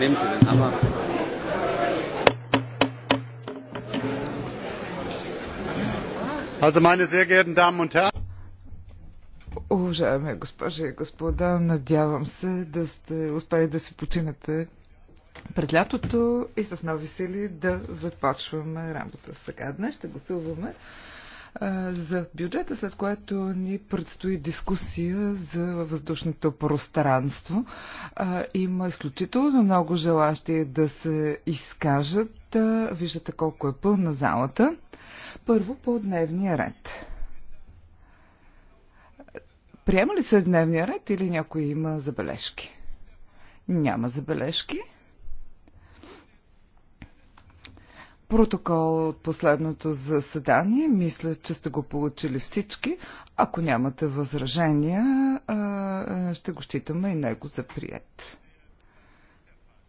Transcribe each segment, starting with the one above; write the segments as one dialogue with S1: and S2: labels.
S1: Nehmen Sie den Hammer. Also meine sehr geehrten Damen und Herren.
S2: Уважаеми госпожи и господа, надявам се да сте успели да си починете през лятото и с нови сили да започваме работа. Сега днес ще гласуваме за бюджета, след което ни предстои дискусия за въздушното пространство. Има изключително много желащи да се изкажат. Виждате колко е пълна залата. Първо по дневния ред. Приема ли се дневния ред или някой има забележки? Няма забележки. Протокол от последното заседание, мисля, че сте го получили всички. Ако нямате възражения, ще го считаме и него за прият.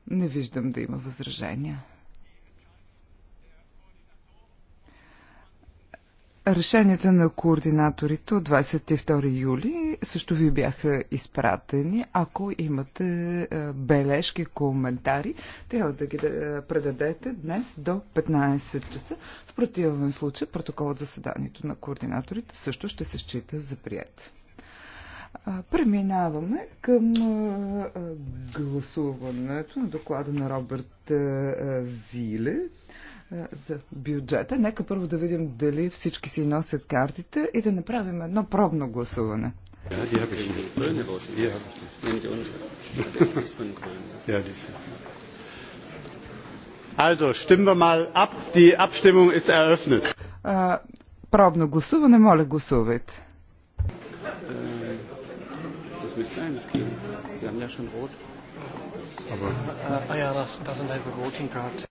S2: Не виждам да има възражения. Решенията на координаторите от 22 юли също ви бяха изпратени. Ако имате е, бележки, коментари, трябва да ги е, предадете днес до 15 часа. В противен случай протоколът за заседанието на координаторите също ще се счита за прият. Е, преминаваме към гласуването на доклада на Робърт Зиле за бюджета. Нека първо да видим дали всички си носят картите и да направим едно пробно
S1: гласуване. Ja, die habe ich nicht. Grüne Worte. Die habe ich nicht. Nehmen Sie unsere. Ist von Grün. Ja, die ist. Also, stimmen wir mal ab. Die Abstimmung ist eröffnet.
S2: Uh, пробно гласуване, моля гласувайте.
S1: Das müsste eigentlich gehen. Sie haben ja schon rot. Aber. Uh, uh, ja, das, das sind halt Voting Card.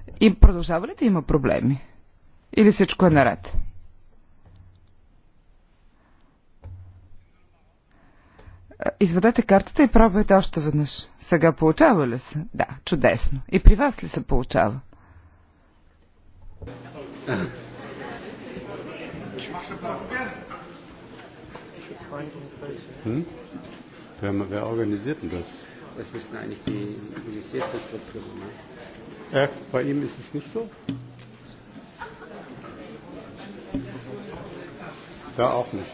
S2: И продължава ли да има проблеми? Или всичко е наред? Извадете картата и пробвайте още веднъж. Сега получава ли се? Да, чудесно. И при вас ли се
S1: получава? Hm? haben wer organisiert denn das? Das müssten eigentlich die Universitätsvertreter machen. Äh, bei ihm ist es nicht so? Da auch nicht.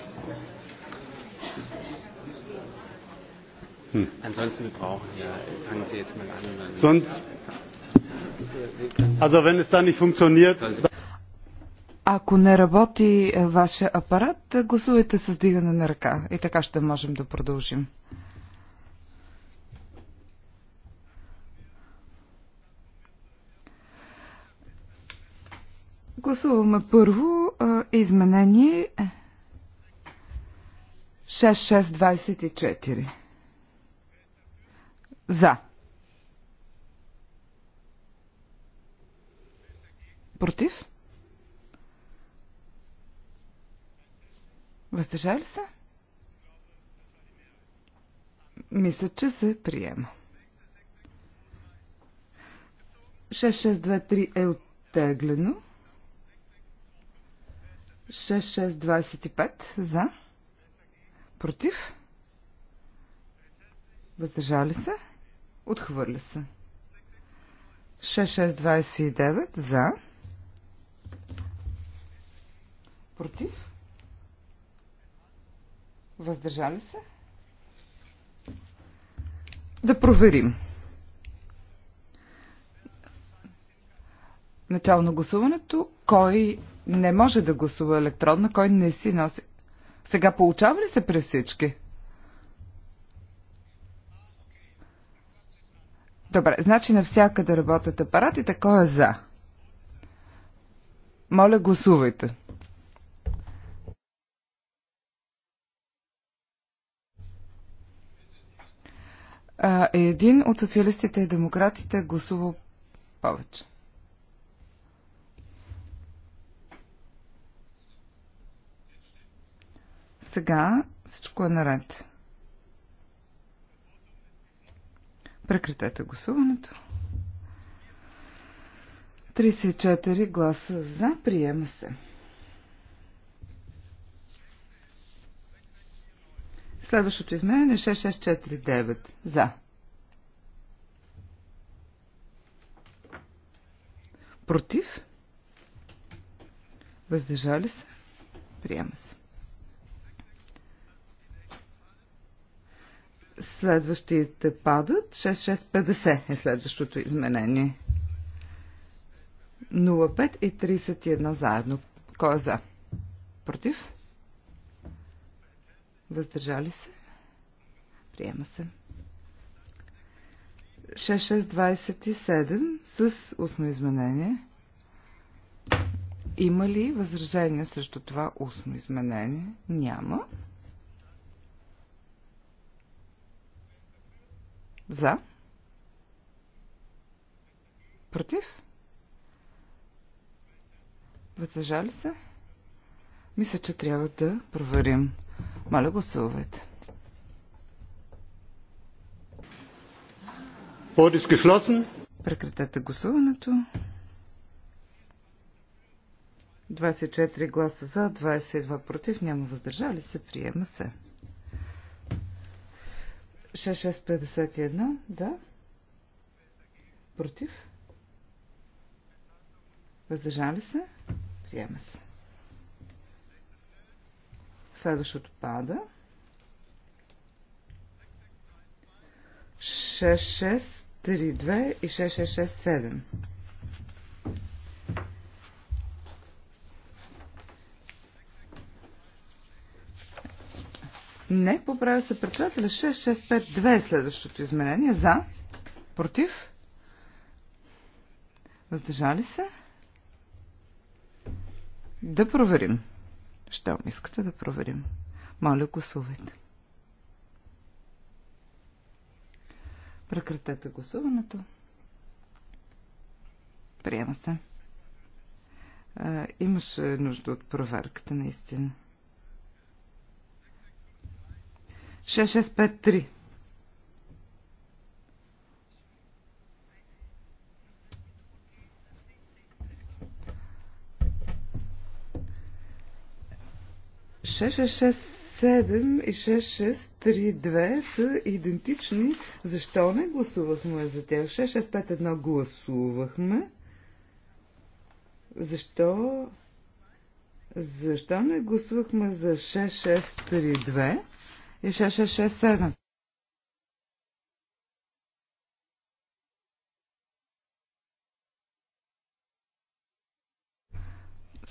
S1: Hm. Ansonsten, wir brauchen ja, fangen Sie jetzt mal an. Sonst, also wenn es da nicht funktioniert.
S2: Ако не работи вашия апарат, гласувайте с дигане на ръка и така ще можем да продължим. Гласуваме първо а, изменение 6624. За. Против? Въздържали се? Мисля, че се приема. 6623 е оттеглено. 6625 за. Против. Въздържали се. Отхвърля се. 6629 за. Против. Въздържали се. Да проверим. Начало на гласуването. Кой не може да гласува електронно, кой не си носи. Сега получава ли се при всички? Добре, значи навсякъде работят апаратите, кой е за? Моля, гласувайте. един от социалистите и демократите гласува повече. Сега всичко е наред. Прекратете гласуването. 34 гласа за. Приема се. Следващото изменение е 6649 за. Против? Въздържали се? Приема се. Следващите падат. 6650 е следващото изменение. 05 и 31 заедно. Кой е за? Против? Въздържали се? Приема се. 6627 с устно изменение. Има ли възражение срещу това устно изменение? Няма. За. Против. Въздържали се? Мисля, че трябва да проверим. Моля, гласувайте. Прекратете гласуването. 24 гласа за, 22 против, няма въздържали се, приема се. 6651 за. Против. Въздържали се. Приема се. Следващото пада. 6632 и 6667. Не, поправя се председателя. 6652 е следващото изменение. За? Против? Въздържали се? Да проверим. Щом искате да проверим. Моля, гласувайте. Прекратете гласуването. Приема се. А, имаше нужда от проверката, наистина. 6653. 7 и 6632 са идентични. Защо не гласувахме за тях? 6651 гласувахме. Защо? Защо не гласувахме за 6632? и 6667.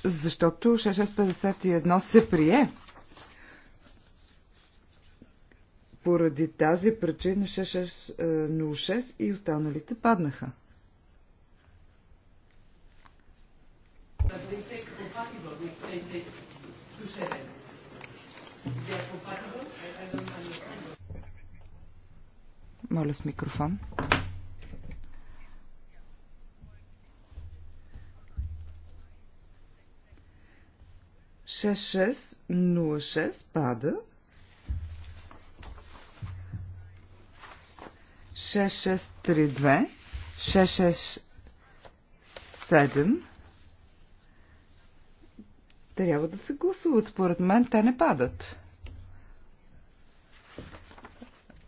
S2: Защото 6651 се прие. Поради тази причина 6606 е, и останалите паднаха.
S3: They say
S2: Моля с микрофон. Шест, шест, нула, шест, пада. шест, седем. трябва да се гласуват. Според мен те не падат.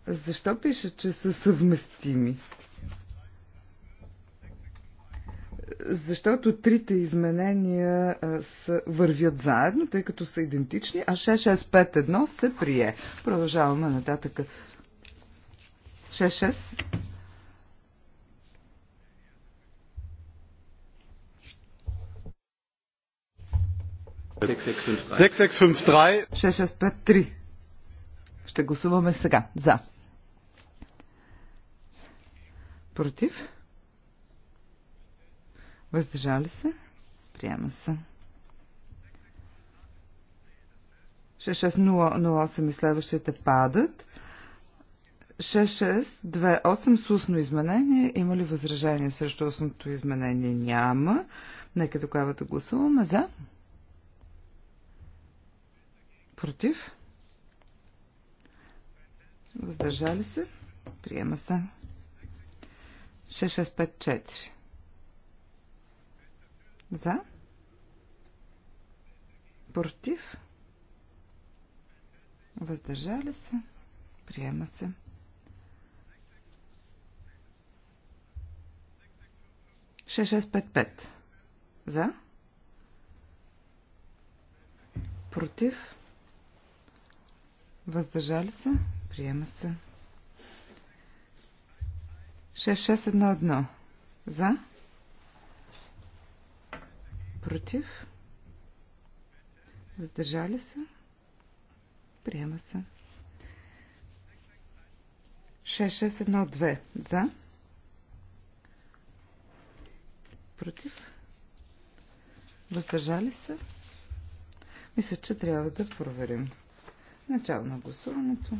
S2: Защо пише, че са съвместими? Защото трите изменения са, вървят заедно, тъй като са идентични, а 6651 се прие. Продължаваме нататък. 66. Ще гласуваме сега. За. Против? Въздържали се? Приема се. 6608 и следващите падат. 6628 с устно изменение. Има ли възражение срещу устното изменение? Няма. Нека тогава да гласуваме за. Против? Въздържали се? Приема се. 6654. За. Против. Въздържали се. Приема се. Шест, шест, пет, пет. За. Против. Въздържали се. Приема се. 6611. За. Против. Въздържали се. Приема се. 6612. За. Против. Въздържали се. Мисля, че трябва да проверим. Начало на гласуването.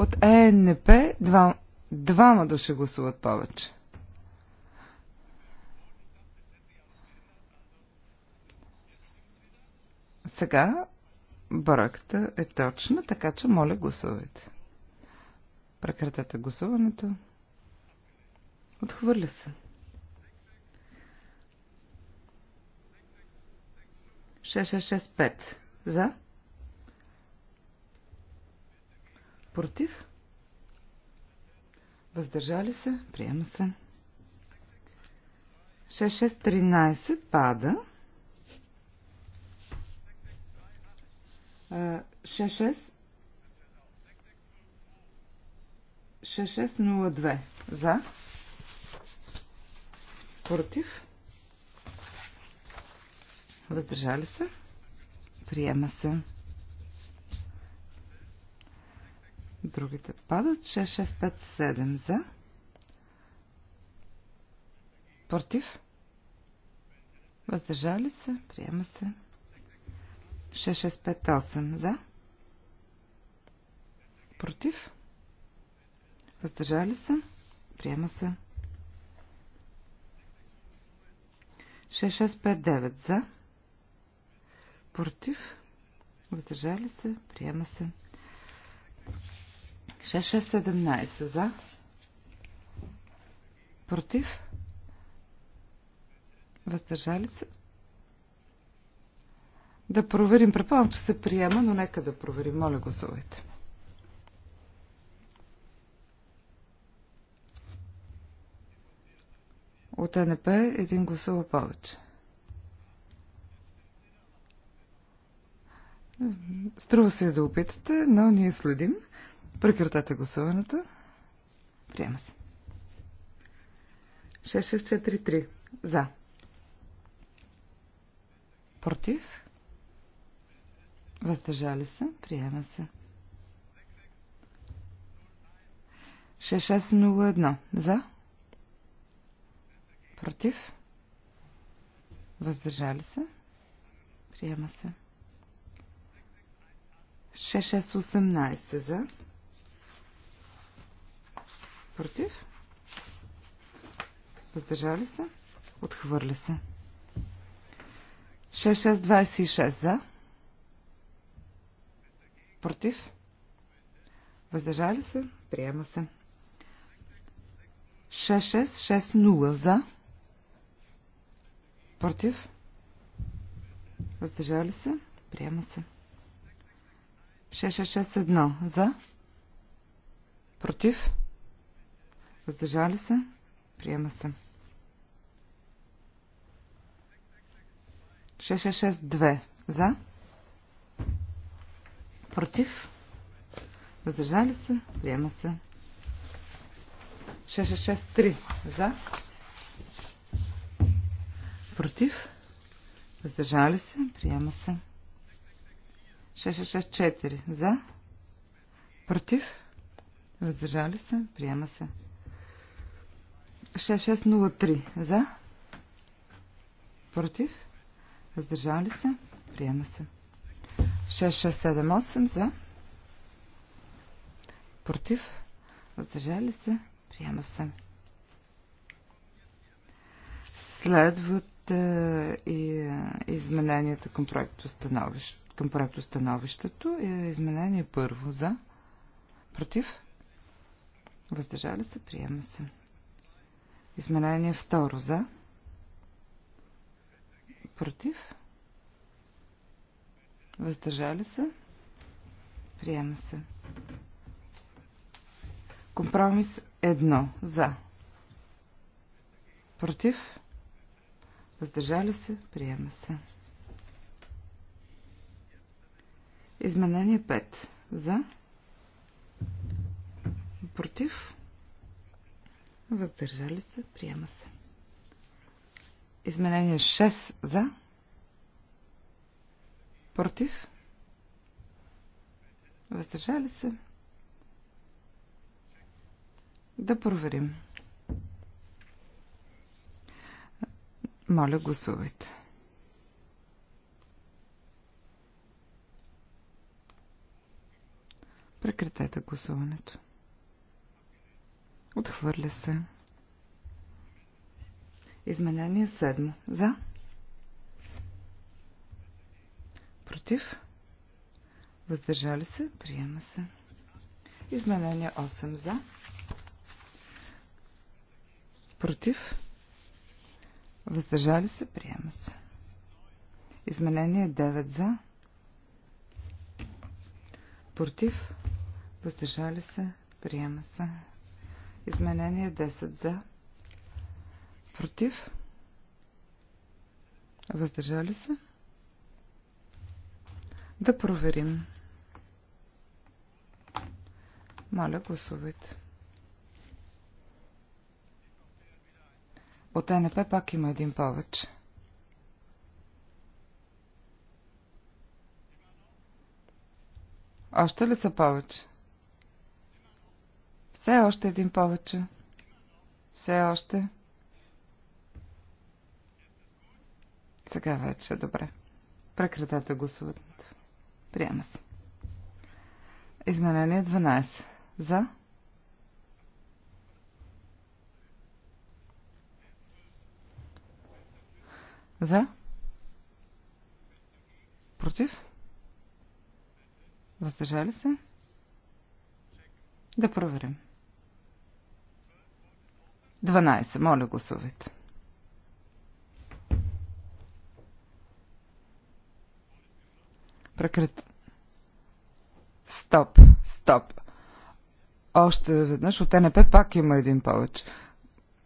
S2: От ЕНП два, двама души гласуват повече. Сега бройката е точна, така че моля гласувайте. Прекратете гласуването. Отхвърля се. 6665. За? Против? Въздържали се? Приема се. 6613 пада. 66 6602 за против въздържали се приема се Другите падат. 6657 за. Против. Въздържали се. Приема се. 6658 за. Против. Въздържали се. Приема се. 6659 за. Против. Въздържали се. Приема се. 6659. 6617 за. Против. Въздържали се. Да проверим. Предполагам, че се приема, но нека да проверим. Моля, гласувайте. От НП един гласува повече. Струва се да опитате, но ние следим. Прекратете гласуването. Приема се. 6643. За. Против. Въздържали се. Приема се. 6601. За. Против. Въздържали се. Приема се. 6618 за. Против? Въздържали се? Отхвърля се. 6626 за. Против? Въздържали се? Приема се. 6660 за. Против? Въздържали се? Приема се. 6661 за. Против? Въздържали се? Приема се. 6662 за. Против. Въздържали се? Приема се. 6663 за. Против. Въздържали се? Приема се. 6664 за. Против. Въздържали се? Приема се. 6603. За? Против? Въздържали се? Приема се. 6678. За? Против? Въздържали се? Приема се. Следват е, и е, измененията към проекто, становище, към проекто становището. Е, изменение първо за. Против? Въздържали се? Приема се. Изменение второ за. Против. Въздържали се. Приема се. Компромис едно за. Против. Въздържали се. Приема се. Изменение 5. За. Против. Въздържали се. Приема се. Изменение 6 за. Против. Въздържали се. Да проверим. Моля, гласувайте. Прекратете гласуването. Отхвърля се. Изменение 7. За. Против. Въздържали се. Приема се. Изменение 8. За. Против. Въздържали се. Приема се. Изменение 9. За. Против. Въздържали се. Приема се. Изменение 10 за. Против. Въздържали се? Да проверим. Моля, гласувайте. От НП пак има един повече. Още ли са повече? Все още един повече. Все още. Сега вече, добре. Прекратете гласуването. Приема се. Изменение 12. За.
S1: За. Против.
S2: Въздържали се? Да проверим. 12. Моля, гласувайте. Прекрет. Стоп, стоп. Още веднъж от НП пак има един повече.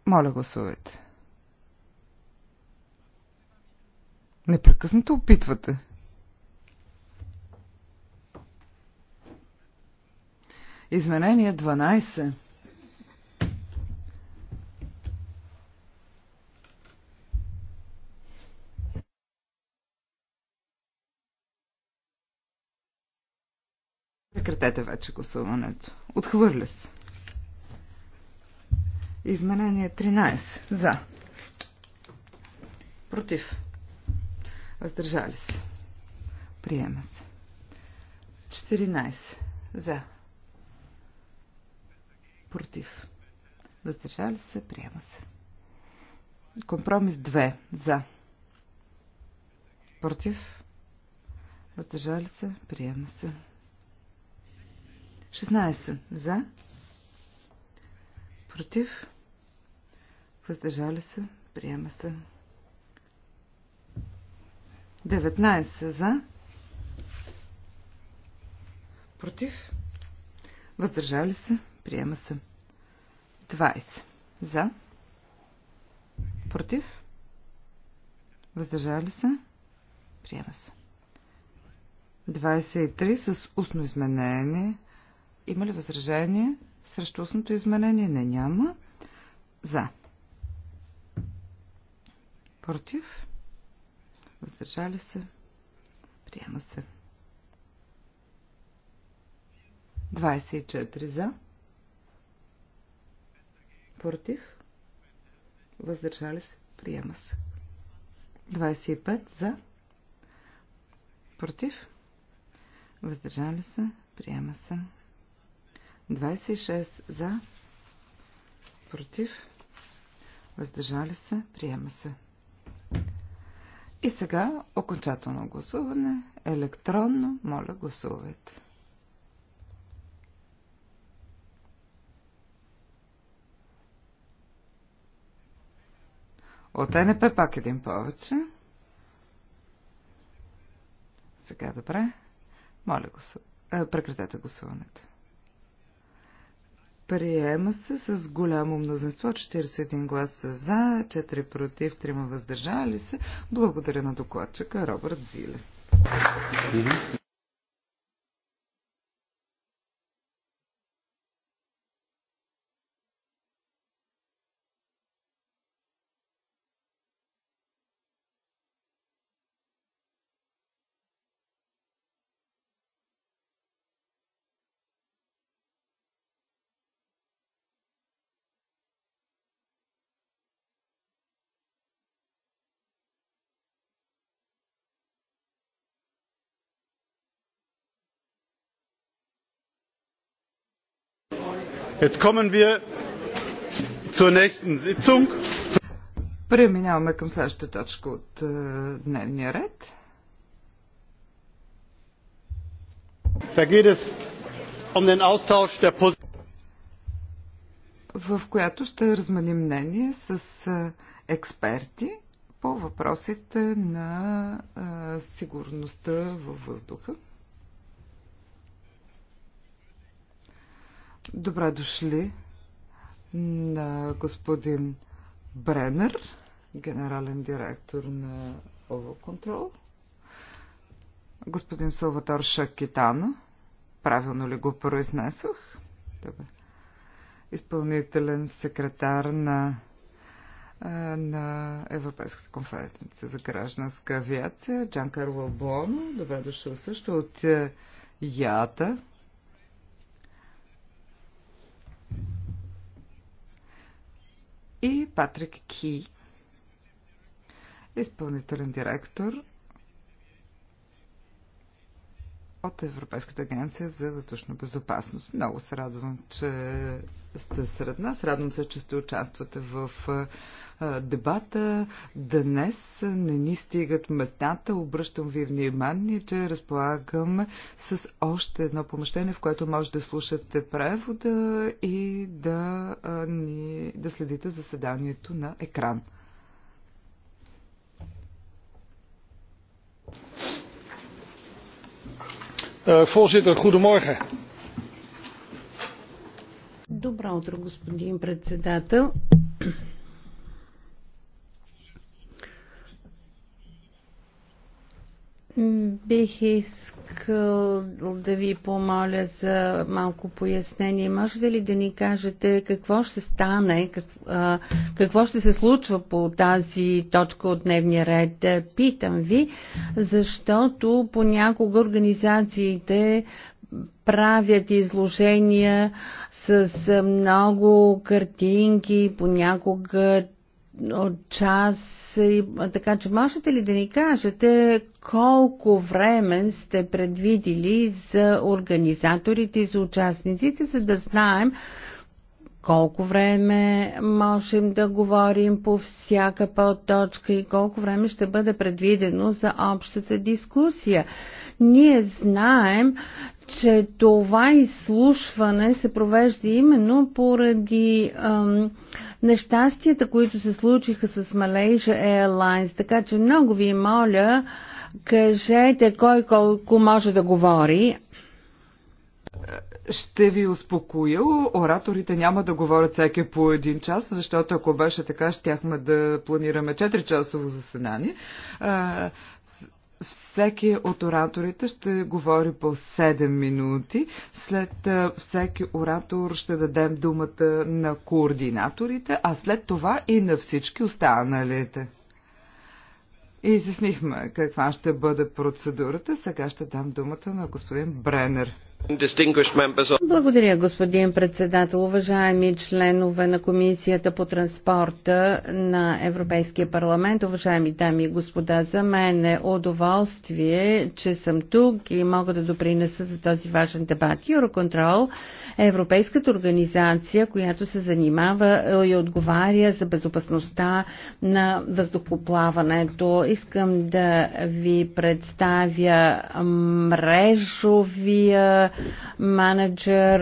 S2: Моля, гласувайте. Непрекъснато опитвате. Изменение 12. Прекратете вече гласуването. Отхвърля се. Изменение 13. За. Против. Въздържали се. Приема се. 14. За. Против. Въздържали се. Приема се. Компромис 2. За. Против. Въздържали се. Приема се. 16 за, против, въздържали се, приема се. 19 за, против, въздържали се, приема се. 20 за, против, въздържали се, приема се. 23 с устно изменение има ли възражение срещу устното изменение? Не, няма. За. Против. Въздържали се. Приема се. 24 за. Против. Въздържали се. Приема се. 25 за. Против. Въздържали се. Приема се. 26 за, против, въздържали се, приема се. И сега окончателно гласуване, електронно, моля гласувайте. От НП пак един повече. Сега добре. Моля го. Е, прекратете гласуването. Приема се с голямо мнозинство, 41 гласа за, 4 против, 3 въздържали се. Благодаря на докладчика Робърт Зиле.
S1: Jetzt kommen wir zur nächsten Sitzung.
S2: Преминаваме
S1: към следващата точка от е, дневния ред. Da geht es um den Austausch der
S2: в която ще разменим мнение с е, експерти по въпросите на е, сигурността във въздуха. Добре дошли на господин Бренер, генерален директор на Контрол. Господин Салватор Шакитано, правилно ли го произнесох? Добре. Изпълнителен секретар на на Европейската конференция за гражданска авиация. Джан Карло Боно, добре дошъл също от ЯТА, Патрик Ки, изпълнителен директор от Европейската агенция за въздушна безопасност. Много се радвам, че сте сред нас. Радвам се, че сте участвате в дебата. Днес не ни стигат местата. Обръщам ви внимание, че разполагам с още едно помещение, в което може да слушате превода и да, ни, да следите заседанието на екран.
S3: Е, voorzitter, goedemorgen.
S4: Добро утро, господин председател. Бих искал да ви помоля за малко пояснение. Можете ли да ни кажете какво ще стане, какво ще се случва по тази точка от дневния ред? Питам ви, защото понякога организациите правят изложения с много картинки, понякога от час, така че можете ли да ни кажете колко време сте предвидили за организаторите и за участниците, за да знаем колко време можем да говорим по всяка подточка и колко време ще бъде предвидено за общата дискусия. Ние знаем, че това изслушване се провежда именно поради ам, нещастията, които се случиха с Malaysia Airlines. Така че много ви моля, кажете кой колко може да говори.
S2: Ще ви успокоя, ораторите няма да говорят всеки по един час, защото ако беше така, щяхме да планираме 4-часово заседание всеки от ораторите ще говори по 7 минути. След всеки оратор ще дадем думата на координаторите, а след това и на всички останалите. И изяснихме каква ще бъде процедурата. Сега ще дам думата на господин Бренер.
S4: Благодаря, господин председател. Уважаеми членове на Комисията по транспорта на Европейския парламент, уважаеми дами и господа, за мен е удоволствие, че съм тук и мога да допринеса за този важен дебат. Юроконтрол е европейската организация, която се занимава и отговаря за безопасността на въздухоплаването. Искам да ви представя мрежовия менеджер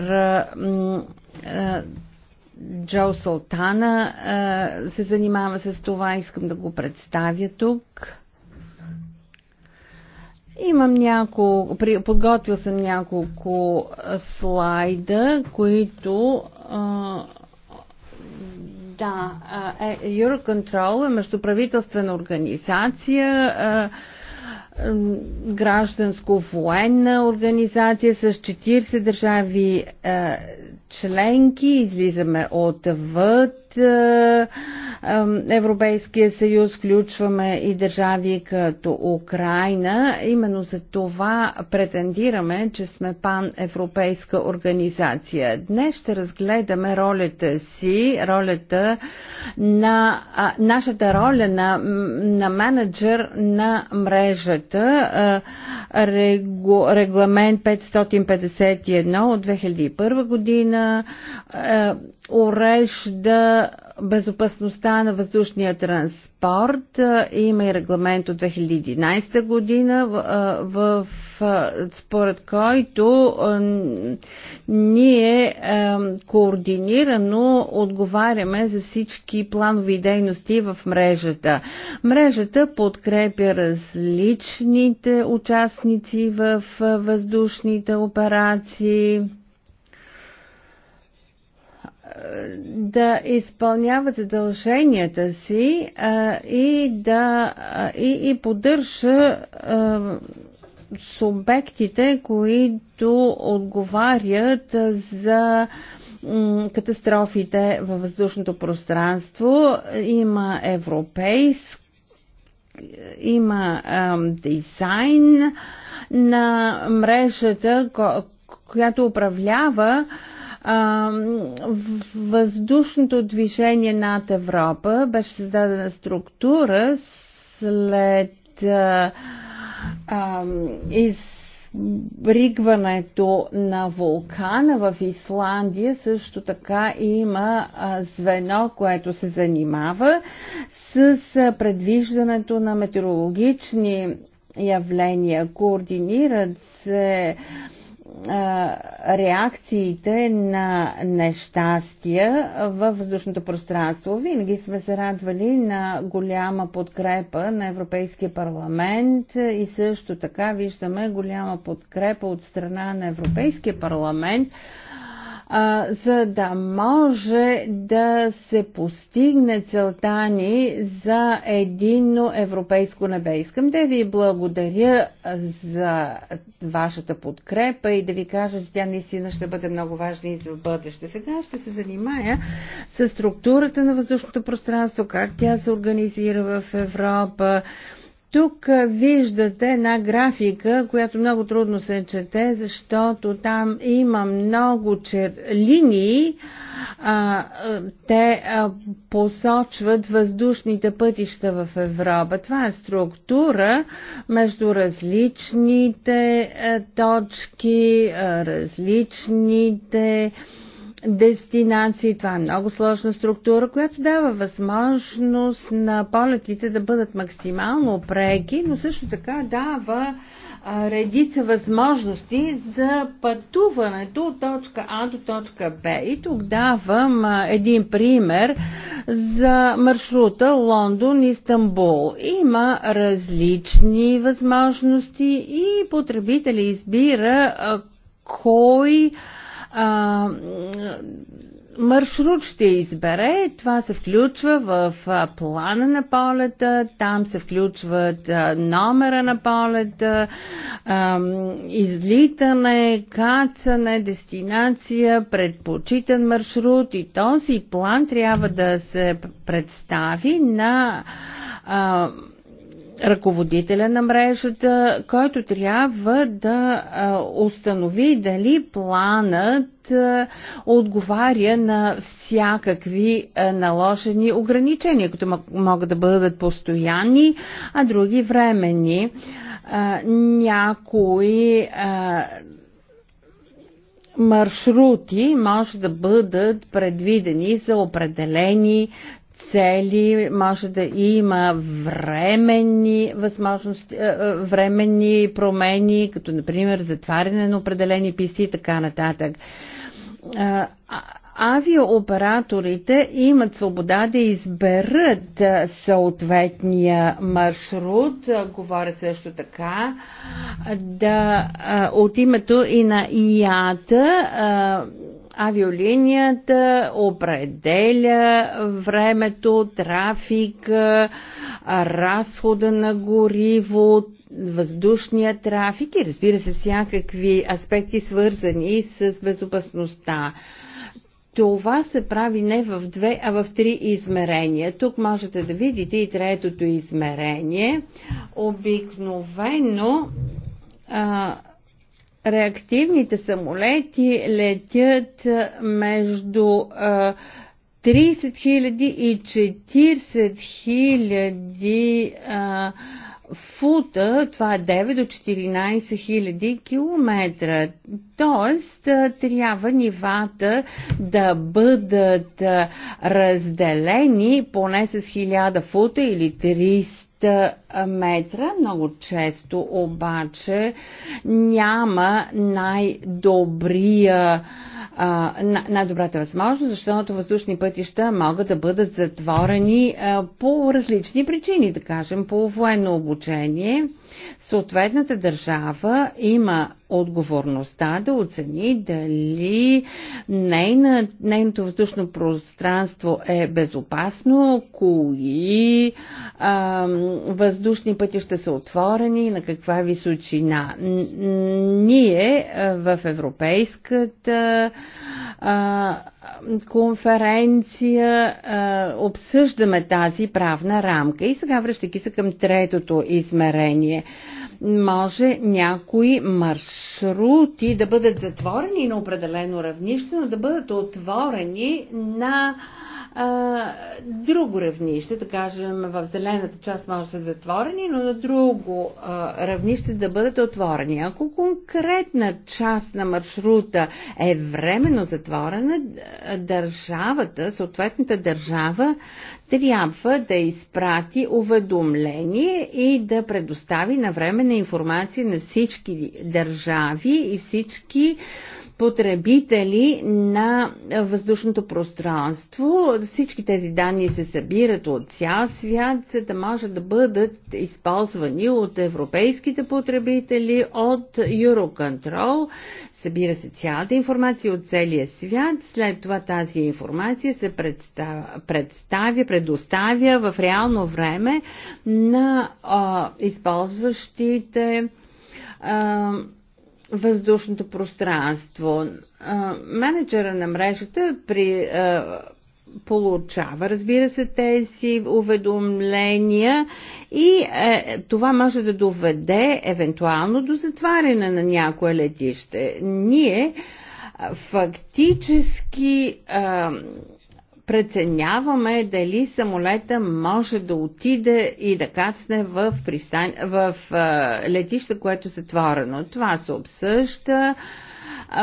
S4: Джо Султана се занимава с това. Искам да го представя тук. Имам няколко, подготвил съм няколко слайда, които да, е, Eurocontrol е междуправителствена организация, гражданско-военна организация с 40 държави е, членки. Излизаме отвъд е, Европейския съюз, включваме и държави като Украина. Именно за това претендираме, че сме пан-европейска организация. Днес ще разгледаме ролята си, ролята на а, нашата роля на, на менеджер на мрежата е, регу, регламент 551 от 2001 година е, урежда безопасността на въздушния транспорт. Има и регламент от 2011 година, в, в, според който ние координирано отговаряме за всички планови дейности в мрежата. Мрежата подкрепя различните участници в въздушните операции да изпълняват задълженията си а, и да и, и поддържа а, субектите, които отговарят за катастрофите във въздушното пространство. Има европейск, има а, дизайн на мрежата, която управлява а, а, въздушното движение над Европа беше създадена структура след а, а, изригването на вулкана в Исландия също така има звено, което се занимава с предвиждането на метеорологични явления. Координират се реакциите на нещастия във въздушното пространство. Винаги сме се радвали на голяма подкрепа на Европейския парламент и също така виждаме голяма подкрепа от страна на Европейския парламент а, за да може да се постигне целта ни за единно европейско небе. Искам да ви благодаря за вашата подкрепа и да ви кажа, че тя наистина ще бъде много важна и за бъдеще. Сега ще се занимая с структурата на въздушното пространство, как тя се организира в Европа, тук виждате една графика, която много трудно се чете, защото там има много чер... линии. А, те а, посочват въздушните пътища в Европа. Това е структура между различните а, точки, а, различните а, дестинации. Това е много сложна структура, която дава възможност на полетите да бъдат максимално преки, но също така дава редица възможности за пътуването от точка А до точка Б. И тук давам един пример за маршрута Лондон-Истанбул. Има различни възможности и потребители избира кой а, маршрут ще избере. Това се включва в плана на полета, там се включват номера на полета, излитане, кацане, дестинация, предпочитан маршрут и този план трябва да се представи на ръководителя на мрежата, който трябва да установи дали планът отговаря на всякакви наложени ограничения, които могат да бъдат постоянни, а други времени Някои маршрути може да бъдат предвидени за определени цели, може да има временни възможности, е, е, временни промени, като например затваряне на определени писти и така нататък. Е, авиооператорите имат свобода да изберат съответния маршрут, говоря също така, да, от името и на ИАТА авиолинията определя времето, трафик, разхода на гориво, въздушния трафик и разбира се всякакви аспекти свързани с безопасността. Това се прави не в две, а в три измерения. Тук можете да видите и третото измерение. Обикновено а, реактивните самолети летят между 30 000 и 40 000 фута, това е 9 до 14 000 километра. Тоест, трябва нивата да бъдат разделени поне с 1000 фута или 200 метра. Много често обаче няма най-добрия най-добрата възможност, защото въздушни пътища могат да бъдат затворени по различни причини, да кажем, по военно обучение. Съответната държава има отговорността да оцени дали нейна, нейното въздушно пространство е безопасно, кои а, въздушни пътища са отворени на каква височина. Ние е, в Европейската а, конференция а, обсъждаме тази правна рамка. И сега връщайки се към третото измерение – може някои маршрути да бъдат затворени на определено равнище, но да бъдат отворени на а, друго равнище, да кажем в зелената част може да са затворени, но на друго а, равнище да бъдат отворени. Ако конкретна част на маршрута е временно затворена, държавата, съответната държава, трябва да изпрати уведомление и да предостави навременна информация на всички държави и всички а, потребители на въздушното пространство. Всички тези данни се събират от цял свят, за да може да бъдат използвани от европейските потребители, от Eurocontrol. Събира се цялата информация от целия свят, след това тази информация се представя, представя предоставя в реално време на а, използващите а, въздушното пространство. Менеджера на мрежата при получава, разбира се, тези уведомления и е, това може да доведе евентуално до затваряне на някое летище. Ние фактически А, преценяваме дали самолета може да отиде и да кацне в, пристан... в летище, което е затворено. Това се обсъжда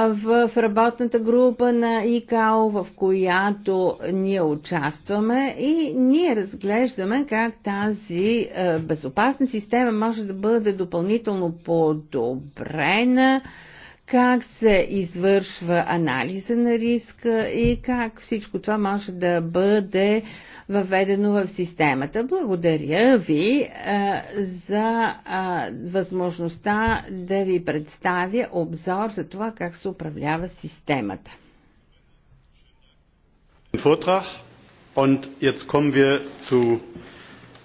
S4: в работната група на ИКАО, в която ние участваме и ние разглеждаме как тази безопасна система може да бъде допълнително подобрена как се извършва анализа на риска и как всичко това може да бъде въведено в системата. Благодаря ви а, за а, възможността да ви представя обзор за това как се управлява системата.
S1: Vortrag und jetzt kommen wir zu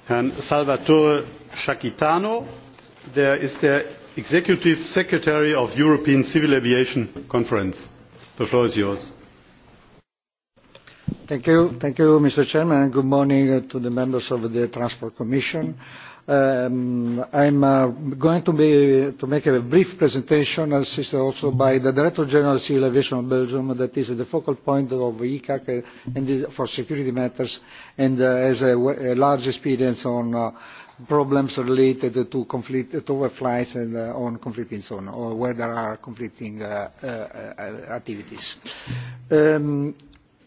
S1: Herrn Salvatore der ist der Executive Secretary of European Civil Aviation Conference. The floor is yours.
S3: Thank you, Mr. Chairman, and good morning to the members of the Transport Commission. i I'm going to, be, to make a brief presentation, assisted also by the Director General of Civil Aviation of Belgium, that is the focal point of ECAC and, for security matters, and has a, a large experience on uh, problems related to conflict to overflights and uh, on conflicting zone or where there are conflicting uh, uh, activities. Um,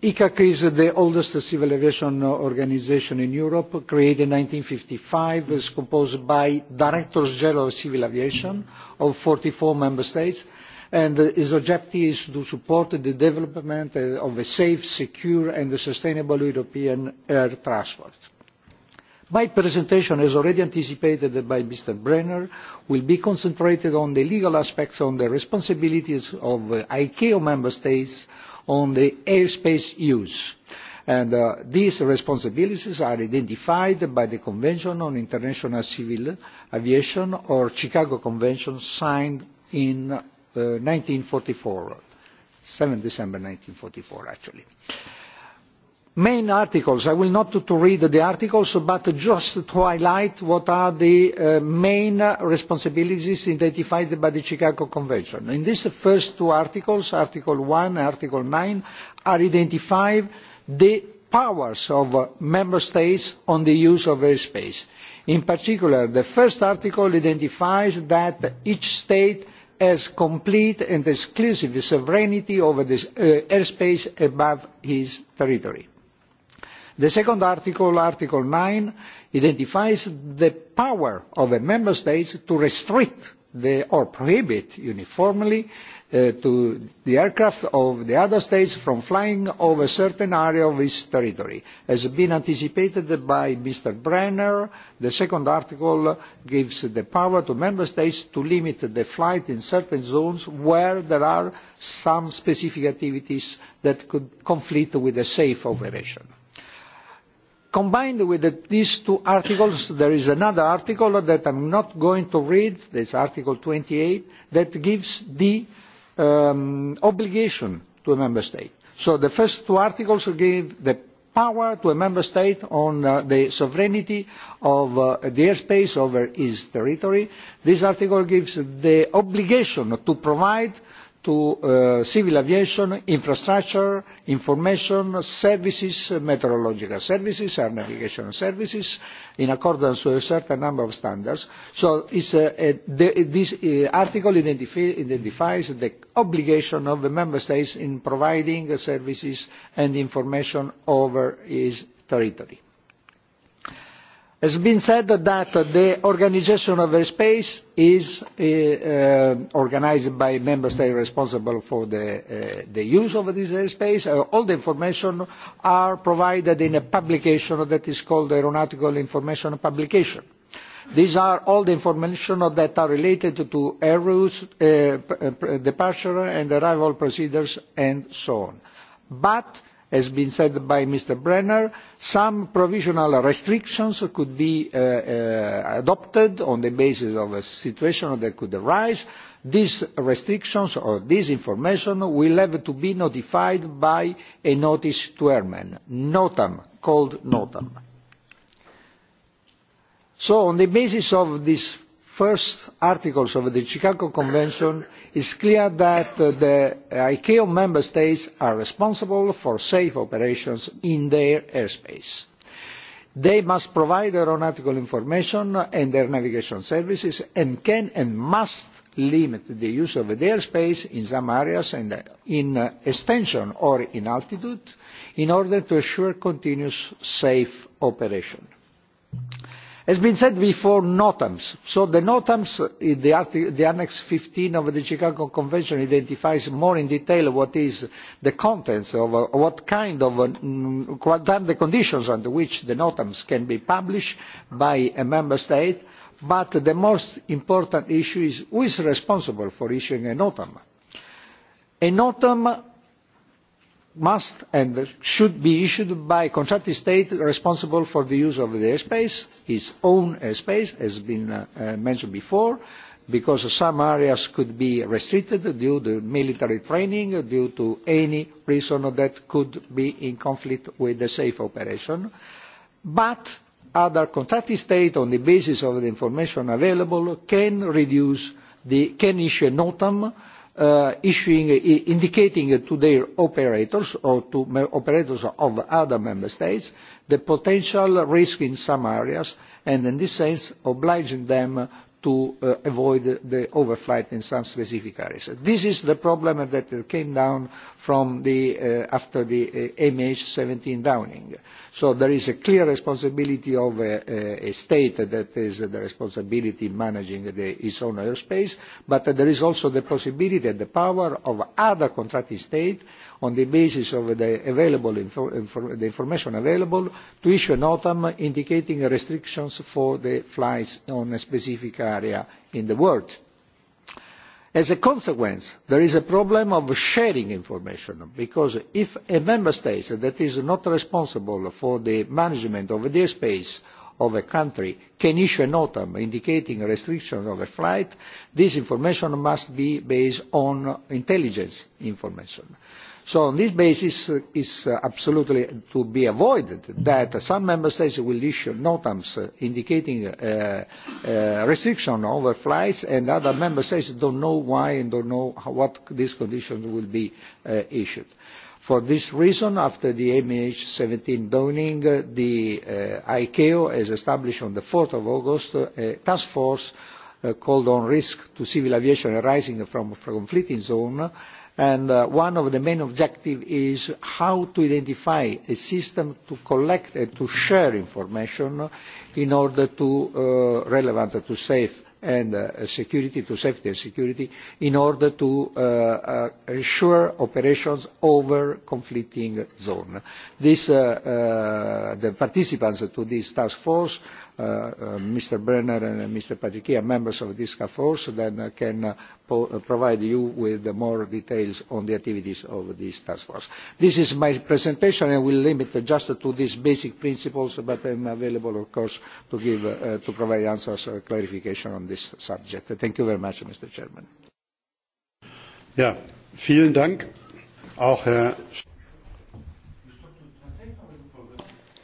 S3: ICAC is the oldest civil aviation organization in Europe, created in 1955, is composed by Directors General of Civil Aviation of 44 member states, and its objective is to support the development of a safe, secure and sustainable European air transport My presentation, as already anticipated by Mr. Brenner, will be concentrated on the legal aspects on the responsibilities of ICAO member states on the airspace use. And these responsibilities are identified by the Convention on International Civil Aviation or Chicago Convention signed in uh, 1944, 7 December 1944 actually main articles. I will not to read the articles, but just to highlight what are the main responsibilities identified by the Chicago Convention. In these first two articles, Article one and Article nine, are identified the powers of member states on the use of airspace. In particular, the first article identifies that each state has complete and exclusive sovereignty over the airspace above his territory The second article, Article nine, identifies the power of a member state to restrict or prohibit uniformly to the aircraft of the other states from flying over a certain area of its territory. As has been anticipated by Mr. Brenner, the second article gives the power to member states to limit the flight in certain zones where there are some specific activities that could conflict with the safe operation Combined with these two articles, there is another article that I'm not going to read, this Article 28, that gives the obligation to a member state. So the first two articles give the power to a member state on the sovereignty of the airspace over its territory. This article gives the obligation to provide to uh, civil aviation, infrastructure, information, services, meteorological services, air navigation services, in accordance with a certain number of standards. So it's a, the, this uh, article identifi identifies the obligation of the member states in providing services and information over its territory It has been said that the organisation of airspace is organised by member states responsible for the, use of this airspace. all the information are provided in a publication that is called the Aeronautical Information Publication. These are all the information that are related to air routes, departure and arrival procedures and so on. But has been said by Mr. Brenner, some provisional restrictions could be adopted on the basis of a situation that could arise. These restrictions or this information will have to be notified by a notice to airmen, NOTAM, called NOTAM. So on the basis of these first articles of the Chicago Convention, It is clear that the ICAO member states are responsible for safe operations in their airspace. They must provide aeronautical information and their navigation services and can and must limit the use of the airspace in some areas and in extension or in altitude in order to assure continuous safe operation has been said before NOTAMs. So the NOTAMs, in the, the Annex 15 of the Chicago Convention, identifies more in detail what is the contents of uh, what kind of, what are the conditions under which the NOTAMs can be published by a member state. But the most important issue is who is responsible for issuing a NOTAM. A NOTAM must and should be issued by a contracting state responsible for the use of the airspace, its own airspace, as has been mentioned before, because some areas could be restricted due to military training, due to any reason that could be in conflict with the safe operation. But other contracting states on the basis of the information available, can reduce the, can issue a NOTAM issuing, indicating to their operators or to operators of other member states the potential risk in some areas and in this sense obliging them to avoid the overflight in some specific areas. This is the problem that came down from the, after the MH seventeen downing. So there is a clear responsibility of a, state that is the responsibility in managing the, its own airspace, but there is also the possibility and the power of other contracting states on the basis of the, available info, inform, the information available, to issue a OTAM indicating restrictions for the flights on a specific area in the world. As a consequence, there is a problem of sharing information because if a member state that is not responsible for the management of the airspace of a country can issue a OTAM indicating restrictions of a flight, this information must be based on intelligence information. So on this basis, it is absolutely to be avoided that some member states will issue NOTAMs indicating restriction on flights and other member states don't know why and don't know what these conditions will be issued. For this reason, after the MH seventeen downing, the ICAO has established on the of August a task force called on risk to civil aviation arising from a conflicting zone And uh, one of the main objectives is how to identify a system to collect and to share information in order to uh, relevant to safe and uh, security, to safety and security, in order to uh, uh, ensure operations over conflicting zones. uh, uh, the participants to this task force Mr. Brenner and Mr. Patricia, members of this force, then can provide you with more details on the activities of this task force. This is my presentation. I will limit just to these basic principles, but I am available, of course, to, give, uh, to provide answers or clarification on this subject. Thank you very much, Mr. Chairman.
S1: vielen Dank auch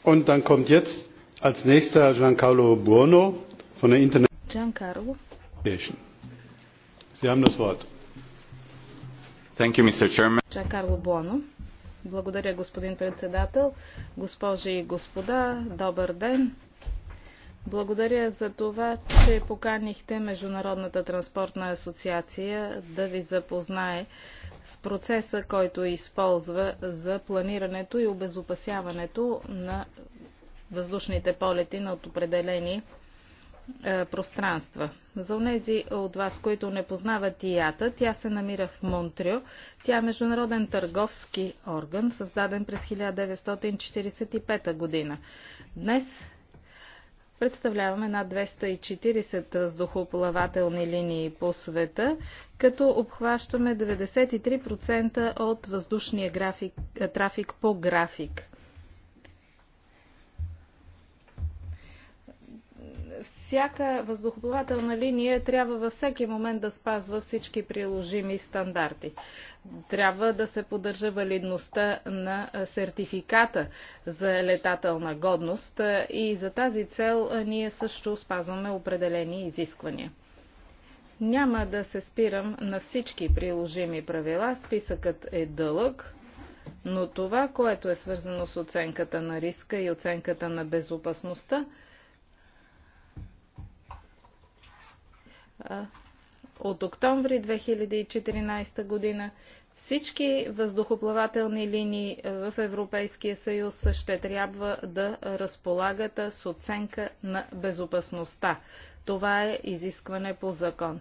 S1: Und dann kommt jetzt Giancarlo Buono von
S5: der
S1: Sie haben das Wort. Thank you, Mr. Chairman.
S5: Giancarlo Buono. Благодаря, господин председател. Госпожи и господа, добър ден. Благодаря за това, че поканихте Международната транспортна асоциация да ви запознае с процеса, който използва за планирането и обезопасяването на въздушните полети на определени е, пространства. За тези от вас, които не познават ИАТА, тя се намира в Монтрио. Тя е международен търговски орган, създаден през 1945 година. Днес представляваме над 240 въздухоплавателни линии по света, като обхващаме 93% от въздушния график, е, трафик по график. всяка въздухоплавателна линия трябва във всеки момент да спазва всички приложими стандарти. Трябва да се поддържа валидността на сертификата за летателна годност и за тази цел ние също спазваме определени изисквания. Няма да се спирам на всички приложими правила, списъкът е дълъг, но това, което е свързано с оценката на риска и оценката на безопасността, от октомври 2014 година всички въздухоплавателни линии в Европейския съюз ще трябва да разполагат с оценка на безопасността. Това е изискване по закон.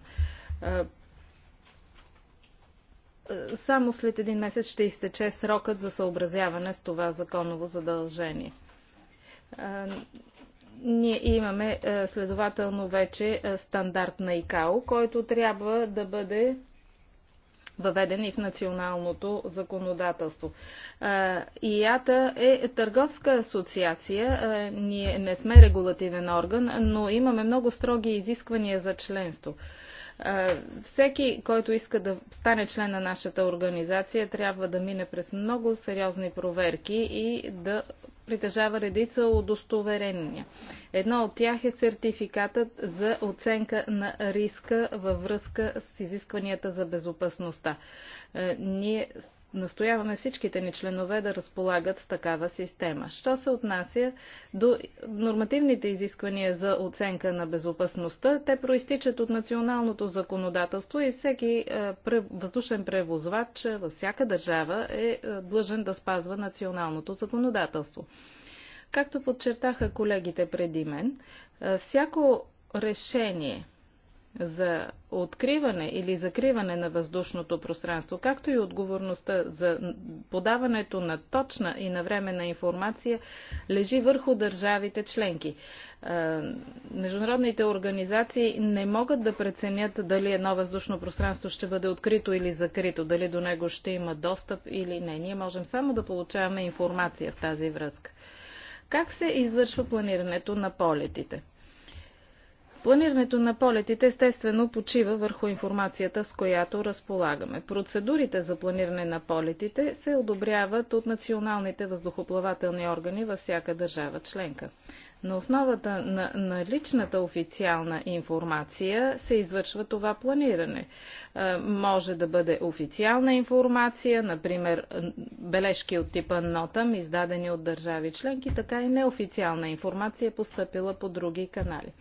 S5: Само след един месец ще изтече срокът за съобразяване с това законово задължение ние имаме е, следователно вече е, стандарт на ИКАО, който трябва да бъде въведен и в националното законодателство. Е, ИАТА е търговска асоциация, ние не сме регулативен орган, но имаме много строги изисквания за членство. Всеки, който иска да стане член на нашата организация, трябва да мине през много сериозни проверки и да притежава редица удостоверения. Едно от тях е сертификатът за оценка на риска във връзка с изискванията за безопасността. Е, ние настояваме всичките ни членове да разполагат с такава система. Що се отнася до нормативните изисквания за оценка на безопасността, те проистичат от националното законодателство и всеки е, въздушен превозвач във всяка държава е, е длъжен да спазва националното законодателство. Както подчертаха колегите преди мен, е, всяко решение – за откриване или закриване на въздушното пространство, както и отговорността за подаването на точна и навременна информация, лежи върху държавите членки. Е, международните организации не могат да преценят дали едно въздушно пространство ще бъде открито или закрито, дали до него ще има достъп или не. Ние можем само да получаваме информация в тази връзка. Как се извършва планирането на полетите? Планирането на полетите естествено почива върху информацията, с която разполагаме. Процедурите за планиране на полетите се одобряват от националните въздухоплавателни органи във всяка държава членка. На основата на, на личната официална информация се извършва това планиране. Е, може да бъде официална информация, например е, бележки от типа нотам, издадени от държави членки, така и неофициална информация, поступила по други канали.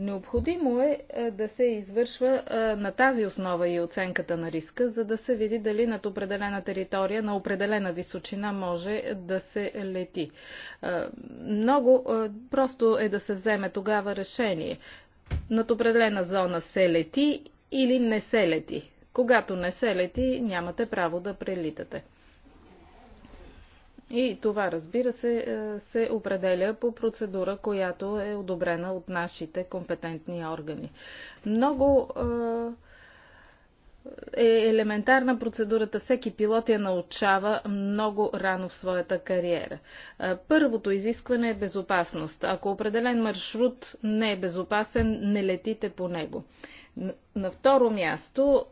S5: Необходимо е, е да се извършва е, на тази основа и оценката на риска, за да се види дали над определена територия на определена височина може е, да се лети. Много просто е да се вземе тогава решение. Над определена зона се лети или не се лети. Когато не се лети, нямате право да прелитате. И това, разбира се, е, се определя по процедура, която е одобрена от нашите компетентни органи. Много е, е елементарна процедурата. Всеки пилот я научава много рано в своята кариера. Е, първото изискване е безопасност. Ако определен маршрут не е безопасен, не летите по него. На второ място,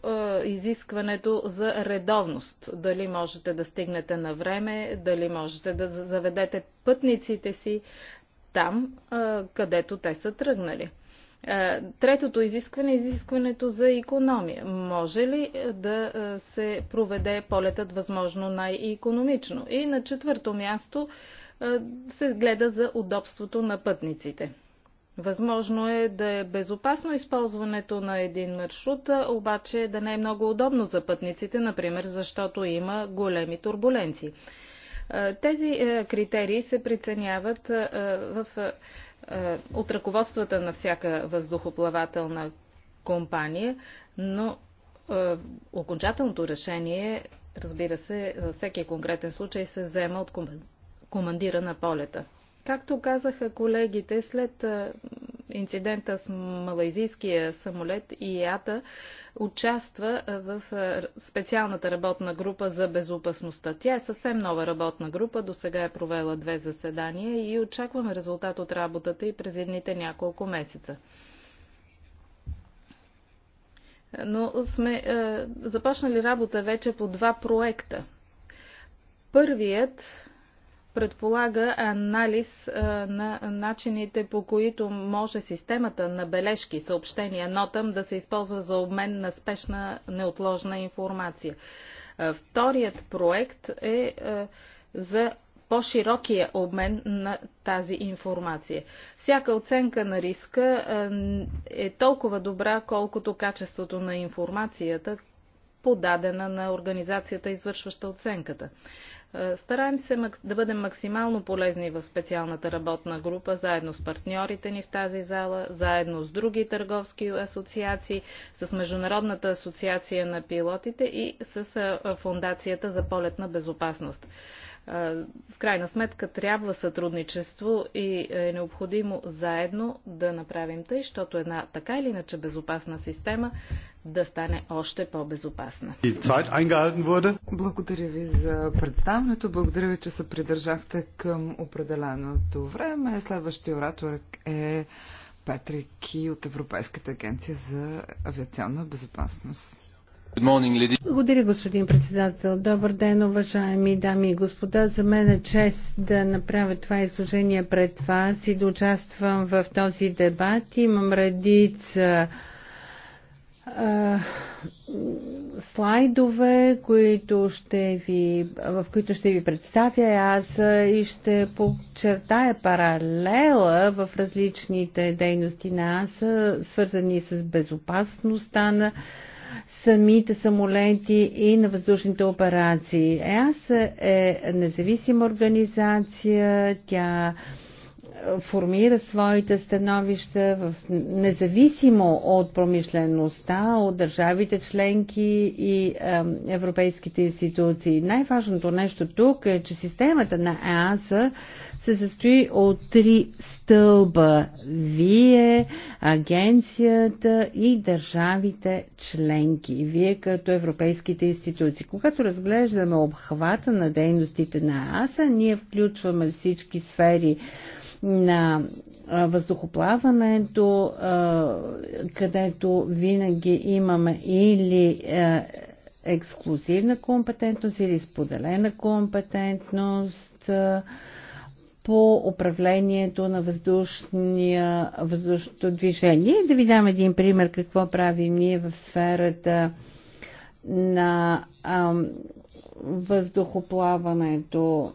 S5: изискването за редовност. Дали можете да стигнете на време, дали можете да заведете пътниците си там, където те са тръгнали. Третото изискване е изискването за економия. Може ли да се проведе полетът възможно най-економично? И на четвърто място се гледа за удобството на пътниците. Възможно е да е безопасно използването на един маршрут, обаче да не е много удобно за пътниците, например, защото има големи турбуленции. Тези критерии се преценяват в, от ръководствата на всяка въздухоплавателна компания, но окончателното решение, разбира се, всеки конкретен случай се взема от командира на полета. Както казаха колегите, след инцидента с малайзийския самолет и ИАТА участва в специалната работна група за безопасността. Тя е съвсем нова работна група, до сега е провела две заседания и очакваме резултат от работата и през едните няколко месеца. Но сме е, започнали работа вече по два проекта. Първият предполага анализ на начините по които може системата на бележки, съобщения, нотам да се използва за обмен на спешна неотложна информация. Вторият проект е за по-широкия обмен на тази информация. Всяка оценка на риска е толкова добра, колкото качеството на информацията, подадена на организацията, извършваща оценката. Е, стараем се да бъдем максимално полезни в специалната работна група, заедно с партньорите ни в тази зала, заедно с други търговски асоциации, с Международната асоциация на пилотите и с е, Фундацията за полетна безопасност. Е, в крайна сметка трябва сътрудничество и е необходимо заедно да направим тъй, защото една така или иначе безопасна система да стане още по-безопасна.
S2: Благодаря ви за представенето. Благодаря ви, че се придържахте към определеното време. Следващия оратор е Ки от Европейската агенция за авиационна безопасност.
S5: Благодаря,
S4: господин председател. Добър ден, уважаеми дами и господа. За мен е чест да направя това изложение пред вас и да участвам в този дебат. Имам редица слайдове, които ще ви, в които ще ви представя аз и ще подчертая паралела в различните дейности на АС, свързани с безопасността на самите самолети и на въздушните операции. ЕАС е независима организация, тя е, формира своите становища в, независимо от промишлеността, от държавите членки и е, европейските институции. Най-важното нещо тук е, че системата на ЕАСА се състои от три стълба. Вие, агенцията и държавите членки. Вие като европейските институции. Когато разглеждаме обхвата на дейностите на АСА, ние включваме всички сфери на въздухоплаването, където винаги имаме или ексклюзивна компетентност или споделена компетентност, по управлението на въздушния, въздушното движение. Да ви дам един пример какво правим ние в сферата на ам, въздухоплаването.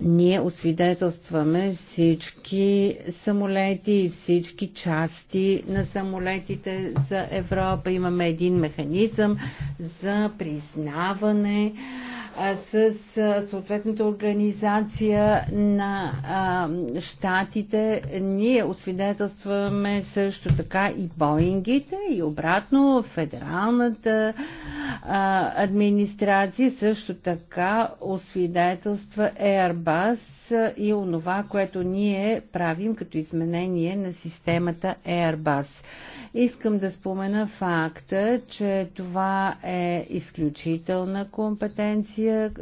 S4: Ние освидетелстваме всички самолети и всички части на самолетите за Европа. Имаме един механизъм за признаване с съответната организация на а, щатите. Ние освидетелстваме също така и Боингите и обратно федералната а, администрация също така освидетелства Airbus и онова, което ние правим като изменение на системата Airbus. Искам да спомена факта, че това е изключителна компетенция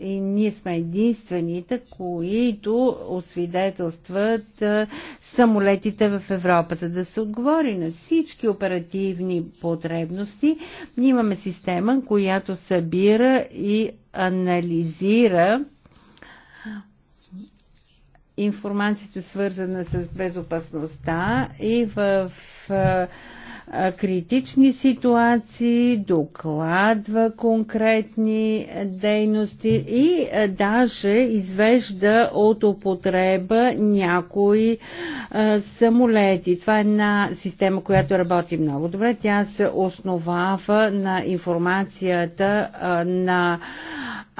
S4: и ние сме единствените, които освидетелстват самолетите в Европа. За да се отговори на всички оперативни потребности, ние имаме система, която събира и анализира информацията свързана с безопасността и в критични ситуации, докладва конкретни дейности и даже извежда от употреба някои а, самолети. Това е една система, която работи много добре. Тя се основава на информацията а, на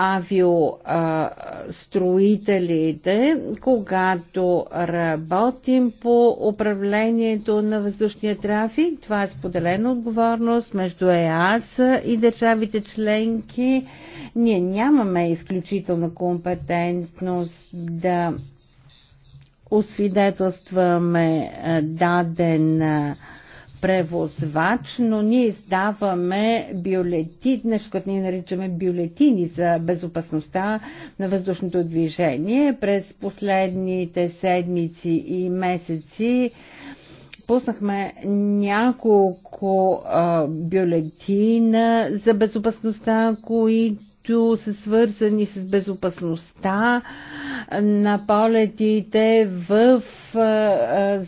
S4: авиостроителите, когато работим по управлението на въздушния трафик. Това е споделена отговорност между ЕАС и държавите членки. Ние нямаме изключителна компетентност да освидетелстваме даден превозвач, но ние издаваме бюлетини, нещо, което ние наричаме бюлетини за безопасността на въздушното движение. През последните седмици и месеци пуснахме няколко а, бюлетина за безопасността, които които са свързани с безопасността на полетите в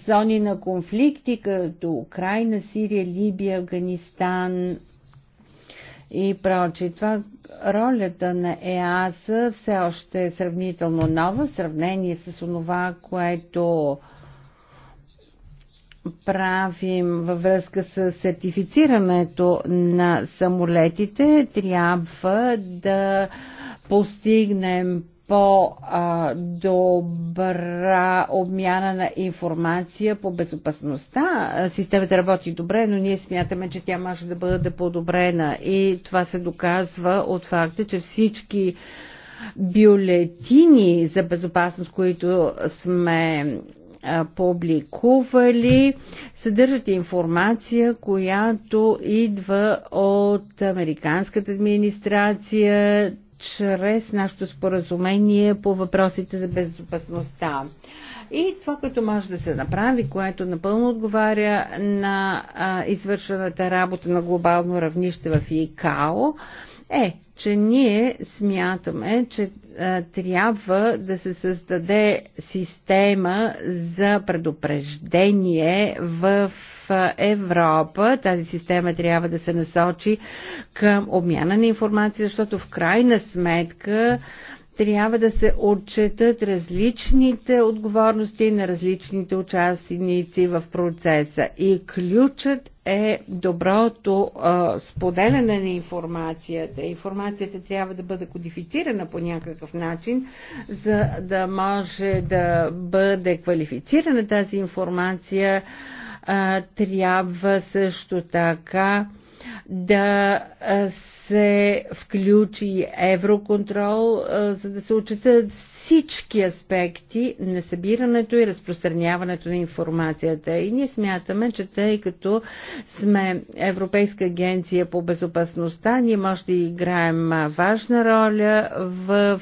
S4: зони на конфликти, като Украина, Сирия, Либия, Афганистан и прочи. Това ролята на ЕАС все още е сравнително нова в сравнение с онова, което правим във връзка с сертифицирането на самолетите, трябва да постигнем по-добра обмяна на информация по безопасността. Системата работи добре, но ние смятаме, че тя може да бъде подобрена. И това се доказва от факта, че всички бюлетини за безопасност, които сме публикували, съдържат информация, която идва от американската администрация чрез нашето споразумение по въпросите за безопасността. И това, което може да се направи, което напълно отговаря на а, извършената работа на глобално равнище в ИКАО, е че ние смятаме, че а, трябва да се създаде система за предупреждение в Европа. Тази система трябва да се насочи към обмяна на информация, защото в крайна сметка трябва да се отчетат различните отговорности на различните участници в процеса. И ключът е доброто а, споделяне на информацията. Информацията трябва да бъде кодифицирана по някакъв начин, за да може да бъде квалифицирана тази информация. А, трябва също така да се се включи евроконтрол, за да се отчитат всички аспекти на събирането и разпространяването на информацията. И ние смятаме, че тъй като сме Европейска агенция по безопасността, ние може да играем важна роля в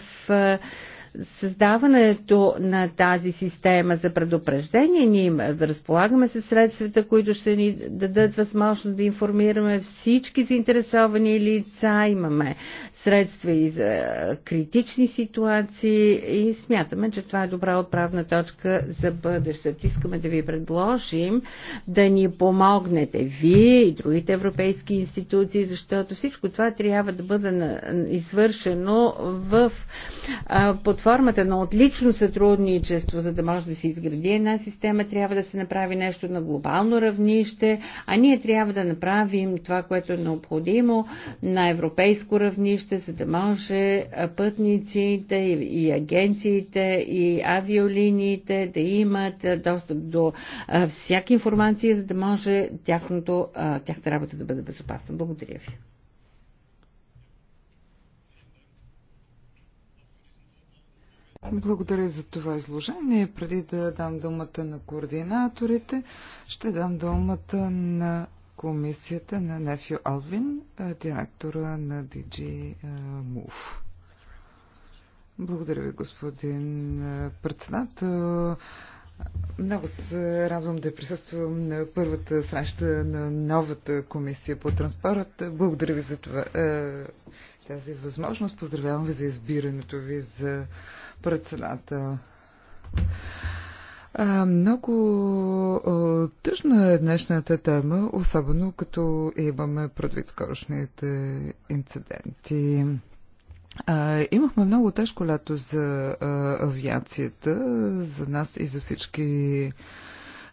S4: създаването на тази система за предупреждение. Ние разполагаме с средствата, които ще ни дадат възможност да информираме всички заинтересовани лица. Имаме средства и за критични ситуации и смятаме, че това е добра отправна точка за бъдещето. Искаме да ви предложим да ни помогнете вие и другите европейски институции, защото всичко това трябва да бъде извършено в под под формата на отлично сътрудничество, за да може да се изгради една система, трябва да се направи нещо на глобално равнище, а ние трябва да направим това, което е необходимо на европейско равнище, за да може пътниците и агенциите и авиолиниите да имат достъп до всяка информация, за да може тяхната работа да бъде безопасна. Благодаря ви.
S2: Благодаря за това изложение. Преди да дам думата на координаторите, ще дам думата на комисията на Нефио Алвин, директора на DG Move. Благодаря ви, господин председател. Много се радвам да присъствам на първата среща на новата комисия по транспорт. Благодаря ви за това, тази възможност. Поздравявам ви за избирането ви за председател. А, много а, тъжна е днешната тема, особено като имаме предвид скорошните инциденти. А, имахме много тежко лято за а, авиацията, за нас и за всички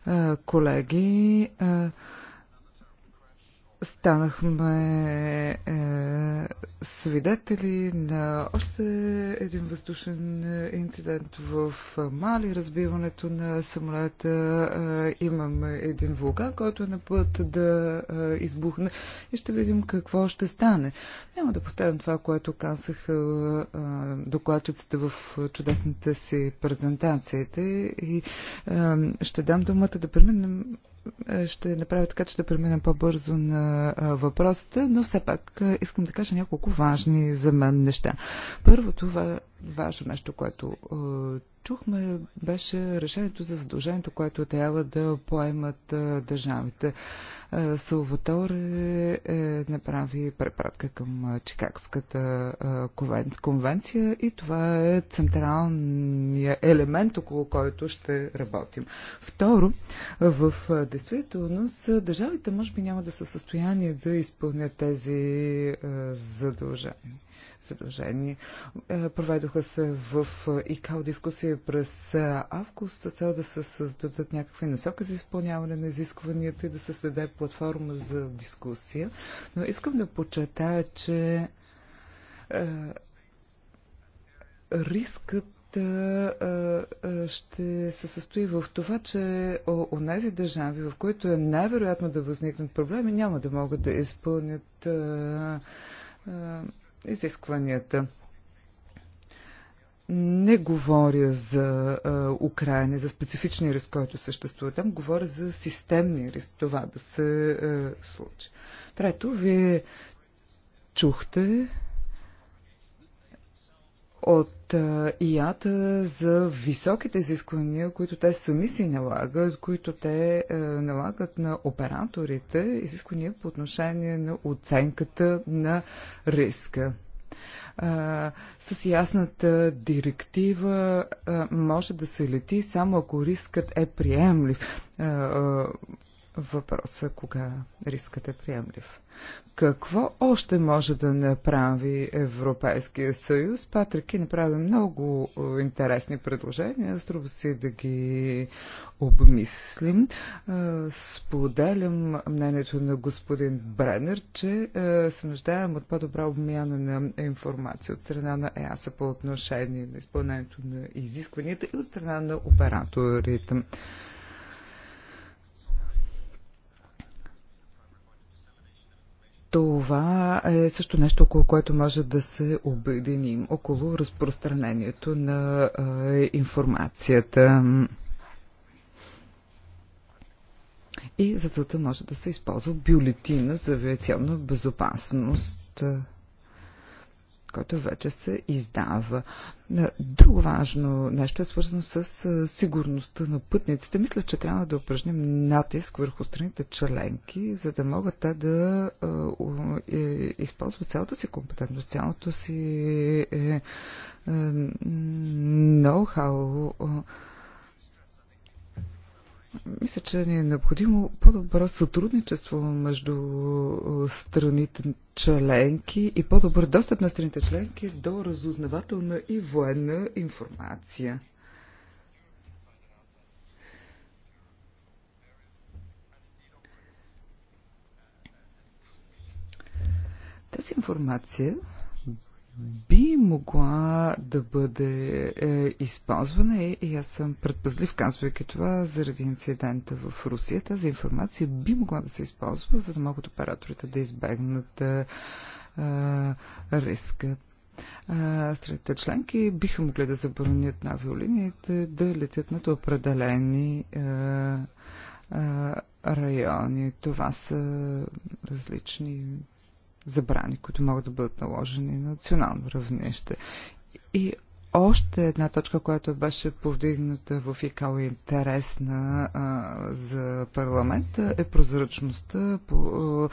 S2: а, колеги. А, станахме е, свидетели на още един въздушен инцидент в Мали, разбиването на самолета. Е, имаме един вулкан, който е на път да е, избухне и ще видим какво ще стане. Няма да повтарям това, което казах е, е, докладчиците в чудесните си презентациите и е, ще дам думата да преминем е, ще направя така, че да преминем по-бързо на въпросите, но все пак искам да кажа няколко важни за мен неща. Първо това важно нещо, което е, чухме, беше решението за задължението, което трябва да поемат е, държавите. Е, Салваторе е, направи препратка към е, Чикагската е, конвенция и това е централният елемент, около който ще работим. Второ, в е, действителност е, държавите може би няма да са в състояние да изпълнят тези е, задължения задължение. Е, проведоха се в е, ИКАО дискусия през е, август с цел да се създадат някакви насоки за изпълняване на изискванията и да се създаде платформа за дискусия. Но искам да почетая, че рискът ще се състои в това, че у тези държави, в които е най-вероятно да възникнат проблеми, няма да могат да изпълнят изискванията. Не говоря за а, Украина, за специфичния риск, който съществува там, говоря за системния риск, това да се а, случи. Трето, вие чухте от е, ИАТА е, за високите изисквания, които те сами си налагат, които те е, налагат на операторите, изисквания по отношение на оценката на риска а, с ясната директива а, може да се лети само ако рискът е приемлив. А, въпроса кога рискът е приемлив. Какво още може да направи Европейския съюз? Патрик и направи много е, интересни предложения. Струва си да ги обмислим. Е, споделям мнението на господин Бренер, че е, се нуждаем от по-добра обмяна на информация от страна на ЕАСА по отношение на изпълнението на изискванията и от страна на операторите. Това е също нещо, около което може да се обединим, около разпространението на информацията. И за целта може да се използва бюлетина за авиационна безопасност който вече се издава. Друго важно нещо е свързано с сигурността на пътниците. Мисля, че трябва да упражним натиск върху страните членки, за да могат те да използват цялата си компетентност, цялото си ноу-хау. Е, е, мисля, че ни е необходимо по-добро сътрудничество между е, страните членки и по-добър достъп на страните членки до разузнавателна и военна информация. Тази информация би могла да бъде е, използвана и аз съм предпазлив, казвайки това, заради инцидента в Русия. Тази информация би могла да се използва, за да могат операторите да избегнат е, е риска. Е, страните членки биха могли да забранят на авиолиниите да летят над определени е, е, райони. Това са различни забрани, които могат да бъдат наложени на национално равнище. И още една точка, която беше повдигната в ИКАО интересна а, за парламента е прозрачността по,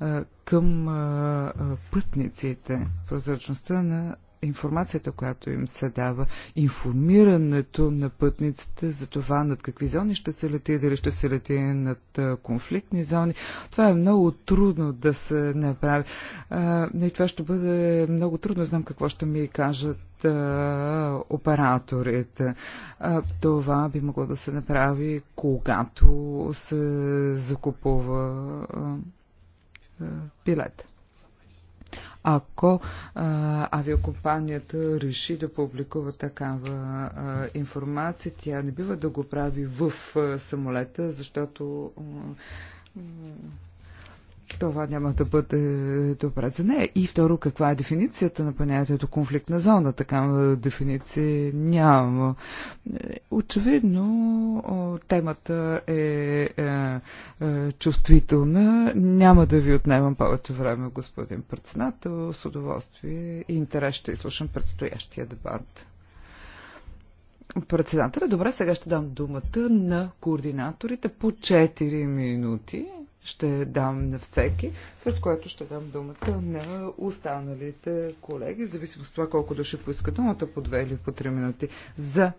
S2: а, към а, пътниците, прозрачността на информацията, която им се дава, информирането на пътниците за това над какви зони ще се лети, дали ще се лети над конфликтни зони. Това е много трудно да се направи. А, и това ще бъде много трудно. Знам какво ще ми кажат операторите. Това би могло да се направи, когато се закупува билет ако а, авиакомпанията реши да публикува такава а, информация, тя не бива да го прави в а, самолета, защото а, това няма да бъде добре за нея. И второ, каква е дефиницията на понятието конфликт на зона? Такава дефиниция няма. Очевидно, темата е, е, е чувствителна. Няма да ви отнемам повече време, господин председател. С удоволствие и интерес ще изслушам предстоящия дебат председателя. Добре, сега ще дам думата на координаторите по 4 минути ще дам на всеки, след което ще дам думата на останалите колеги, зависимо от това колко души поиска думата, по две или по три минути. За,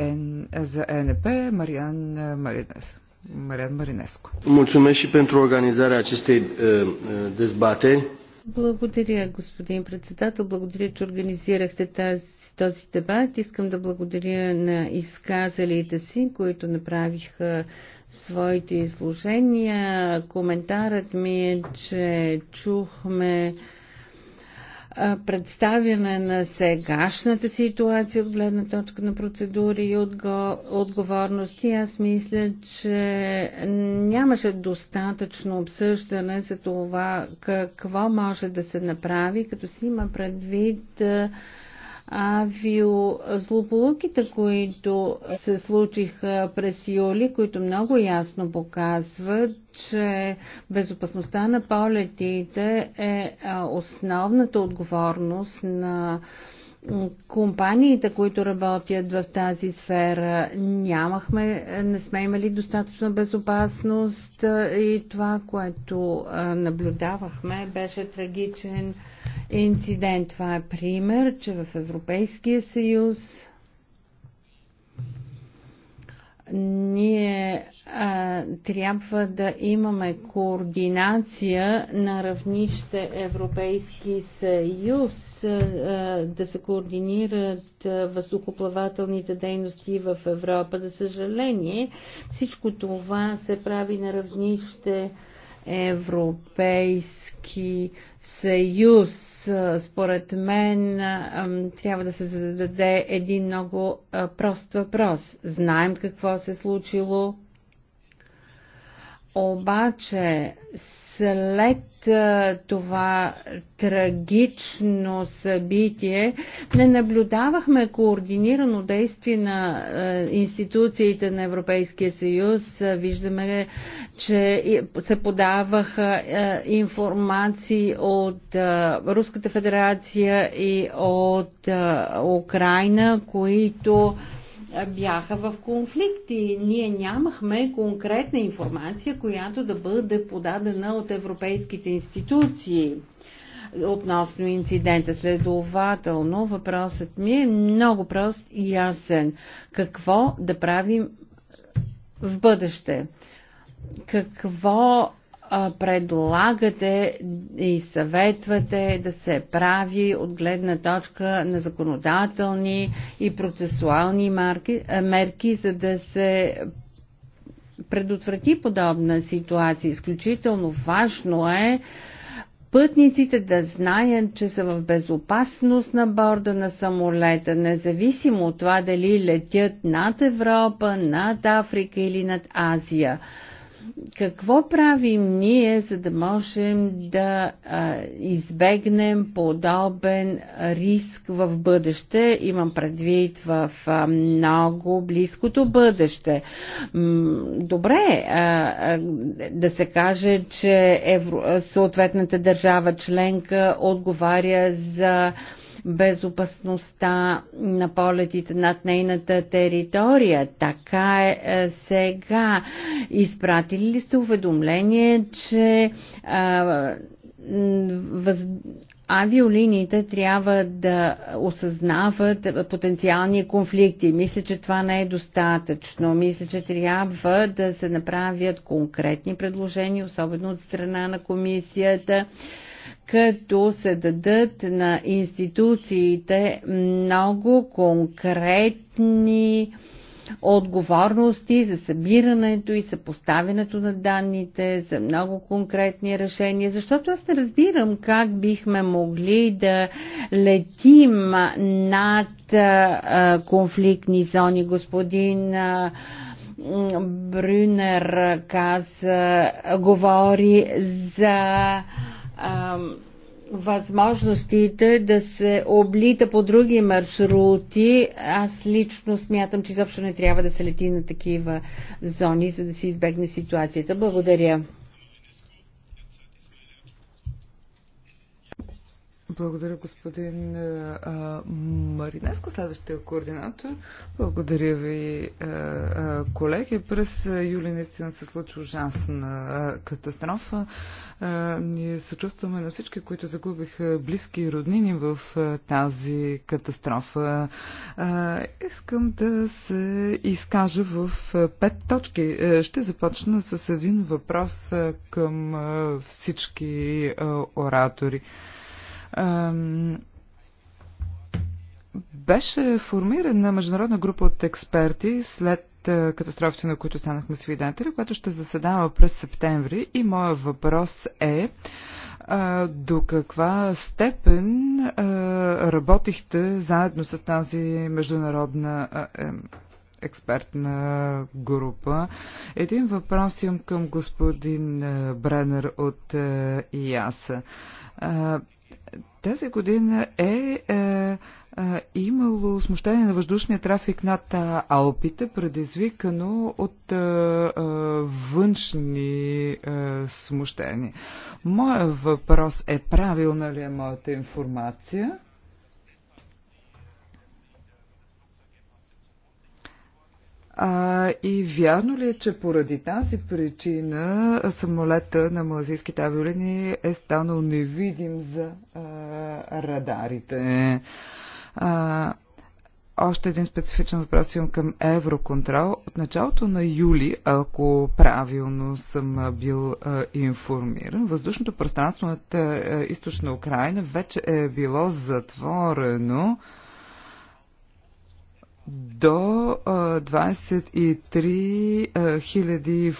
S2: Н, за НП Мариан е, Маринес. Мариан Маринеско.
S1: Mulțumesc și pentru organizarea acestei dezbateri. Е, е,
S4: благодаря, господин председател. Благодаря, че организирахте тази, този дебат. Искам да благодаря на изказалите си, които направиха своите изложения. Коментарът ми е, че чухме представяне на сегашната ситуация от гледна точка на процедури и отговорности. Аз мисля, че нямаше достатъчно обсъждане за това какво може да се направи, като си има предвид авиозлополуките, които се случиха през юли, които много ясно показват, че безопасността на полетите е основната отговорност на компаниите, които работят в тази сфера, нямахме, не сме имали достатъчно безопасност и това, което наблюдавахме, беше трагичен инцидент. Това е пример, че в Европейския съюз ние а, трябва да имаме координация на равнище Европейски съюз, а, да се координират въздухоплавателните дейности в Европа. За съжаление, всичко това се прави на равнище Европейски съюз. Според мен трябва да се зададе един много прост въпрос. Знаем какво се е случило, обаче след това трагично събитие не наблюдавахме координирано действие на институциите на Европейския съюз. Виждаме, че се подаваха информации от Руската федерация и от Украина, които бяха в конфликт и ние нямахме конкретна информация, която да бъде подадена от европейските институции относно инцидента. Следователно, въпросът ми е много прост и ясен. Какво да правим в бъдеще? Какво предлагате и съветвате да се прави от гледна точка на законодателни и процесуални марки, мерки, за да се предотврати подобна ситуация. Изключително важно е пътниците да знаят, че са в безопасност на борда на самолета, независимо от това дали летят над Европа, над Африка или над Азия. Какво правим ние, за да можем да а, избегнем подобен риск в бъдеще? Имам предвид в а, много близкото бъдеще. М- добре, а, а, да се каже, че евро, съответната държава членка отговаря за а, безопасността на полетите над нейната територия. Така е, е сега. Изпратили ли сте уведомление, че а, въз... авиолиниите трябва да осъзнават потенциални конфликти. Мисля, че това не е достатъчно. Мисля, че трябва да се направят конкретни предложения, особено от страна на комисията като се дадат на институциите много конкретни отговорности за събирането и съпоставянето на данните, за много конкретни решения, защото аз не разбирам как бихме могли да летим над конфликтни зони. Господин Брюнер каза, говори за възможностите да се облита по други маршрути. Аз лично смятам, че изобщо не трябва да се лети на такива зони, за да се избегне ситуацията. Благодаря. Благодаря, господин Маринеско,
S2: следващия координатор. Благодаря ви, колеги. През юли наистина се случи ужасна катастрофа. ние съчувстваме на всички, които загубиха близки и роднини в тази катастрофа. искам да се изкажа в пет точки. ще започна с един въпрос към всички оратори. Беше формирана международна група от експерти след катастрофите, на които станахме свидетели, която ще заседава през септември. И моя въпрос е а, до каква степен а, работихте заедно с тази международна а, е, експертна група. Един въпрос имам към господин Бренер от ИАСА. Тази година е, е, е имало смущение на въздушния трафик над е, Алпите, предизвикано от е, е, външни е, смущения. Моя въпрос е правилна ли е моята информация? А, и вярно ли е, че поради тази причина самолета на малазийските авиолини е станал невидим за а, радарите? А, още един специфичен въпрос имам към Евроконтрол. От началото на юли, ако правилно съм бил а, информиран, въздушното пространство на източна Украина вече е било затворено. А, до 23 000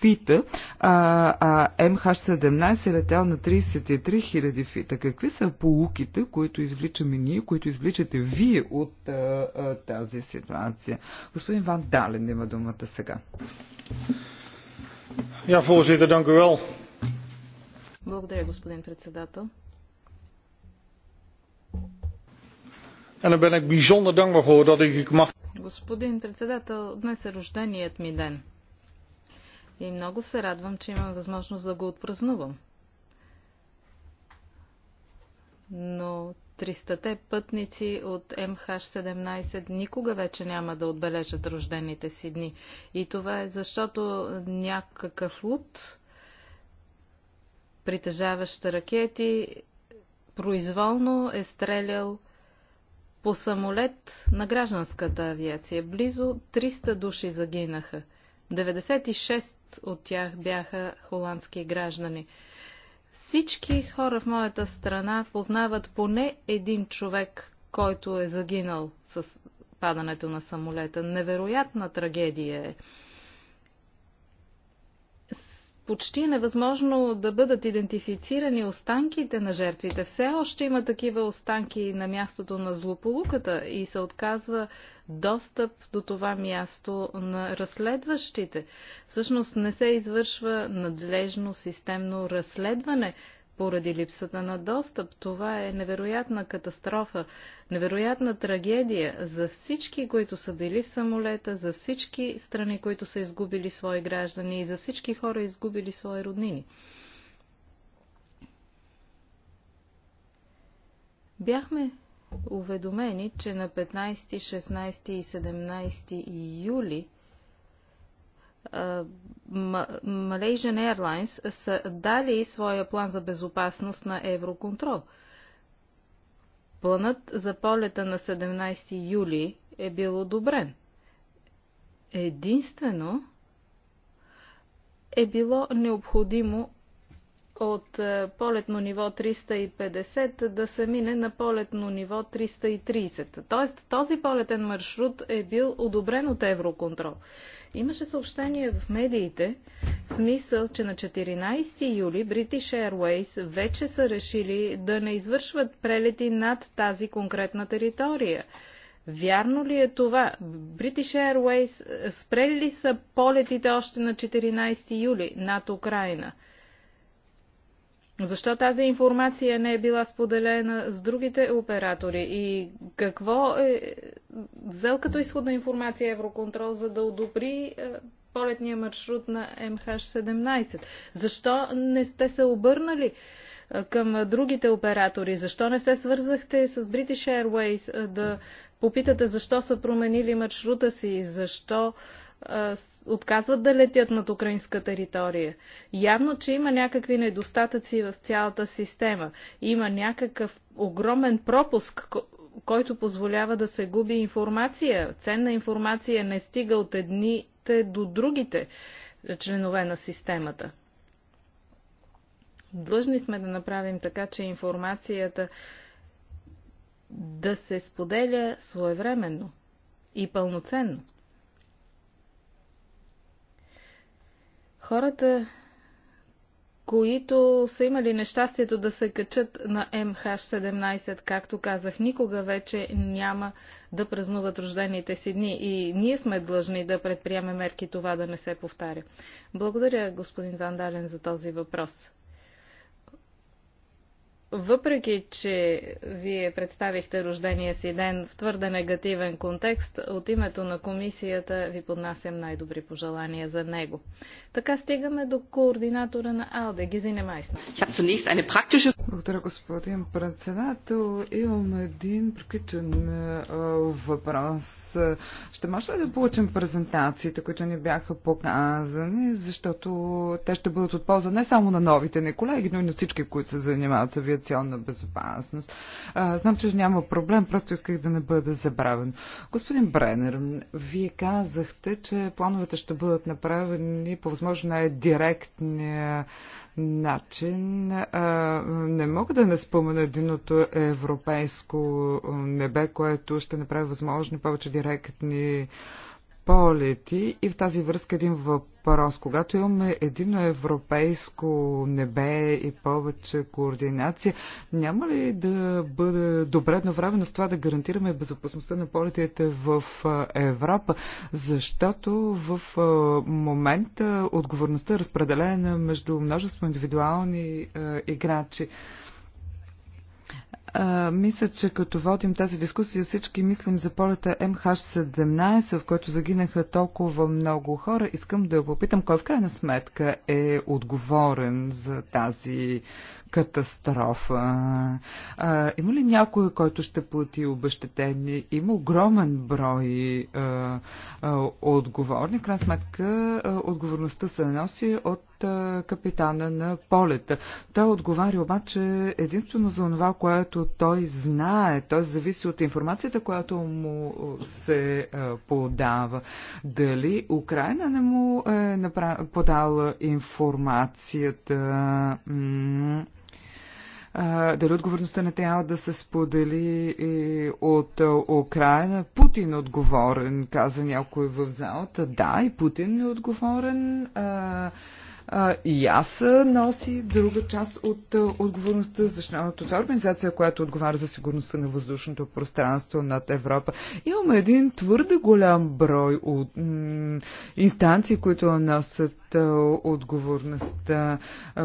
S2: фита, а, а МХ-17 е летял на 33 000 фита. Какви са полуките, които извличаме ние, които извличате вие от а, а, тази ситуация? Господин Ван Дален има думата сега.
S5: Благодаря, господин председател.
S3: En daar ben ik bijzonder dankbaar voor dat ik mag.
S5: Господин председател, днес е рожденият ми ден. И много се радвам, че имам възможност да го отпразнувам. Но 300-те пътници от МХ-17 никога вече няма да отбележат рождените си дни. И това е защото някакъв луд, притежаващ ракети, произволно е стрелял по самолет на гражданската авиация. Близо 300 души загинаха. 96 от тях бяха холандски граждани. Всички хора в моята страна познават поне един човек, който е загинал с падането на самолета. Невероятна трагедия е почти е невъзможно да бъдат идентифицирани останките на жертвите. Все още има такива останки на мястото на злополуката и се отказва достъп до това място на разследващите. Всъщност не се извършва надлежно системно разследване поради липсата на достъп. Това е невероятна катастрофа, невероятна трагедия за всички, които са били в самолета, за всички страни, които са изгубили свои граждани и за всички хора, изгубили свои роднини. Бяхме уведомени, че на 15, 16 и 17 юли Malaysian Airlines са дали своя план за безопасност на Евроконтрол. Планът за полета на 17 юли е бил одобрен. Единствено е било необходимо от е, полетно ниво 350 да се мине на полетно ниво 330. Тоест този полетен маршрут е бил одобрен от Евроконтрол. Имаше съобщение в медиите, в смисъл, че на 14 юли British Airways вече са решили да не извършват прелети над тази конкретна територия. Вярно ли е това? British Airways е, спрели ли са полетите още на 14 юли над Украина? Защо тази информация не е била споделена с другите оператори и какво е взел като изходна информация Евроконтрол, за да одобри е, полетния маршрут на МХ-17? Защо не сте се обърнали е, към другите оператори? Защо не се свързахте с British Airways е, да попитате защо са променили маршрута си, защо отказват да летят над украинска територия. Явно, че има някакви недостатъци в цялата система. Има някакъв огромен пропуск, който позволява да се губи информация. Ценна информация не стига от едните до другите членове на системата. Длъжни сме да направим така, че информацията да се споделя своевременно и пълноценно. Хората, които са имали нещастието да се качат на МХ-17, както казах, никога вече няма да празнуват рождените си дни и ние сме длъжни да предприемем мерки това да не се повтаря. Благодаря, господин Вандален, за този въпрос. Въпреки, че вие представихте рождения си ден в твърде негативен контекст, от името на комисията ви поднасям най-добри пожелания за него. Така стигаме до координатора на АЛДЕ, Гизине Майсна.
S2: Благодаря, господин председател. Имам един практичен въпрос. Ще може ли да получим презентациите, които ни бяха показани, защото те ще бъдат от полза не само на новите ни колеги, но и на всички, които се занимават с вид авиационна безопасност. А, знам, че няма проблем, просто исках да не бъда забравен. Господин Бренер, вие казахте, че плановете ще бъдат направени по възможно най-директния начин. А, не мога да не спомена единото европейско небе, което ще направи възможни повече директни полети и в тази връзка един въпрос. Когато имаме едино европейско небе и повече координация, няма ли да бъде добре едновременно с това да гарантираме безопасността на полетите в Европа? Защото в момента отговорността е разпределена между множество индивидуални играчи. А, мисля, че като водим тази дискусия, всички мислим за полета МХ-17, в който загинаха толкова много хора. Искам да попитам кой в крайна сметка е отговорен за тази катастрофа. А, има ли някой, който ще плати обещетение? Има огромен брой а, а, отговорни. В крайна сметка а, отговорността се носи от а, капитана на полета. Той отговаря обаче единствено за това, което той знае. Той зависи от информацията, която му се а, подава. Дали Украина не му е подала информацията? а, дали отговорността не трябва да се сподели и от Украина. Путин е отговорен, каза някой в залата. Да, и Путин е отговорен. А, а, и аз носи друга част от а, отговорността, защото това е организация, която отговаря за сигурността на въздушното пространство над Европа. Имаме един твърде голям брой от инстанции, които носят отговорността.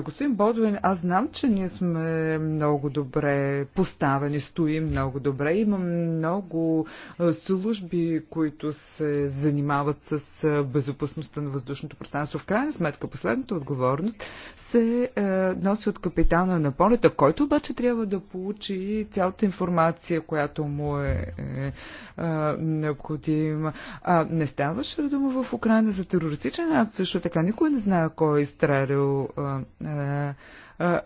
S2: Господин Бодуин, аз знам, че ние сме много добре поставени, стоим много добре. Има много служби, които се занимават с безопасността на въздушното пространство. В крайна сметка, последната отговорност се носи от капитана на полета, който обаче трябва да получи цялата информация, която му е, е, е необходима. А, не ставаше дума в Украина за терористичен акт, също така никога никой не знае кой е изстрелял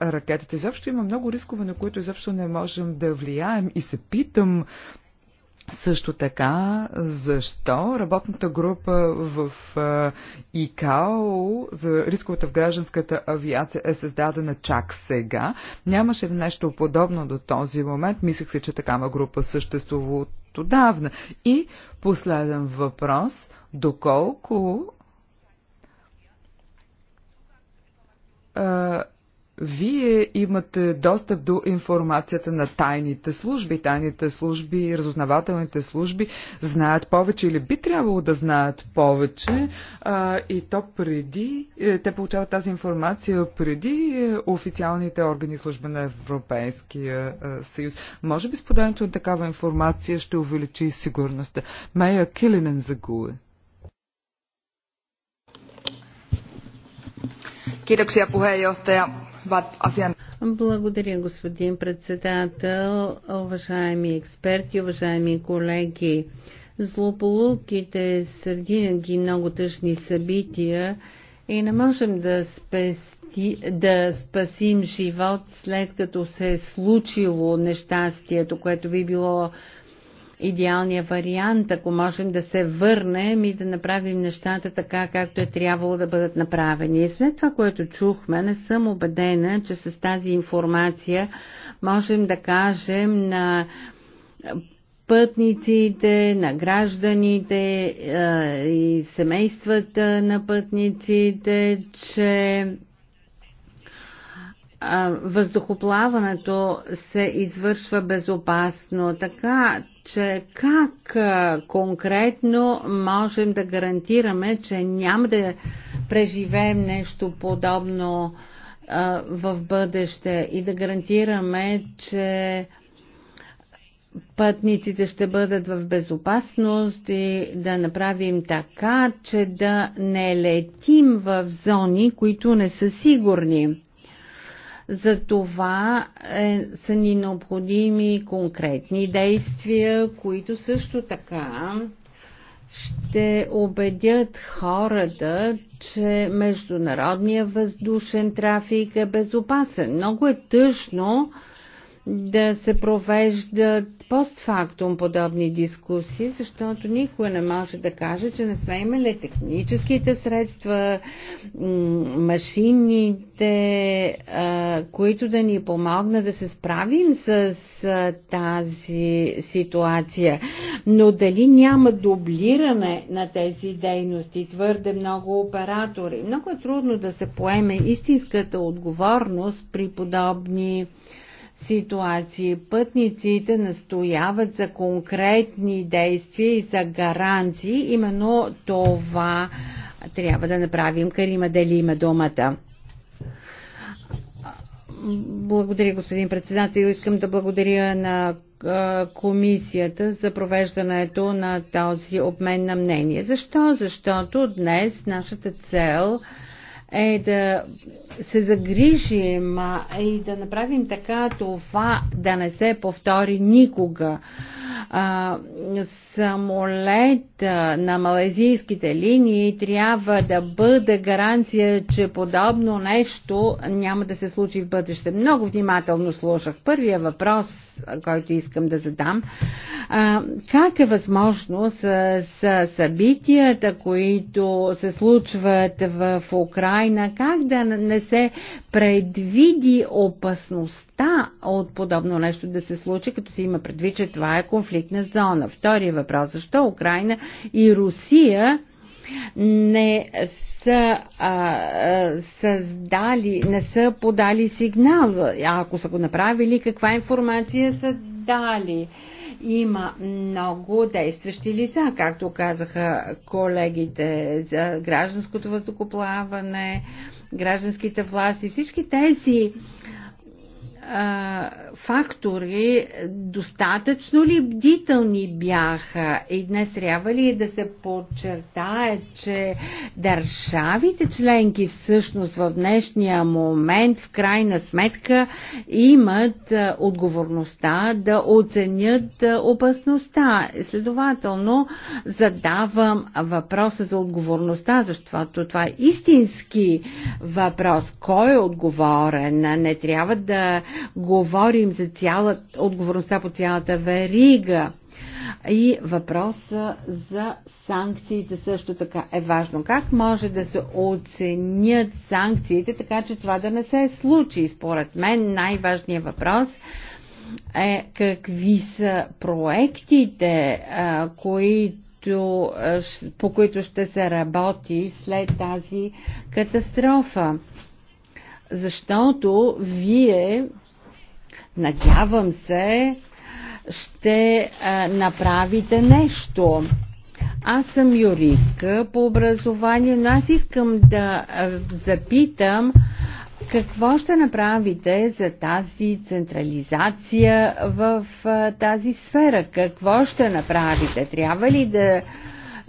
S2: ракетата. Изобщо има много рискове, на които изобщо не можем да влияем. И се питам също така, защо работната група в ИКАО за рисковата в гражданската авиация е създадена чак сега? Нямаше нещо подобно до този момент. Мислех се, че такава група съществува отдавна. И последен въпрос, доколко а, вие имате достъп до информацията на тайните служби. Тайните служби, разузнавателните служби знаят повече или би трябвало да знаят повече а, и то преди, е, те получават тази информация преди е, официалните органи служба на Европейския е, съюз. Може би с на такава информация ще увеличи сигурността. Майя Килинен загуе.
S4: Благодаря, господин председател, уважаеми експерти, уважаеми колеги. Злополуките са винаги много тъжни събития и не можем да, спести, да спасим живот след като се е случило нещастието, което би било идеалния вариант, ако можем да се върнем и да направим нещата така, както е трябвало да бъдат направени. И след това, което чухме, не съм убедена, че с тази информация можем да кажем на пътниците, на гражданите е, и семействата на пътниците, че въздухоплаването се извършва безопасно, така че как конкретно можем да гарантираме, че няма да преживеем нещо подобно в бъдеще и да гарантираме, че пътниците ще бъдат в безопасност и да направим така, че да не летим в зони, които не са сигурни. За това е, са ни необходими конкретни действия, които също така ще убедят хората, че международният въздушен трафик е безопасен. Много е тъжно да се провеждат постфактум подобни дискусии, защото никой не може да каже, че не сме имали техническите средства, машините, които да ни помогнат да се справим с тази ситуация. Но дали няма дублиране на тези дейности, твърде много оператори. Много е трудно да се поеме истинската отговорност при подобни ситуации. Пътниците настояват за конкретни действия и за гаранции. Именно това трябва да направим. Карима, дали има думата? Благодаря, господин председател. Искам да благодаря на комисията за провеждането на този обмен на мнение. Защо? Защото днес нашата цел е да се загрижим и да направим така това да не се повтори никога. Самолет на малазийските линии трябва да бъде гаранция, че подобно нещо няма да се случи в бъдеще. Много внимателно слушах. Първия въпрос, който искам да задам. Как е възможно с, с събитията, които се случват в Украина, как да не се предвиди опасността от подобно нещо да се случи, като се има предвид, че това е конфликтна зона. Втория въпрос, защо Украина и Русия не са а, създали, не са подали сигнал. А ако са го направили, каква информация са дали? Има много действащи лица, както казаха колегите за гражданското въздухоплаване, а, гражданските власти. Всички тези фактори достатъчно ли бдителни бяха и днес трябва ли да се подчертае, че държавите членки всъщност в днешния момент в крайна сметка имат отговорността да оценят опасността. Следователно задавам въпроса за отговорността, защото това е истински въпрос. Кой е отговорен? Не трябва да говорим за цяла, отговорността по цялата верига. И въпроса за санкциите също така е важно. Как може да се оценят санкциите, така че това да не се случи? Според мен най-важният въпрос е какви са проектите, които по които ще се работи след тази катастрофа. Защото вие Надявам се, ще а, направите нещо. Аз съм юристка по образование, но аз искам да а, запитам какво ще направите за тази централизация в а, тази сфера? Какво ще направите? Трябва ли да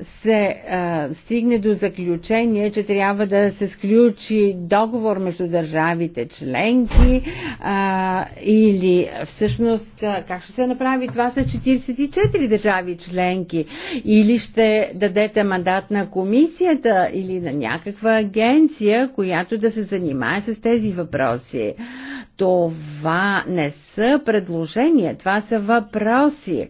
S4: се а, стигне до заключение, че трябва да се сключи договор между държавите членки а, или всъщност как ще се направи това са 44 държави членки или ще дадете мандат на комисията или на някаква агенция, която да се занимае с тези въпроси. Това не са предложения, това са въпроси.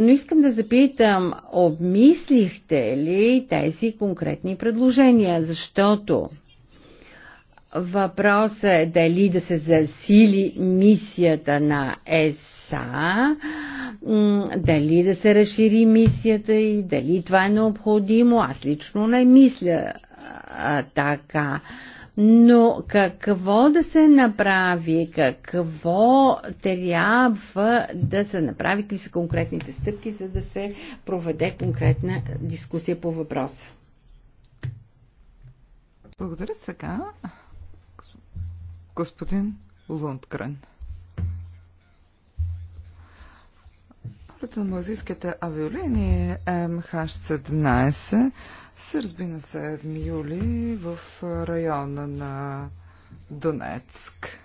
S4: Но искам да запитам, обмислихте ли тези конкретни предложения, защото въпросът е дали да се засили мисията на ЕСА, дали да се разшири мисията и дали това е необходимо. Аз лично не мисля а, така. Но какво да се направи, какво трябва да се направи, какви са конкретните стъпки, за да се проведе конкретна дискусия по въпроса? Благодаря сега, господин Лундгрен.
S2: Ролята на музийските авиолини МХ-17 се на 7 юли в района на Донецк.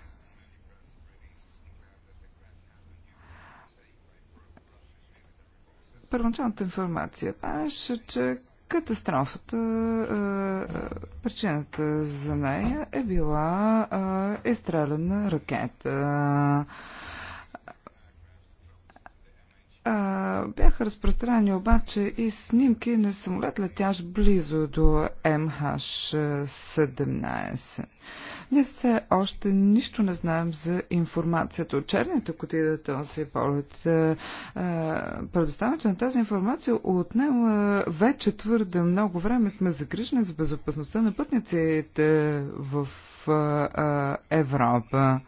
S2: Първоначалната информация беше, че катастрофата, е, е, причината за нея е била е, изстреляна ракета. А, бяха разпространени обаче и снимки на самолет летящ близо до МХ-17. Ние все още нищо не знаем за информацията от черната да този полет. Предоставянето на тази информация отнема вече твърде много време. Сме загрижени за безопасността на пътниците в Европа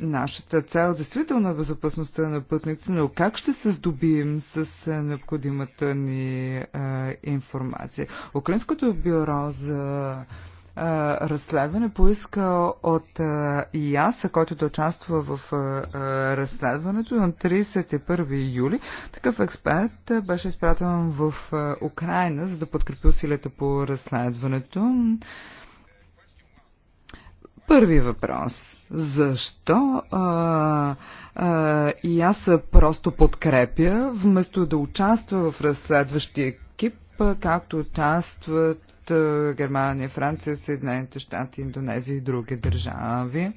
S2: нашата цел действително е безопасността на пътници, но как ще се здобием с е, необходимата ни е, информация? Украинското бюро за е, разследване поиска от е, ИАСа, който да участва в разследването на 31 юли. Такъв експерт беше изпратен в Украина, за да подкрепи усилията по разследването. Първи въпрос. Защо а, а, и аз просто подкрепя, вместо да участва в разследващия екип, както участват Германия, Франция, Съединените щати, Индонезия и други държави.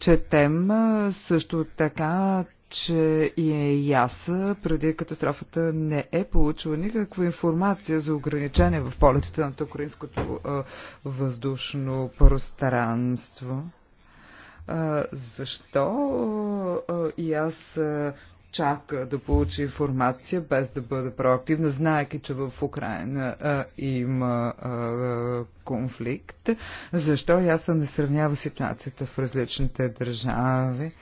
S2: Четем също така, че и е ЯСА преди катастрофата не е получила никаква информация за ограничение в полетите на украинското въздушно пространство. Защо и аз чака да получи информация, без да бъде проактивна, знаеки, че в Украина а, има а, конфликт. Защо аз не сравнява ситуацията в различните държави?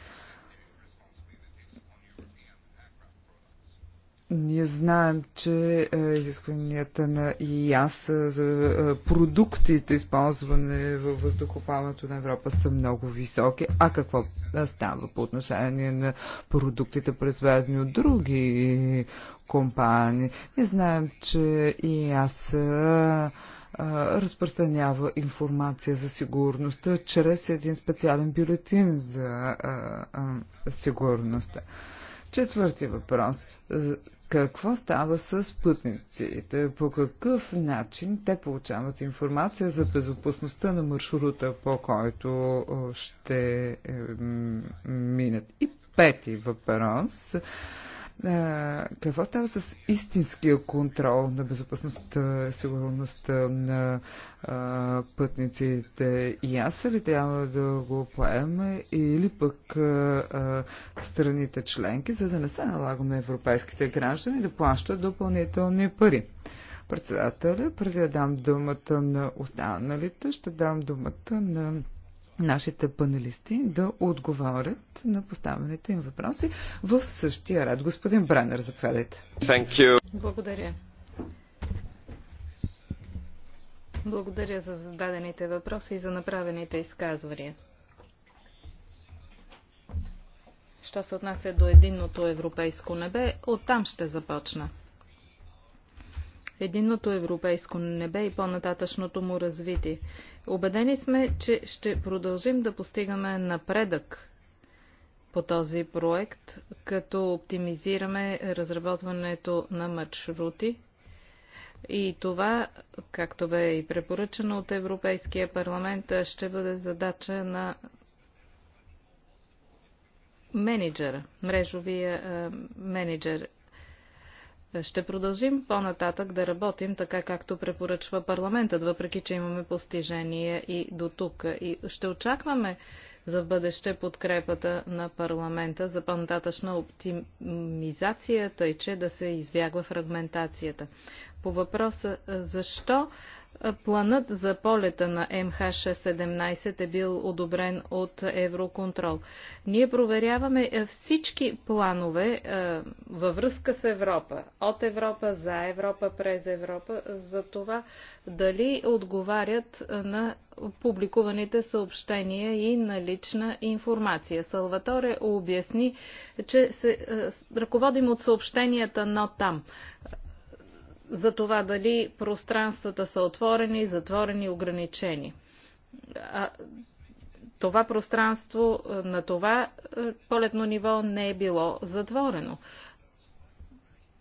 S2: Ние знаем, че е, изискванията на ИАС е, за е, продуктите, използване във въздухоплаването на Европа, са много високи. А какво става по отношение на продуктите, произведени от други компании? Ние знаем, че ИАС разпространява информация за сигурността чрез един специален бюлетин за сигурността. Четвърти въпрос какво става с пътниците? По какъв начин те получават информация за безопасността на маршрута, по който ще минат? И пети въпрос какво става с истинския контрол на безопасността, сигурността на а, пътниците? И аз ли трябва да го поеме или пък а, страните членки, за да не се налагаме европейските граждани да плащат допълнителни пари? Председателя, преди да дам думата на останалите, ще дам думата на нашите панелисти да отговорят на поставените им въпроси в същия ред. Господин Бренер, заповядайте.
S5: Благодаря. Благодаря за зададените въпроси и за направените изказвания. Що се отнася до единното европейско небе, оттам ще започна – единното европейско небе и по-нататъчното му развитие. Обедени сме, че ще продължим да постигаме напредък по този проект, като оптимизираме разработването на маршрути. И това, както бе и препоръчено от Европейския парламент, ще бъде задача на менеджера, мрежовия е, менеджер ще продължим по-нататък да работим така, както препоръчва парламентът, въпреки че имаме постижения и до тук. И ще очакваме за бъдеще подкрепата на парламента за по-нататъчна оптимизацията и че да се избягва фрагментацията. По въпроса защо Планът за полета на МХ-617 е бил одобрен от Евроконтрол. Ние проверяваме е, всички планове е, във връзка с Европа, от Европа, за Европа, през Европа, за това дали отговарят е, на публикуваните съобщения и налична информация. Салваторе обясни, че се ръководим от съобщенията, но там за това дали пространствата са отворени, затворени, ограничени. А, това пространство на това полетно ниво не е било затворено.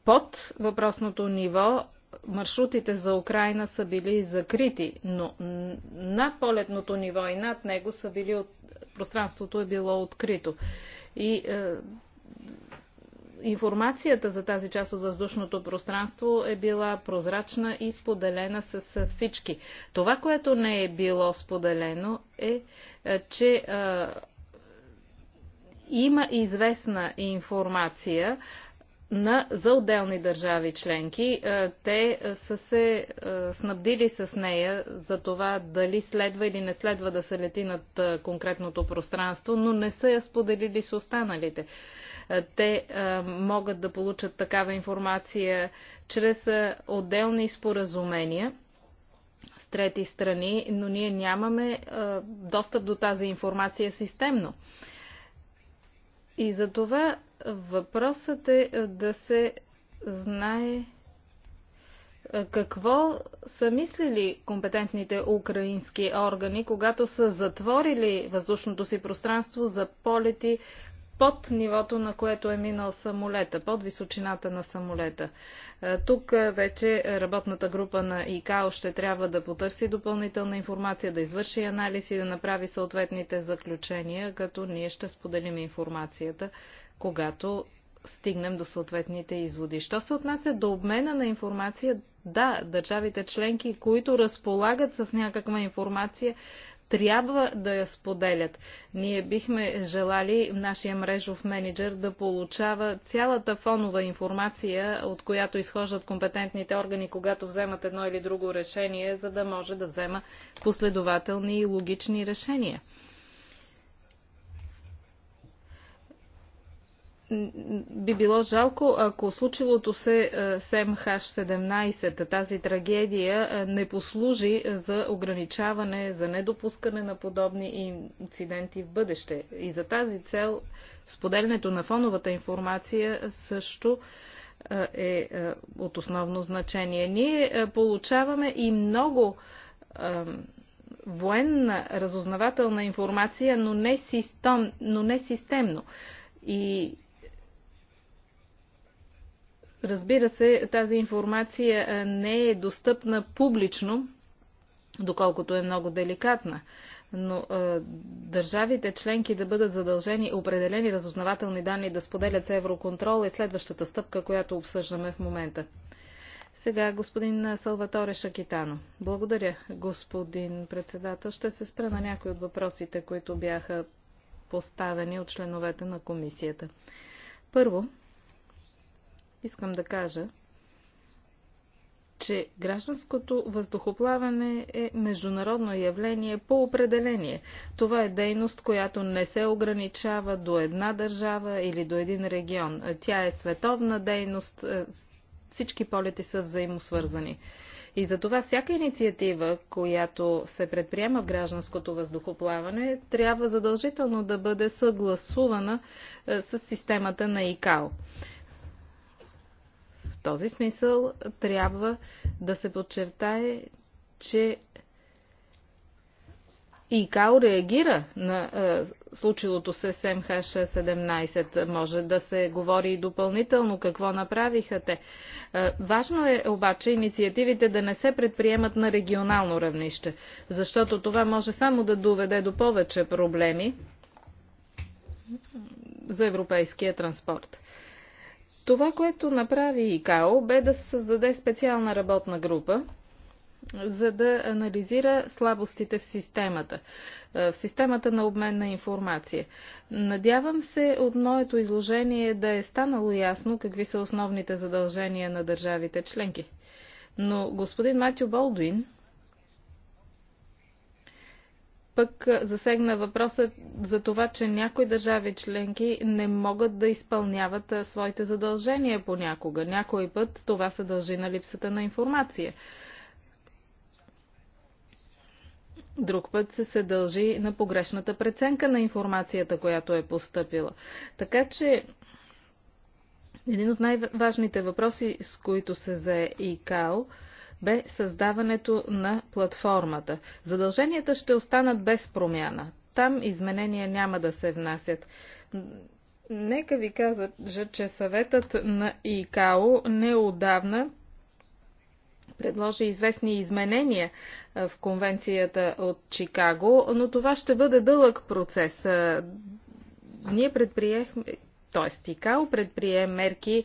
S5: Под въпросното ниво маршрутите за Украина са били закрити, но на полетното ниво и над него са били от... пространството е било открито. И е, информацията за тази част от въздушното пространство е била прозрачна и споделена с всички. Това, което не е било споделено е, е че има известна информация на, за отделни държави членки. Те са се снабдили с нея за това дали следва или не следва да се лети над конкретното пространство, но не са я споделили с останалите. Е, те е, могат да получат такава информация чрез е, отделни споразумения с трети страни, но ние нямаме достъп до тази информация системно. И за това въпросът е да се знае какво са мислили компетентните украински органи, когато са затворили въздушното си пространство за полети под нивото, на което е минал самолета, под височината на самолета. Е, тук е, вече работната група на ИКАО ще трябва да потърси допълнителна информация, да извърши анализ и да направи съответните заключения, като ние ще споделим информацията, когато стигнем до съответните изводи. Що се отнася до обмена на информация, да, държавите членки, които разполагат с някаква информация, трябва да я споделят. Ние бихме желали нашия мрежов менеджер да получава цялата фонова информация, от която изхождат компетентните органи, когато вземат едно или друго решение, за да може да взема последователни и логични решения. би било жалко, ако случилото се е, СМХ-17, тази трагедия, е, не послужи за ограничаване, за недопускане на подобни инциденти в бъдеще. И за тази цел споделянето на фоновата информация също е, е от основно значение. Ние получаваме и много военна разузнавателна информация, но не, систем, но не системно. И Разбира се, тази информация не е достъпна публично, доколкото е много деликатна. Но е, държавите членки да бъдат задължени определени разузнавателни данни да споделят с Евроконтрол е следващата стъпка, която обсъждаме в момента. Сега господин Салваторе Шакитано. Благодаря, господин председател. Ще се спра на някои от въпросите, които бяха поставени от членовете на комисията. Първо, искам да кажа, че гражданското въздухоплаване е международно явление по определение. Това е дейност, която не се ограничава до една държава или до един регион. Тя е световна дейност, е, всички полети са взаимосвързани. И затова всяка инициатива, която се предприема в гражданското въздухоплаване, трябва задължително да бъде съгласувана е, с системата на ИКАО този смисъл трябва да се подчертае, че ИКАО реагира на е, случилото се с МХ-17. Може да се говори и допълнително какво направиха те. Е, важно е обаче инициативите да не се предприемат на регионално равнище, защото това може само да доведе до повече проблеми за европейския транспорт. Това, което направи ИКАО, бе да създаде специална работна група, за да анализира слабостите в системата, в системата на обмен на информация. Надявам се от моето изложение да е станало ясно какви са основните задължения на държавите членки. Но господин Матю Болдуин пък засегна въпроса за това, че някои държави членки не могат да изпълняват своите задължения понякога. Някой път това се дължи на липсата на информация. Друг път се, се дължи на погрешната преценка на информацията, която е поступила. Така че един от най-важните въпроси, с които се зае ИКАО, бе създаването на платформата. Задълженията ще останат без промяна. Там изменения няма да се внасят. Нека ви кажа, че съветът на ИКАО неодавна предложи известни изменения в конвенцията от Чикаго, но това ще бъде дълъг процес. Ние предприехме, т.е. ИКАО предприе мерки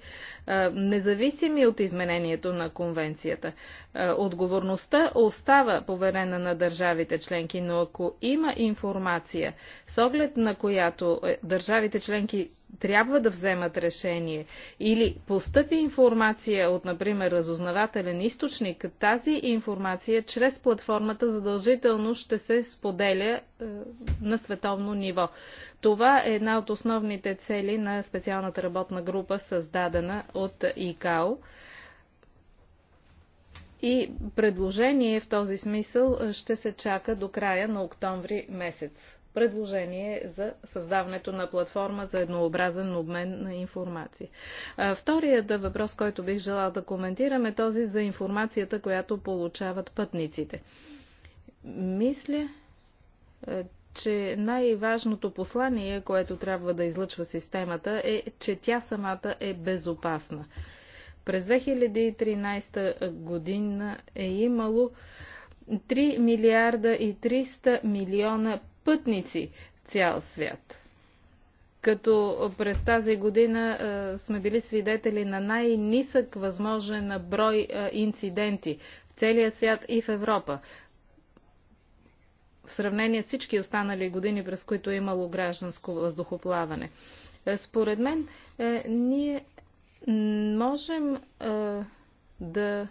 S5: независими от изменението на конвенцията. Е, отговорността остава поверена на държавите членки, но ако има информация, с оглед на която е, държавите членки трябва да вземат решение или постъпи информация от, например, разузнавателен източник, тази информация чрез платформата задължително ще се споделя е, на световно ниво. Това е една от основните цели на специалната работна група, създадена от ИКАО. И предложение в този смисъл ще се чака до края на октомври месец. Предложение за създаването на платформа за еднообразен обмен на информация. Вторият въпрос, който бих желал да коментирам е този за информацията, която получават пътниците. Мисля, че най-важното послание, което трябва да излъчва системата е, че тя самата е безопасна. През 2013 година е имало 3 милиарда и 300 милиона пътници в цял свят. Като през тази година а, сме били свидетели на най-нисък възможен брой а, инциденти в целия свят и в Европа. В сравнение с всички останали години, през които е имало гражданско въздухоплаване. Е, според мен, е, ние можем да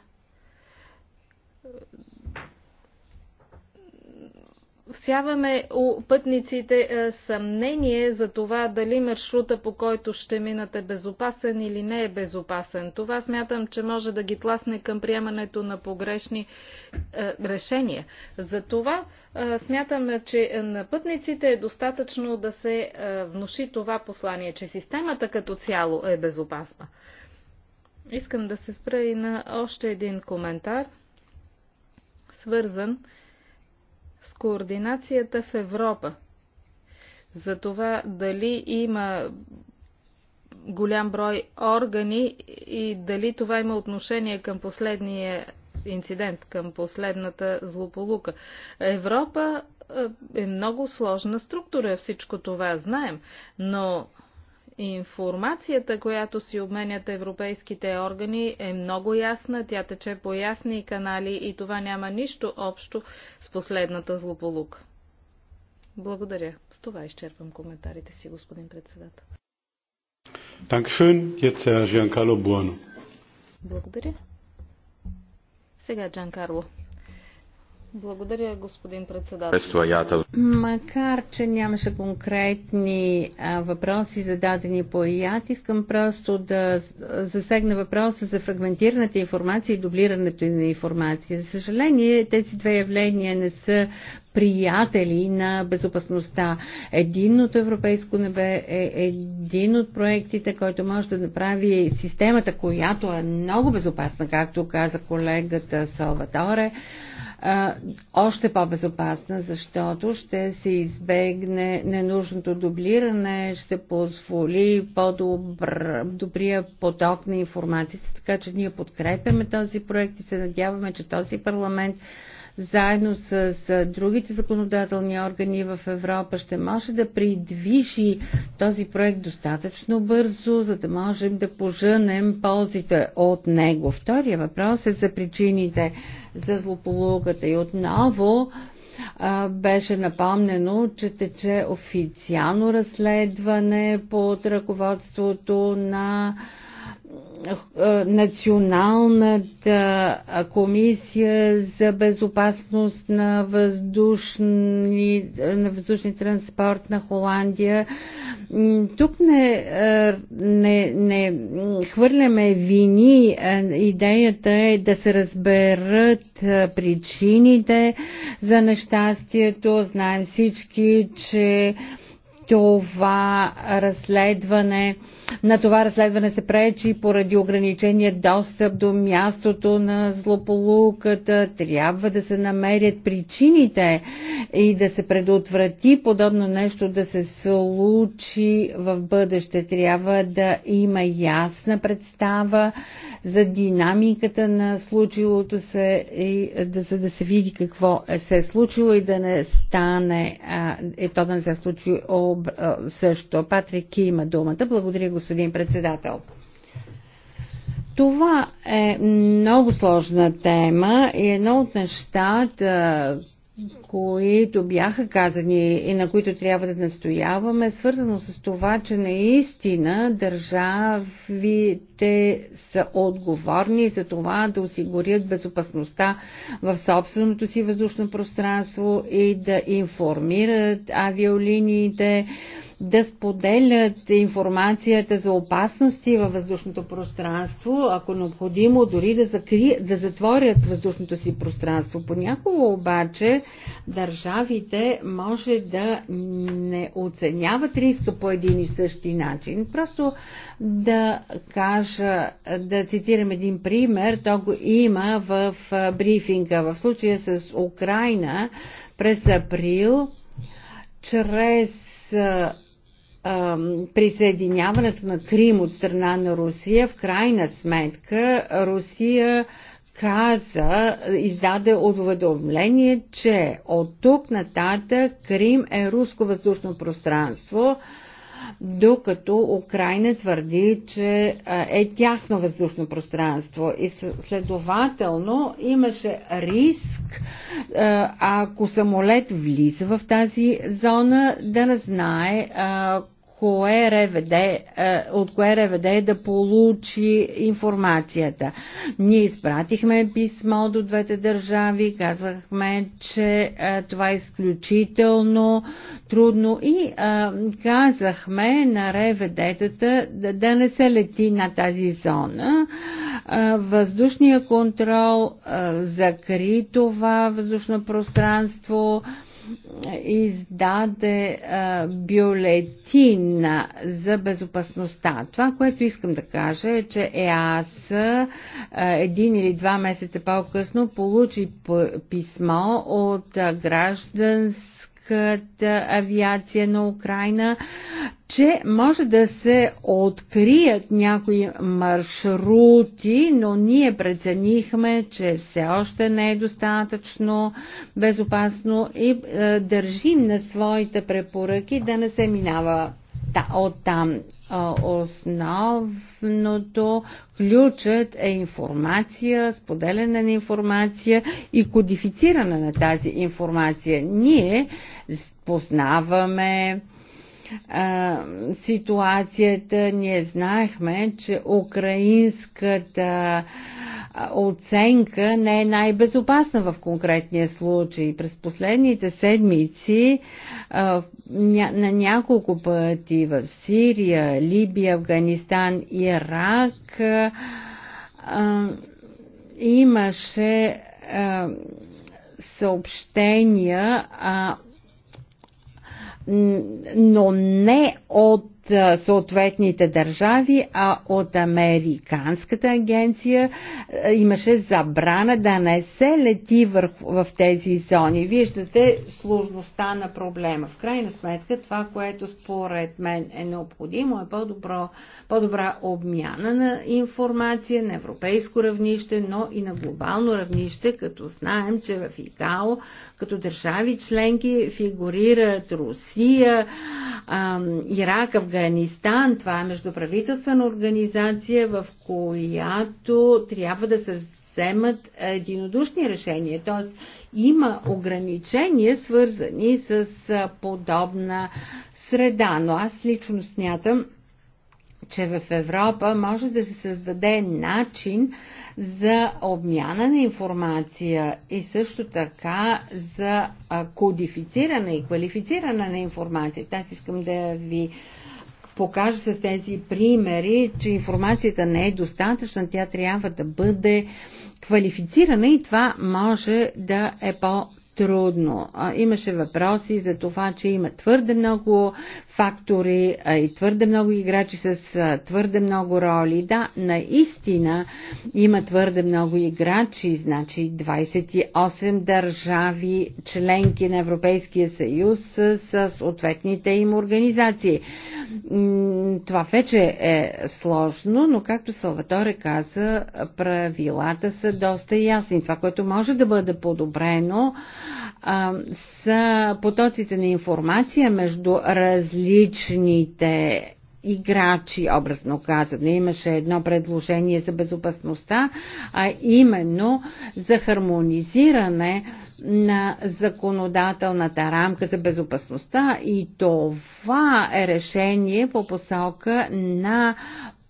S5: всяваме у пътниците е, съмнение за това дали маршрута по който ще минат е безопасен или не е безопасен. Това смятам, че може да ги тласне към приемането на погрешни е, решения. За това е, смятам, че на пътниците е достатъчно да се внуши това послание, че системата като цяло е безопасна. Искам да се спра и на още един коментар, свързан с с координацията в Европа. За това дали има голям брой органи и дали това има отношение към последния инцидент, към последната злополука. Европа е, е много сложна структура, всичко това знаем, но Информацията, която си обменят европейските органи е много ясна, тя тече по ясни канали и това няма нищо общо с последната злополука. Благодаря. С това изчерпвам коментарите си, господин председател.
S1: Äh,
S5: Благодаря. Сега Джанкарло. Благодаря, господин председател.
S4: Макар, че нямаше конкретни а, въпроси зададени по ИАТ, искам просто да засегна въпроса за фрагментираната информация и дублирането на информация. За съжаление, тези две явления не са приятели на безопасността. Един от Европейско небе е един от проектите, който може да направи системата, която е много безопасна, както каза колегата Салваторе още по-безопасна, защото ще се избегне ненужното дублиране, ще позволи по-добрия поток на информацията, така че ние подкрепяме този проект и се надяваме, че този парламент заедно с другите законодателни органи в Европа ще може да придвижи този проект достатъчно бързо, за да можем да пожънем ползите от него. Втория въпрос е за причините за злополуката и отново беше напомнено, че тече официално разследване под ръководството на е, Националната комисия за безопасност на, въздушни, на въздушни транспорт на Холандия. Тук не, е, не, не хвърляме вини. Е, идеята е да се разберат причините за нещастието. Знаем всички, че това разследване, на това разследване се пречи поради ограничения достъп до мястото на злополуката. Трябва да се намерят причините и да се предотврати подобно нещо да се случи в бъдеще. Трябва да има ясна представа за динамиката на случилото се, и, е, да, за да се види какво е се е случило и да не стане, а, и то да не се случи об, а, също. Патрик има думата. Благодаря, господин председател. Това е много сложна тема и едно от нещата, които бяха казани и на които трябва да настояваме, свързано с това, че наистина държавите са отговорни за това да осигурят безопасността в собственото си въздушно пространство и да информират авиолиниите да споделят информацията за опасности във въздушното пространство, ако е необходимо дори да, закри... да затворят въздушното си пространство. Понякога обаче държавите може да не оценяват риска по един и същи начин. Просто да кажа, да цитирам един пример, то го има в брифинга. В случая с Украина през април чрез присъединяването на Крим от страна на Русия, в крайна сметка Русия каза, издаде уведомление, че от тук нататък Крим е руско въздушно пространство, докато Украина твърди, че е тяхно въздушно пространство. И следователно имаше риск, ако самолет влиза в тази зона, да не знае кое РВД, е, от кое РВД е да получи информацията. Ние изпратихме писмо до двете държави, казвахме, че е, това е изключително трудно и казахме на РВД-тата да не се лети на тази зона. Въздушния контрол закри това въздушно пространство, издаде бюлетина за безопасността. Това, което искам да кажа е, че ЕАС един или два месеца по-късно получи писмо от граждански авиация на Украина, че може да се открият някои маршрути, но ние преценихме, че все още не е достатъчно безопасно и държим на своите препоръки да не се минава от там. Основното ключът е информация, споделяне на информация и кодифициране на тази информация. Ние познаваме а, ситуацията, ние знаехме, че украинската оценка не е най-безопасна в конкретния случай. През последните седмици на няколко пъти в Сирия, Либия, Афганистан, Ирак имаше съобщения, но не от съответните държави, а от Американската агенция имаше забрана да не се лети в, в тези зони. Виждате сложността на проблема. В крайна сметка това, което според мен е необходимо е по-добро, по-добра обмяна на информация на европейско равнище, но и на глобално равнище, като знаем, че в ИКАО като държави членки фигурират Русия, Ирак, Афганистан, Афганистан. Това е междуправителствена организация, в която трябва да се вземат единодушни решения. Т.е. има ограничения, свързани с подобна среда. Но аз лично смятам, че в Европа може да се създаде начин за обмяна на информация и също така за кодифициране и квалифициране на информация. Аз искам да ви покаже с тези примери, че информацията не е достатъчна, тя трябва да бъде квалифицирана и това може да е по- трудно. А, имаше въпроси за това, че има твърде много фактори а, и твърде много играчи с а, твърде много роли. Да, наистина има твърде много играчи, значи 28 държави, членки на Европейския съюз с, с съответните им организации. Това вече е сложно, но както Салваторе каза, правилата са доста ясни. Това, което може да бъде подобрено, са потоците на информация между различните играчи, образно казано. Имаше едно предложение за безопасността, а именно за хармонизиране на законодателната рамка за безопасността и това е решение по посока на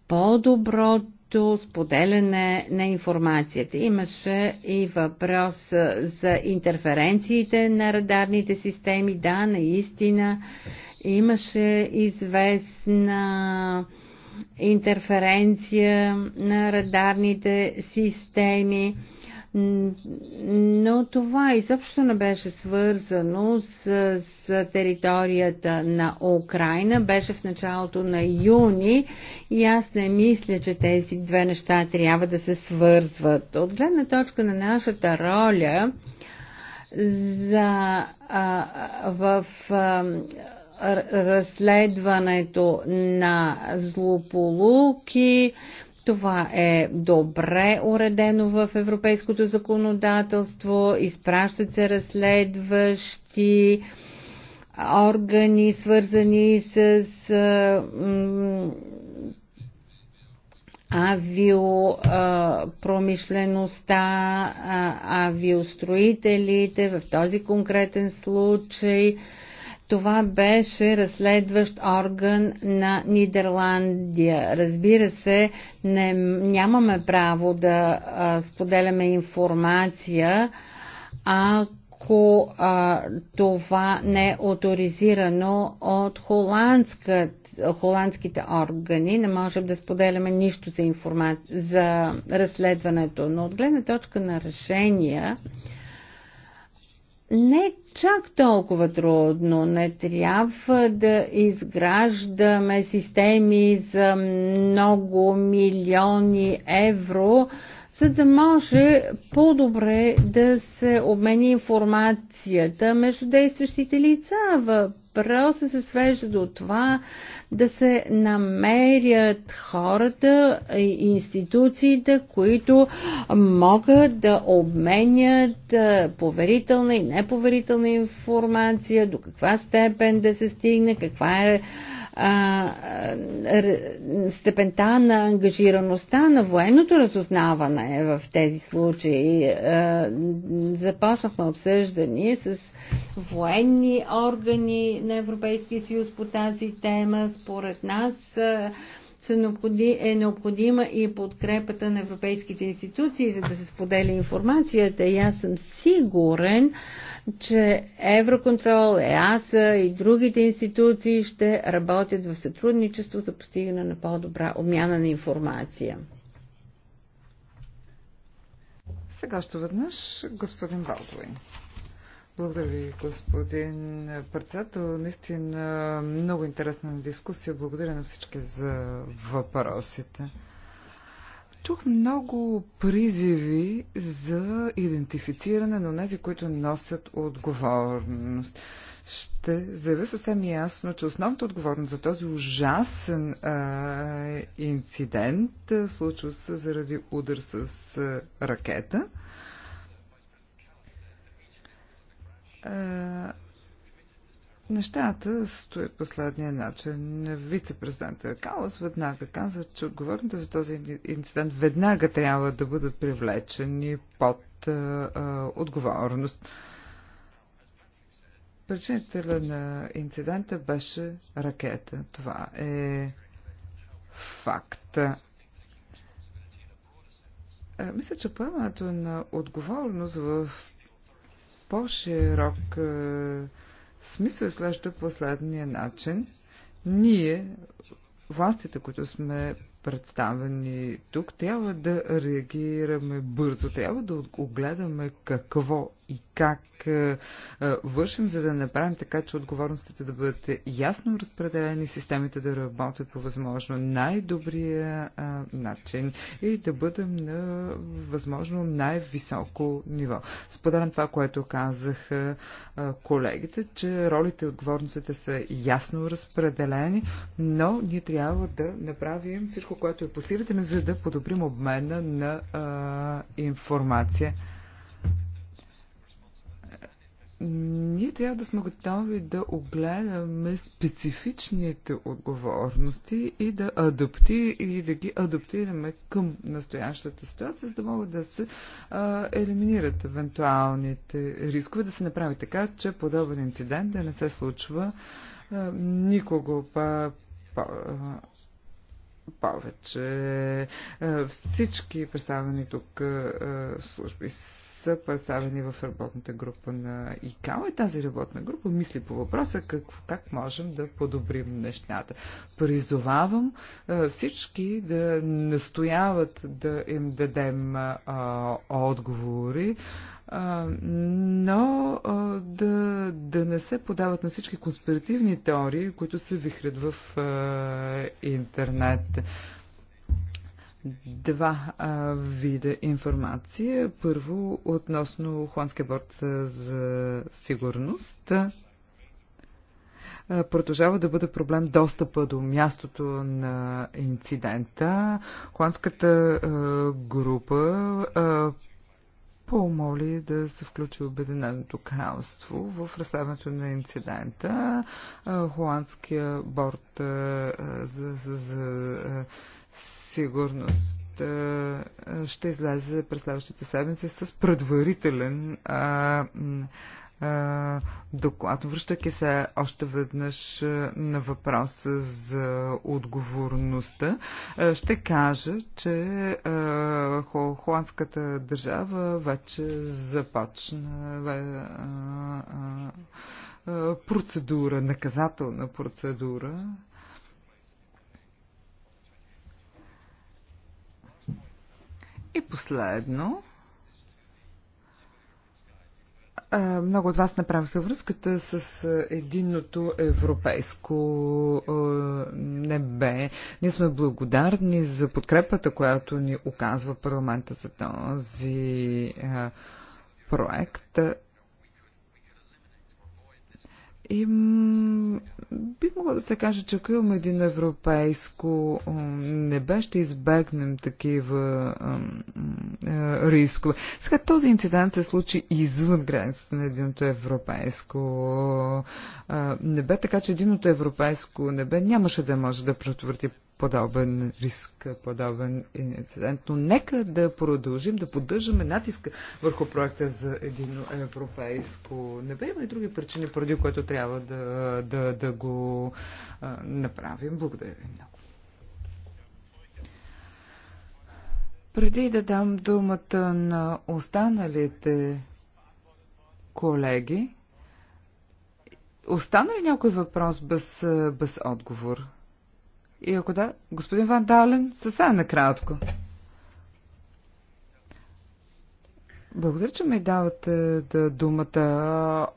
S4: по-доброто споделяне на информацията. Имаше и въпрос за интерференциите на радарните системи. Да, наистина Имаше известна интерференция на радарните системи, но това изобщо не беше свързано с, с територията на Украина. Беше в началото на юни и аз не мисля, че тези две неща трябва да се свързват. От гледна точка на нашата роля за, а, в а, разследването на злополуки. Това е добре уредено в европейското законодателство. Изпращат се разследващи органи, свързани с авиопромишлеността, авиостроителите. В този конкретен случай това беше разследващ орган на Нидерландия. Разбира се, не, нямаме право да а, споделяме информация, ако а, това не е авторизирано от холандската холандските органи, не можем да споделяме нищо за, информация, за разследването. Но от гледна точка на решения, не чак толкова трудно. Не трябва да изграждаме системи за много милиони евро, за да може по-добре да се обмени информацията между действащите лица. Въпросът се свежда до това да се намерят хората и институциите, които могат да обменят поверителна и неповерителна информация, до каква степен да се стигне, каква е степента на ангажираността на военното разузнаване е в тези случаи. започнахме обсъждане с военни органи на Европейския съюз по тази тема. Според нас е необходима и подкрепата на европейските институции, за да се споделя информацията. И аз съм сигурен, че Евроконтрол, ЕАСА и другите институции ще работят в сътрудничество за постигане на по-добра обмяна на информация. Сега ще веднъж господин Балдуин.
S2: Благодаря ви, господин председател. Наистина много интересна дискусия. Благодаря на всички за въпросите. Чух много призиви за идентифициране на тези, които носят отговорност. Ще заявя съвсем ясно, че основната отговорност за този ужасен а, инцидент, случва се заради удар с а, ракета, а, Нещата стоят последния начин. вице президента Калас веднага каза, че отговорните за този инцидент веднага трябва да бъдат привлечени под а, а, отговорност. Причинителя на инцидента беше ракета. Това е факт. Мисля, че поемането на отговорност в по-широк смисъл изглежда последния начин. Ние, властите, които сме представени тук, трябва да реагираме бързо, трябва да огледаме какво и как е, е, вършим, за да направим така, че отговорностите да бъдат ясно разпределени, системите да работят по възможно най-добрия е, начин и да бъдем на възможно най-високо ниво. Споделям това, което казах колегите, че ролите и отговорностите са ясно разпределени, но ние трябва да направим всичко, което е по силите ни, за да подобрим обмена на информация ние трябва да сме готови да огледаме специфичните отговорности и да, адапти, и да ги адаптираме към настоящата ситуация, за да могат да се а, елиминират евентуалните рискове, да се направи така, че подобен инцидент да не се случва а, никого. Па, па, повече. Е, всички представени тук е, е, служби са представени в работната група на ИКАО и тази работна група мисли по въпроса как, как можем да подобрим нещата. Призовавам всички да настояват да им дадем отговори но да, да не се подават на всички конспиративни теории, които се вихрят в интернет два а, вида информация. Първо, относно Хуанския борт за сигурност. А, продължава да бъде проблем достъпа до мястото на инцидента. Хуанската а, група а, помоли да се включи Обединеното кралство в разследването на инцидента. Холандския борт за, за, за сигурност ще излезе през следващите седмици с предварителен а, доклад. Връщайки се още веднъж на въпроса за отговорността, ще кажа, че холандската държава вече започна процедура, наказателна процедура И последно, много от вас направиха връзката с единното европейско небе. Ние сме благодарни за подкрепата, която ни оказва парламента за този проект. И би могло да се каже, че ако имаме един европейско небе, ще избегнем такива е, рискове. Сега този инцидент се случи извън границата на единото европейско е, небе, така че единото европейско небе нямаше да може да претвърди подобен риск, подобен инцидент. Но нека да продължим да поддържаме натиска върху проекта за един европейско небе. Има и други причини, поради което трябва да, да, да го а, направим. Благодаря ви много. Преди да дам думата на останалите колеги, остана ли някой въпрос без, без отговор? И ако да, господин Ван Дален, съвсем накратко. Благодаря, че ми давате да думата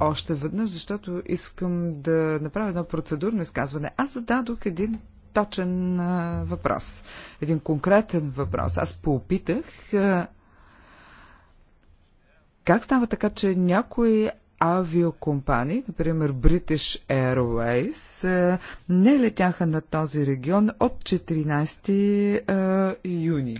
S2: още веднъж, защото искам да направя едно процедурно изказване. Аз зададох един точен а, въпрос, един конкретен въпрос. Аз поопитах а, как става така, че някои авиокомпании, например British Airways, е, не летяха на този регион от 14 е, юни.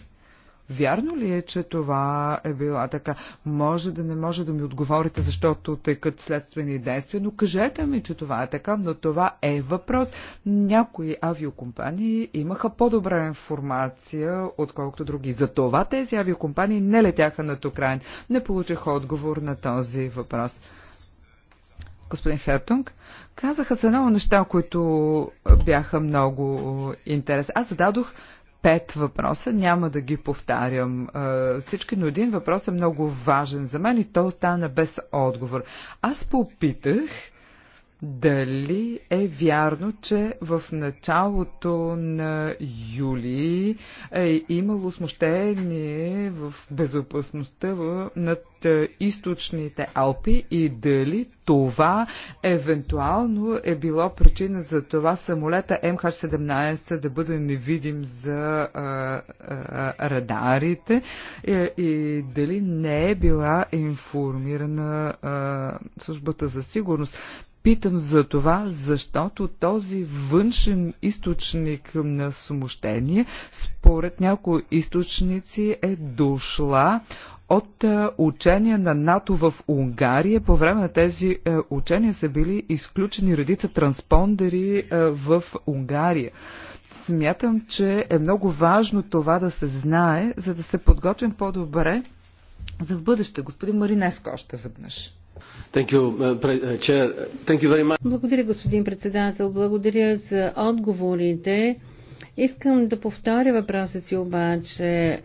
S2: Вярно ли е, че това е била така? Може да не може да ми отговорите, защото тъкат следствени действия, но кажете ми, че това е така, но това е въпрос. Някои авиокомпании имаха по-добра информация, отколкото други. За това тези авиокомпании не летяха над Украин. Не получиха отговор на този въпрос господин Хертунг. Казаха се много неща, които бяха много интересни. Аз зададох пет въпроса, няма да ги повтарям всички, но един въпрос е много важен за мен и то остана без отговор. Аз попитах дали е вярно, че в началото на юли е имало смущение в безопасността над е, източните Алпи и дали това евентуално е било причина за това самолета МХ-17 да бъде невидим за а, е, а, е, радарите и, и дали не е била информирана а, службата за сигурност. Питам за това, защото този външен източник на смущение, според някои източници, е дошла от е, учения на НАТО в Унгария. По време на тези е, учения са били изключени редица транспондери е, в Унгария. Смятам, че е много важно това да се знае, за да се подготвим по-добре за в бъдеще. Господин Маринеско още веднъж.
S1: Uh, uh,
S4: Благодаря, господин председател. Благодаря за отговорите. Искам да повторя въпроса си обаче.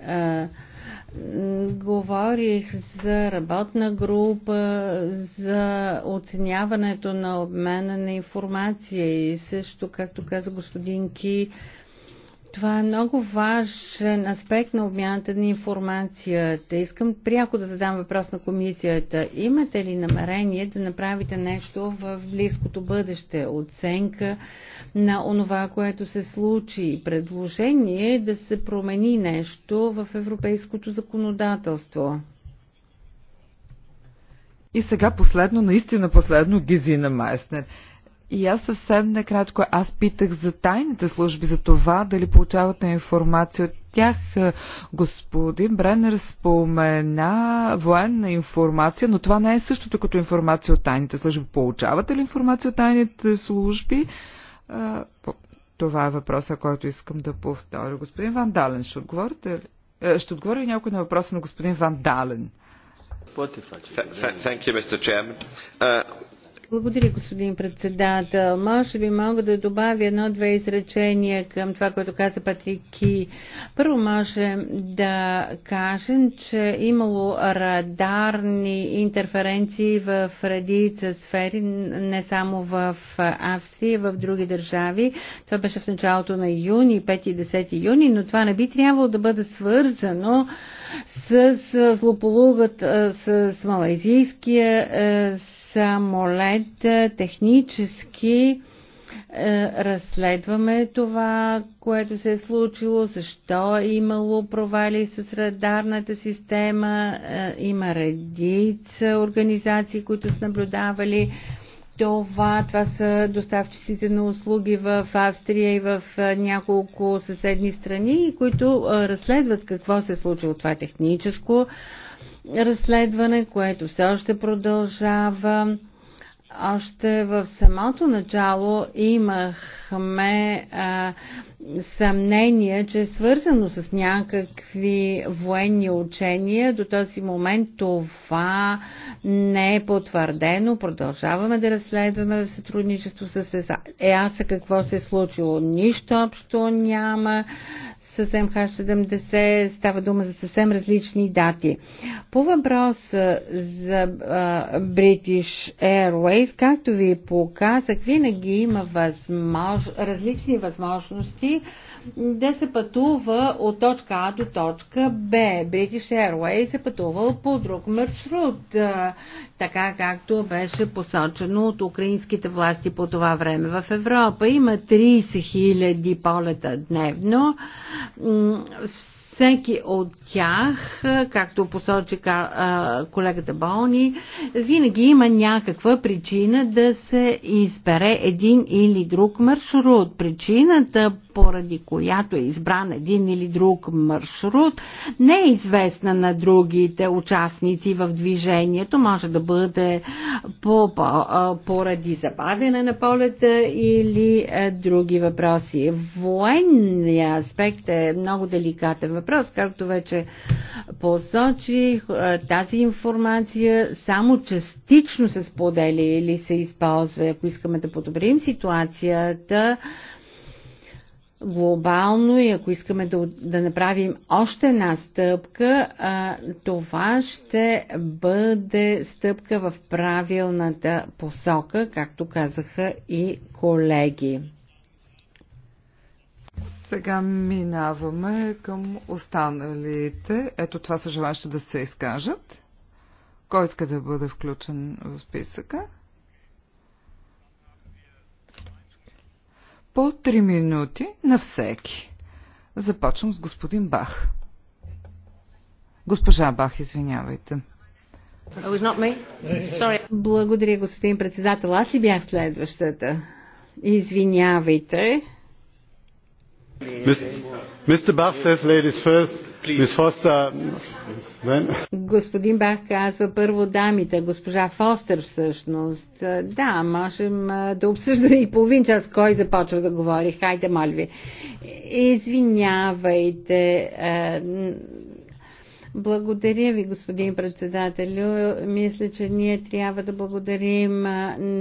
S4: Говорих за работна група, за оценяването на обмена на информация и също, както каза господин Ки, това е много важен аспект на обмяната на информацията. Искам пряко да задам въпрос на комисията. Имате ли намерение да направите нещо в близкото бъдеще? Оценка на онова, което се случи. Предложение е да се промени нещо в европейското законодателство.
S2: И сега последно, наистина последно, Гизина Майснер. И аз съвсем накратко, аз питах за тайните служби, за това дали получавате информация от тях. Господин Бренер спомена военна информация, но това не е същото като информация от тайните служби. Получавате ли информация от тайните служби? Това е въпроса, който искам да повторя. Господин Ван Дален, ще отговорите ли?
S4: Е, ще отговоря и някой на въпроса на господин Ван Дален. Thank you, Mr. Chairman. Uh, благодаря, господин председател. Може би мога да добавя едно-две изречения към това, което каза Патрик Ки. Първо можем да кажем, че имало радарни интерференции в редица сфери, не само в Австрия, в други държави. Това беше в началото на юни, 5 и 10 юни, но това не би трябвало да бъде свързано с злополугата с малайзийския самолет технически е, разследваме това, което се е случило, защо е имало провали с радарната система, е, има редица организации, които са наблюдавали това. Това са доставчиците на услуги в Австрия и в е, няколко съседни страни, които разследват какво се е случило това техническо разследване, което все още продължава. Още в самото начало имахме а, съмнение, че е свързано с някакви военни учения. До този момент това не е потвърдено. Продължаваме да разследваме в сътрудничество с ЕАСА е, какво се е случило. Нищо общо няма с МХ-70 става дума за съвсем различни дати. По въпрос за British Airways, както ви показах, винаги има възмож... различни възможности да се пътува от точка А до точка Б. British Airways е пътувал по друг маршрут, така както беше посочено от украинските власти по това време в Европа. Има 30 000 полета дневно всеки от тях, както посочи колегата Болни, винаги има някаква причина да се избере един или друг маршрут. Причината, поради която е избран един или друг маршрут, не е известна на другите участници в движението. Може да бъде по, поради забавяне на полета или е, други въпроси. Военният аспект е много деликатен въпрос, както вече посочих. Е, тази информация само частично се споделя или се използва. Ако искаме да подобрим ситуацията, глобално и ако искаме да, да направим още една стъпка, а, това ще бъде стъпка в правилната посока, както казаха и колеги.
S2: Сега минаваме към останалите. Ето това са желащи да се изкажат. Кой иска да бъде включен в списъка? по три минути на всеки. Започвам с господин Бах. Госпожа Бах, извинявайте.
S4: Oh, Благодаря, господин председател. Аз ли бях следващата? Извинявайте. Господин Бах казва първо дамите, госпожа Фостер всъщност. Да, можем да обсъждаме и половин час кой започва да говори. Хайде, моля ви. Извинявайте, благодаря ви, господин председателю. Мисля, че ние трябва да благодарим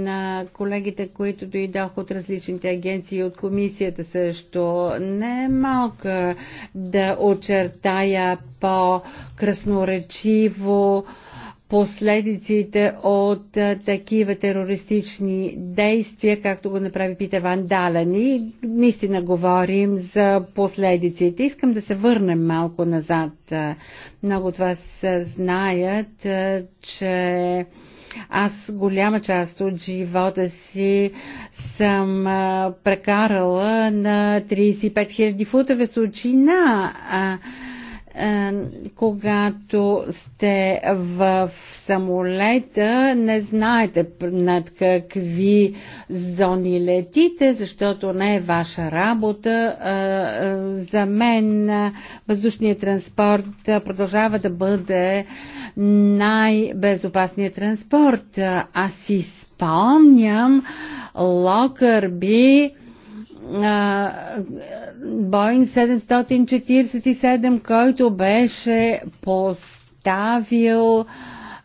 S4: на колегите, които дойдоха от различните агенции от комисията също. Не е малко да очертая по-красноречиво последиците от такива терористични действия, както го направи Пите Ван Дален. И наистина говорим за последиците. Искам да се върнем малко назад. Много от вас знаят, че аз голяма част от живота си съм прекарала на 35 000 футове с очина е, когато сте в самолета, не знаете над какви зони летите, защото не е ваша работа. Е, е, за мен въздушният транспорт продължава да бъде най-безопасният транспорт. Аз си спомням Локърби, Боинг 747, който беше поставил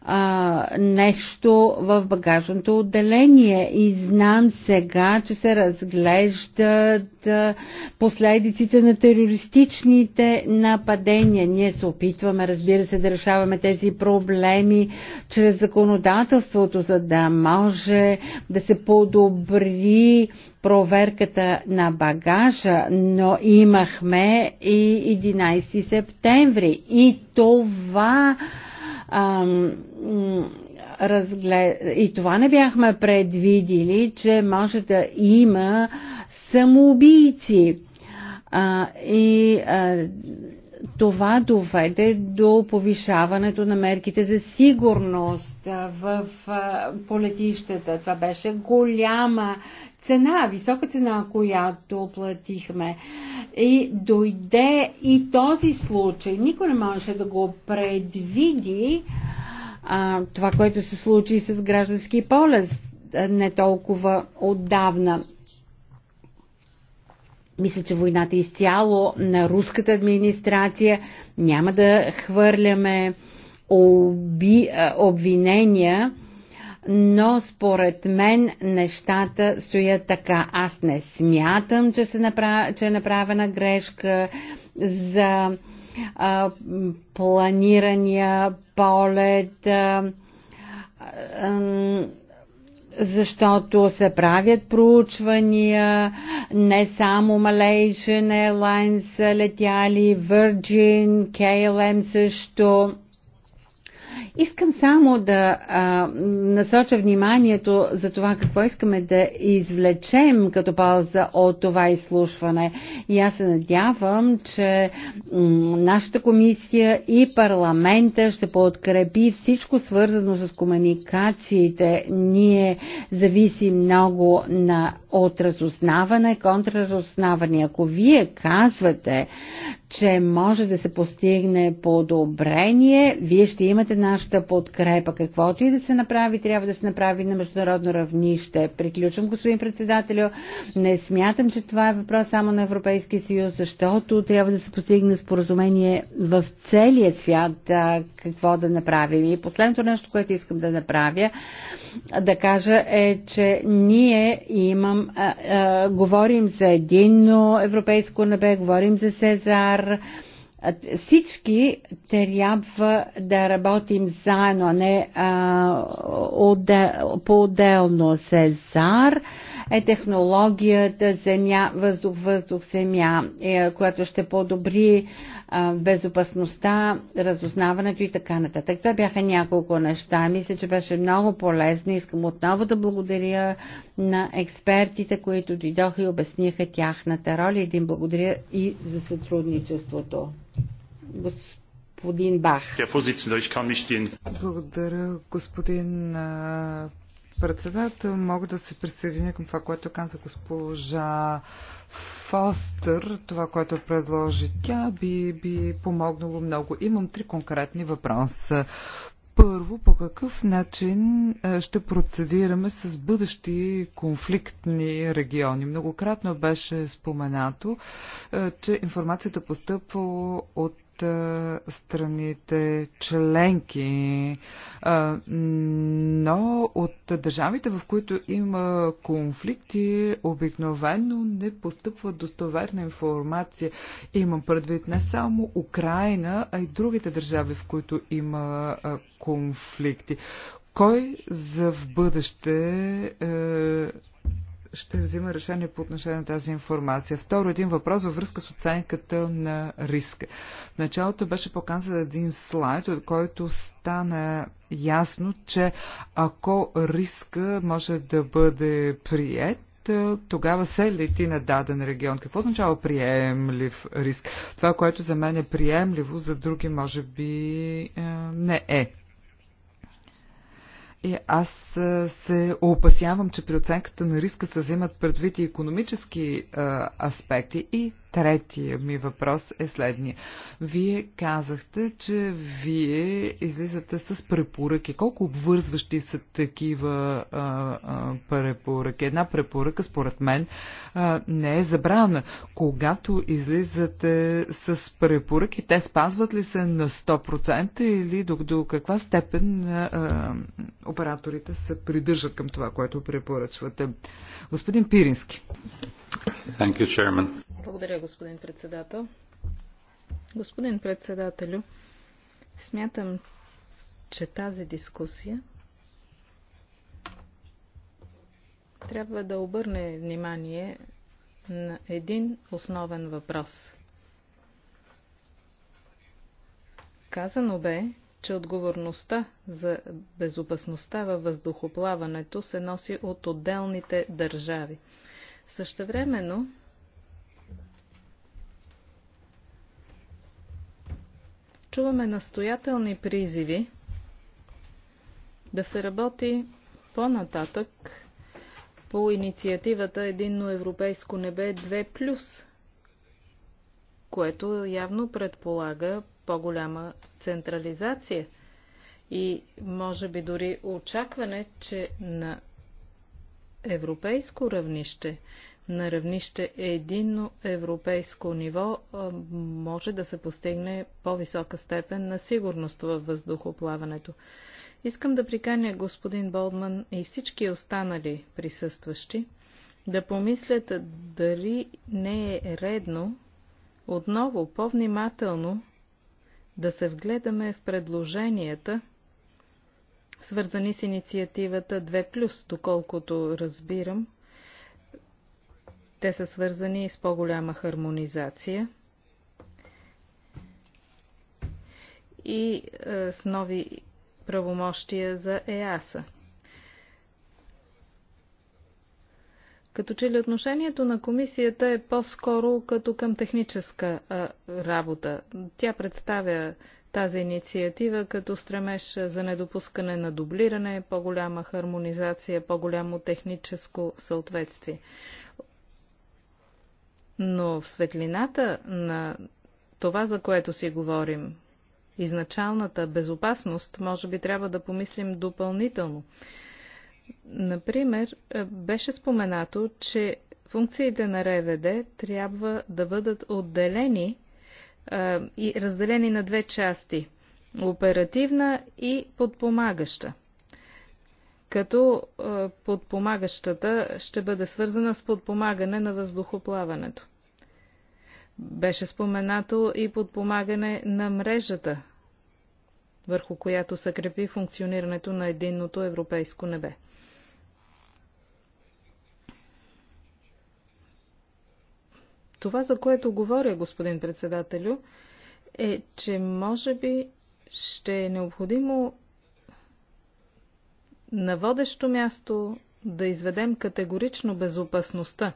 S4: а, нещо в багажното отделение и знам сега, че се разглеждат а, последиците на терористичните нападения. Ние се опитваме, разбира се, да решаваме тези проблеми чрез законодателството, за да може да се подобри проверката на багажа, но имахме и 11 септември. И това разглед... И това не бяхме предвидили, че може да има самоубийци. А, и а, това доведе до повишаването на мерките за сигурност в полетищата. Това беше голяма цена, висока цена, която платихме. И дойде и този случай. Никой не можеше да го предвиди а, това, което се случи с граждански полез не толкова отдавна. Мисля, че войната е изцяло на руската администрация няма да хвърляме оби, обвинения но според мен нещата стоят така. Аз не смятам, че, се направ... че е направена грешка за а, планирания полет. А, а, защото се правят проучвания, не само Malaysian Airlines летяли, Virgin, KLM също. Искам само да а, насоча вниманието за това какво искаме да извлечем като полза от това изслушване. И аз се надявам, че нашата комисия и парламента ще подкрепи всичко свързано с комуникациите. Ние зависим много на, от разузнаване, контраразузнаване. Ако вие казвате, че може да се постигне подобрение, вие ще имате нашата подкрепа. Каквото и да се направи, трябва да се направи на международно равнище. Приключвам, господин председателю. Не смятам, че това е въпрос само на Европейския съюз, защото трябва да се постигне споразумение в целия свят какво да направим. И последното нещо, което искам да направя, да кажа е, че ние имам, а, а, говорим за единно европейско небе, говорим за Сезар. Всички трябва да работим заедно, не а, отдел, по-отделно. Сезар е технологията земя, въздух, въздух, земя, е, която ще подобри безопасността, разузнаването и така нататък. Това бяха няколко неща. Мисля, че беше много полезно. Искам отново да благодаря на експертите, които дойдоха и обясниха тяхната роля. Един благодаря и за сътрудничеството. Господин господин Бах. Благодаря, господин
S2: председател. Мога да се присъединя към това, което каза госпожа Фостър, това, което предложи тя, би, би помогнало много. Имам три конкретни въпроса. Първо, по какъв начин е, ще процедираме с бъдещи конфликтни региони? Многократно беше споменато, е, че информацията постъпва от от страните членки, но от държавите, в които има конфликти, обикновено не постъпва достоверна информация. Имам предвид не само Украина, а и другите държави, в които има конфликти. Кой за в бъдеще е, ще взима решение по отношение на тази информация. Второ, един въпрос във връзка с оценката на риска. В началото беше показан един слайд, от който стана ясно, че ако риска може да бъде прият, тогава се лети на даден регион. Какво означава приемлив риск? Това, което за мен е приемливо, за други може би е, не е. И е, аз се опасявам, че при оценката на риска се вземат предвид и економически а, аспекти и Третия ми въпрос е следния. Вие казахте, че вие излизате с препоръки. Колко обвързващи са такива а, а, препоръки? Една препоръка, според мен, а, не е забрана. Когато излизате с препоръки, те спазват ли се на 100% или до, до каква степен а, операторите се придържат към това, което препоръчвате? Господин Пирински.
S1: Thank you, chairman.
S5: Благодаря, господин председател. Господин председателю, смятам, че тази дискусия трябва да обърне внимание на един основен въпрос. Казано бе, че отговорността за безопасността във въздухоплаването се носи от отделните държави – Същевременно, чуваме настоятелни призиви да се работи по-нататък по инициативата Единно европейско небе 2+, което явно предполага по-голяма централизация и може би дори очакване, че на европейско равнище, на равнище единно европейско ниво може да се постигне по-висока степен на сигурност във въздухоплаването. Искам да приканя господин Болдман и всички останали присъстващи да помислят дали не е редно отново по-внимателно да се вгледаме в предложенията – свързани с инициативата 2+, доколкото разбирам. Те са свързани с по-голяма хармонизация и е, с нови правомощия за ЕАСА. Като че ли отношението на комисията е по-скоро като към техническа е, работа. Тя представя тази инициатива като стремеж за недопускане на дублиране, по-голяма хармонизация, по-голямо техническо съответствие. Но в светлината на това, за което си говорим, изначалната безопасност, може би трябва да помислим допълнително. Например, е, беше споменато, че функциите на РВД трябва да бъдат отделени и разделени на две части – оперативна и подпомагаща. Като подпомагащата ще бъде свързана с подпомагане на въздухоплаването. Беше споменато и подпомагане на мрежата, върху която се крепи функционирането на единното европейско небе. Това, за което говоря, господин председателю, е, че може би ще е необходимо на водещо място да изведем категорично безопасността.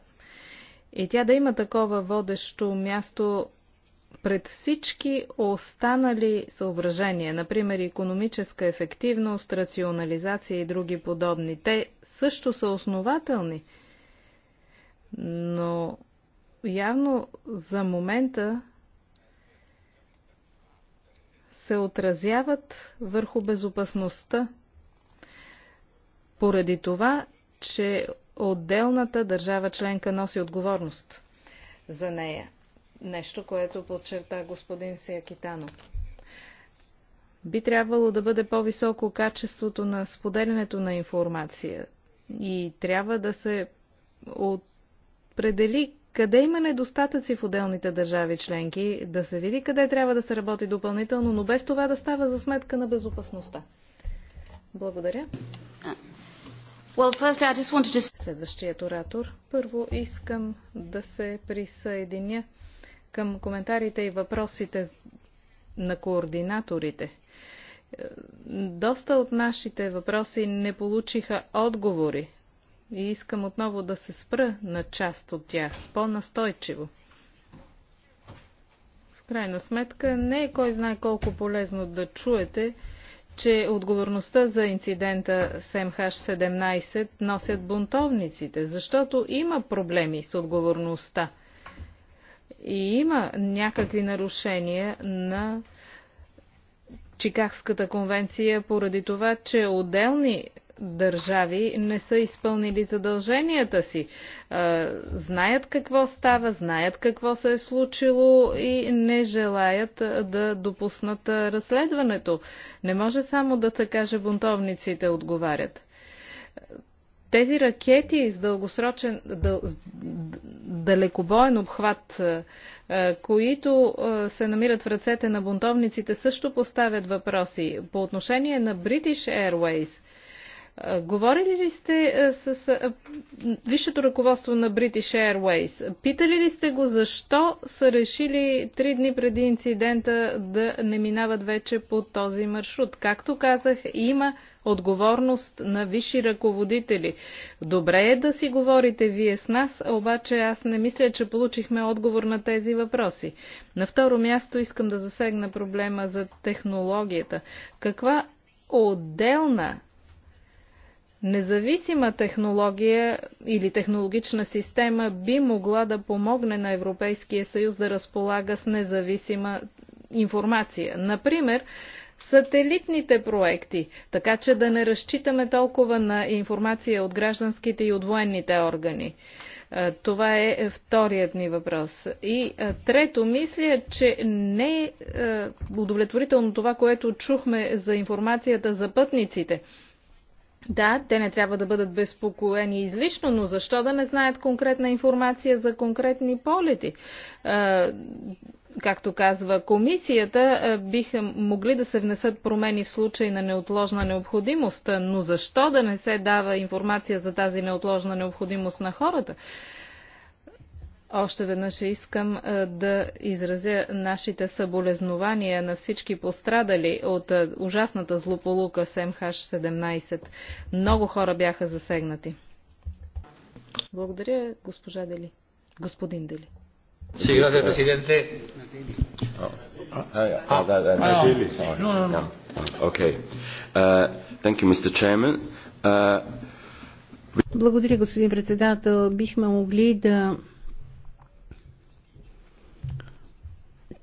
S5: И тя да има такова водещо място пред всички останали съображения, например економическа ефективност, рационализация и други подобни. Те също са основателни, но явно за момента се отразяват върху безопасността, поради това, че отделната държава членка носи отговорност за нея. Нещо, което подчерта господин Сиакитано. Би трябвало да бъде по-високо качеството на споделянето на информация и трябва да се определи къде има недостатъци в отделните държави членки, да се види къде трябва да се работи допълнително, но без това да става за сметка на безопасността. Благодаря. Well, I just wanted to... Следващият оратор. Първо искам да се присъединя към коментарите и въпросите на координаторите. Доста от нашите въпроси не получиха отговори, и искам отново да се спра на част от тях по-настойчиво. В крайна сметка не е кой знае колко полезно да чуете, че отговорността за инцидента с МХ-17 носят бунтовниците, защото има проблеми с отговорността и има някакви нарушения на Чикагската конвенция поради това, че отделни държави не са изпълнили задълженията си. Знаят какво става, знаят какво се е случило и не желаят да допуснат разследването. Не може само да се каже бунтовниците отговарят. Тези ракети с дългосрочен, дъл, далекобоен обхват, които се намират в ръцете на бунтовниците, също поставят въпроси. По отношение на British Airways, Говорили ли сте с висшето ръководство на British Airways? Питали ли сте го защо са решили три дни преди инцидента да не минават вече по този маршрут? Както казах, има отговорност на висши ръководители. Добре е да си говорите вие с нас, обаче аз не мисля, че получихме отговор на тези въпроси. На второ място искам да засегна проблема за технологията. Каква отделна Независима технология или технологична система би могла да помогне на Европейския съюз да разполага с независима информация. Например, сателитните проекти, така че да не разчитаме толкова на информация от гражданските и от военните органи. Това е вторият ни въпрос. И трето, мисля, че не е удовлетворително това, което чухме за информацията за пътниците. Да, те не трябва да бъдат безпокоени излишно, но защо да не знаят конкретна информация за конкретни полети? Както казва комисията, биха могли да се внесат промени в случай на неотложна необходимост, но защо да не се дава информация за тази неотложна необходимост на хората? Още веднъж искам е, да изразя нашите съболезнования на всички пострадали от е, ужасната злополука с МХ-17. Много хора бяха засегнати. Благодаря, госпожа Дели. Господин Дели.
S1: Sí, gracias, presidente. Okay. thank you, Mr. Chairman. Uh...
S4: Благодаря, господин председател. Бихме могли да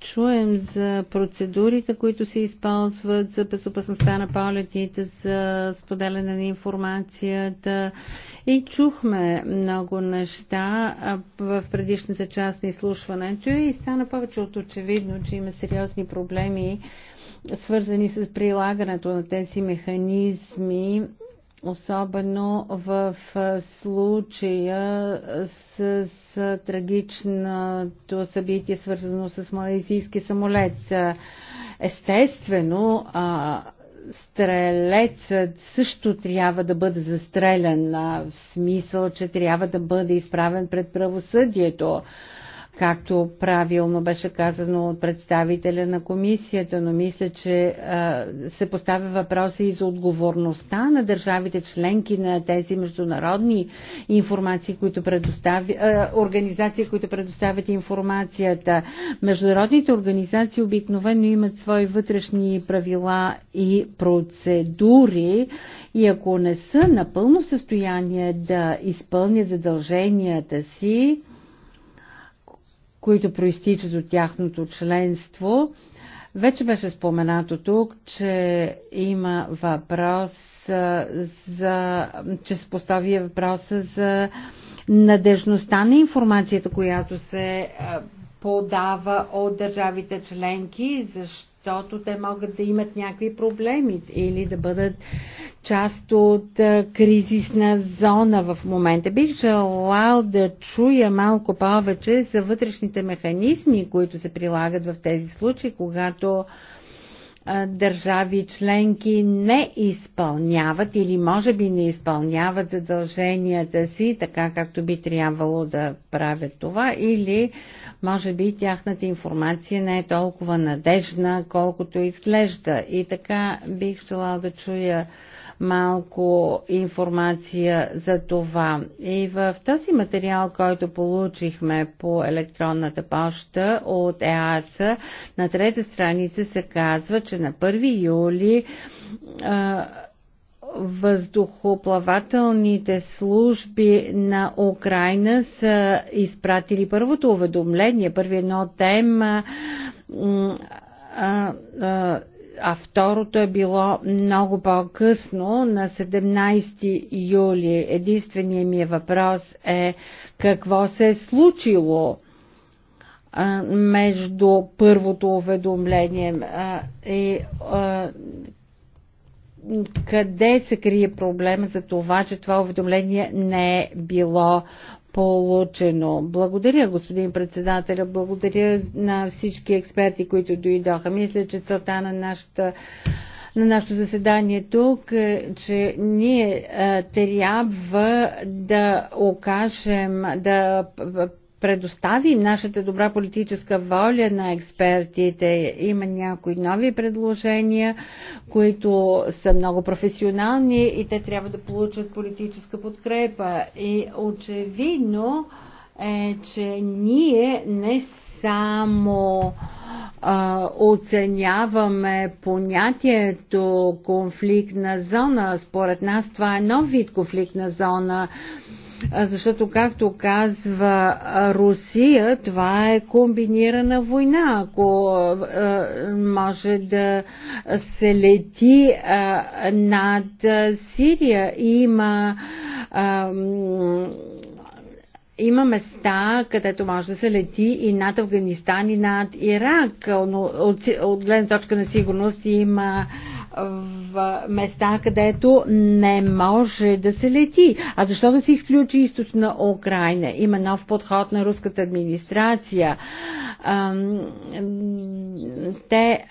S4: чуем за процедурите, които се използват за безопасността на полетите, за споделяне на информацията и чухме много неща в предишната част на изслушването и стана повече от очевидно, че има сериозни проблеми свързани с прилагането на тези механизми особено в случая с трагичното събитие, свързано с малайзийски самолет. Естествено, стрелецът също трябва да бъде застрелян, в смисъл, че трябва да бъде изправен пред правосъдието както правилно беше казано от представителя на комисията, но мисля, че се поставя въпроса и за отговорността на държавите членки на тези международни информации, които предоставят, организации, които предоставят информацията. Международните организации обикновено имат свои вътрешни правила и процедури и ако не са напълно в състояние да изпълнят задълженията си, които проистичат от тяхното членство. Вече беше споменато тук, че има въпрос за, че се постави въпроса за надежността на информацията, която се подава от държавите членки, защото те могат да имат някакви проблеми или да бъдат част от кризисна зона в момента. Бих желал да чуя малко повече за вътрешните механизми, които се прилагат в тези случаи, когато държави членки не изпълняват или може би не изпълняват задълженията си така както би трябвало да правят това или може би тяхната информация не е толкова надежна колкото изглежда и така бих желала да чуя малко информация за това. И в този материал, който получихме по електронната поща от ЕАС, на трета страница се казва, че на 1 юли въздухоплавателните служби на Украина са изпратили първото уведомление, първи едно тема а второто е било много по-късно, на 17 юли. Единственият ми е въпрос е какво се е случило между първото уведомление и къде се крие проблема за това, че това уведомление не е било получено. Благодаря, господин председателя, благодаря на всички експерти, които дойдоха. Мисля, че целта на нашата на нашето заседание тук, е, че ние а, е, трябва да окажем, да предоставим нашата добра политическа воля на експертите. Има някои нови предложения, които са много професионални и те трябва да получат политическа подкрепа. И очевидно е, че ние не само а, оценяваме понятието конфликтна зона. Според нас това е нов вид конфликтна зона. А, защото, както казва Русия, това е комбинирана война. Ако може да се лети над Сирия, има има места, където може да се лети и над Афганистан, и над Ирак. Но от, от гледна точка на сигурност има в места, където не може да се лети. А защо да се изключи източна Украина? Има нов подход на руската администрация. Те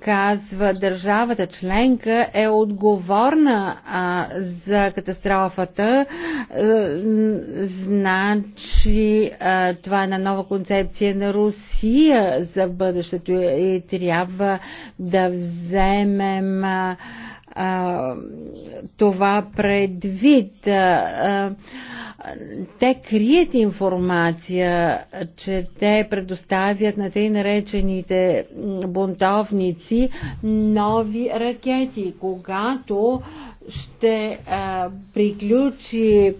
S4: казва, държавата членка е отговорна за катастрофата. Е, значи това е една нова концепция на Русия за бъдещето и трябва да вземем има а, това предвид. А, те крият информация, че те предоставят на тъй наречените бунтовници нови ракети. Когато ще а, приключи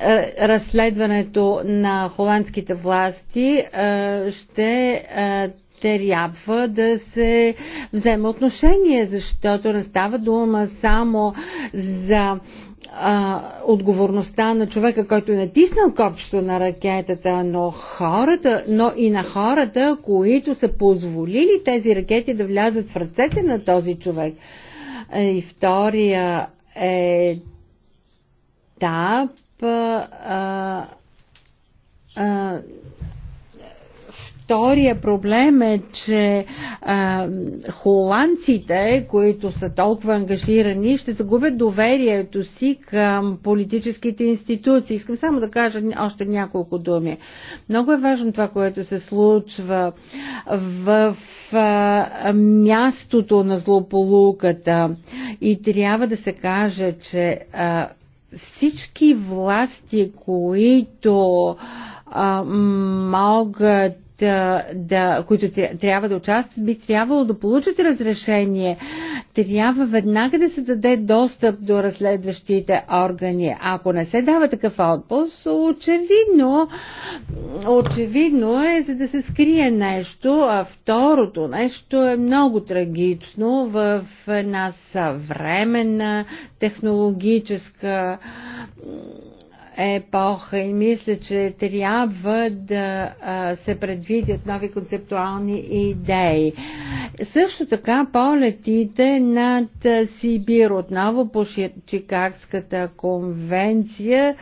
S4: а, разследването на холандските власти, а, ще а, трябва да се вземе отношение, защото не става дума само за а, отговорността на човека, който е натиснал копчето на ракетата, но, хората, но и на хората, които са позволили тези ракети да влязат в ръцете на този човек. Е, и втория етап а, а, Втория проблем е, че а, холандците, които са толкова ангажирани, ще загубят доверието си към политическите институции. Искам само да кажа още няколко думи. Много е важно това, което се случва в а, мястото на злополуката и трябва да се каже, че а, всички власти, които а, могат да, да, които трябва да участват, би трябвало да получат разрешение. Трябва веднага да се даде достъп до разследващите органи. Ако не се дава такъв отпуск, очевидно, очевидно е за да се скрие нещо. А второто нещо е много трагично в една съвременна технологическа епоха и мисля, че трябва да се предвидят нови концептуални идеи. Също така полетите над Сибир, отново по Чикагската конвенция,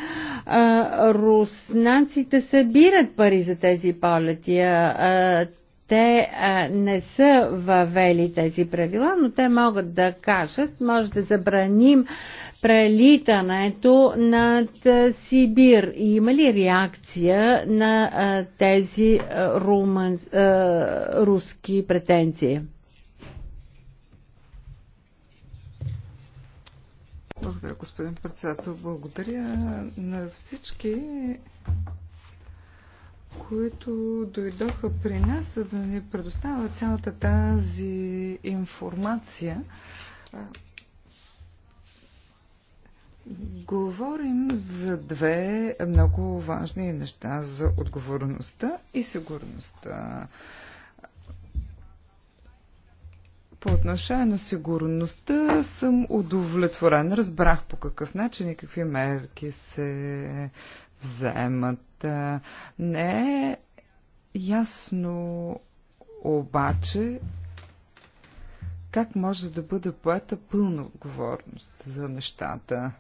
S4: руснаците събират пари за тези полети те а, не са въвели тези правила, но те могат да кажат, може да забраним прелитането над Сибир. има ли реакция на тези румън, руски претенции? Благодаря, господин председател.
S2: Благодаря на всички, които дойдоха при нас, за да ни предоставят цялата тази информация. Говорим за две много важни неща за отговорността и сигурността. По отношение на сигурността съм удовлетворен. Разбрах по какъв начин и какви мерки се вземат. Не е ясно обаче как може да бъде поета пълна отговорност за нещата.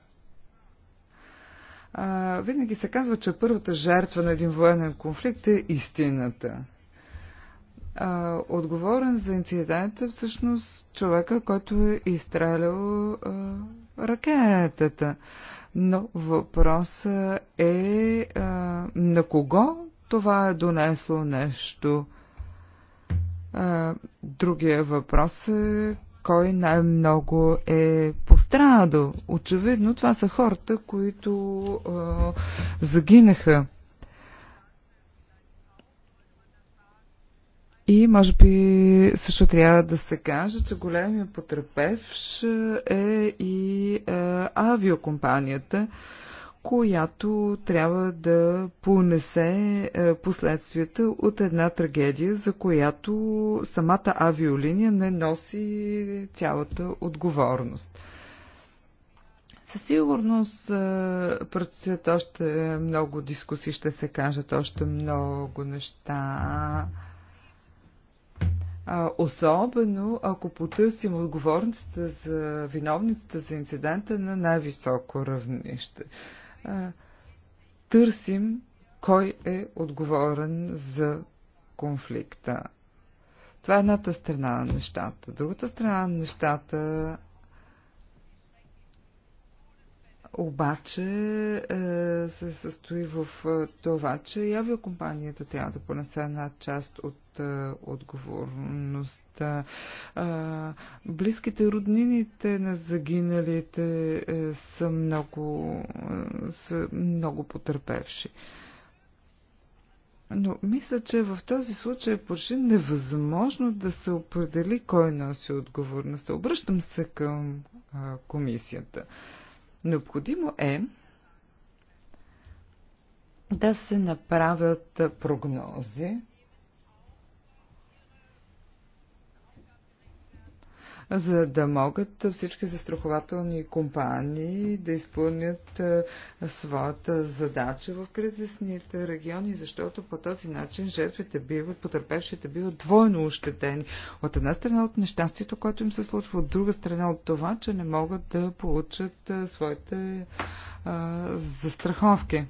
S2: А, винаги се казва, че първата жертва на един военен конфликт е истината. А, отговорен за инцидента е всъщност човека, който е изстрелял а, ракетата. Но въпросът е а, на кого това е донесло нещо. А, другия въпрос е кой най-много е пострадал. Очевидно, това са хората, които а, загинаха. И може би също трябва да се каже, че големия потрепевш е и а, авиокомпанията, която трябва да понесе последствията от една трагедия, за която самата авиолиния не носи цялата отговорност. Със сигурност предстоят още много дискусии, ще се кажат още много неща. Особено ако потърсим отговорницата за виновницата за инцидента на най-високо равнище. Търсим кой е отговорен за конфликта. Това е едната страна на нещата. Другата страна на нещата обаче е, се състои в е, това, че и авиокомпанията трябва да понесе една част от е, отговорността. Близките роднините на загиналите са много, са много потърпевши. Но мисля, че в този случай е почти невъзможно да се определи кой носи отговорността. Обръщам се към а, комисията. А, Необходимо е да се направят прогнози за да могат всички застрахователни компании да изпълнят своята задача в кризисните региони, защото по този начин жертвите биват, потърпевшите биват двойно ощетени. От една страна от нещастието, което им се случва, от друга страна от това, че не могат да получат своите а, застраховки.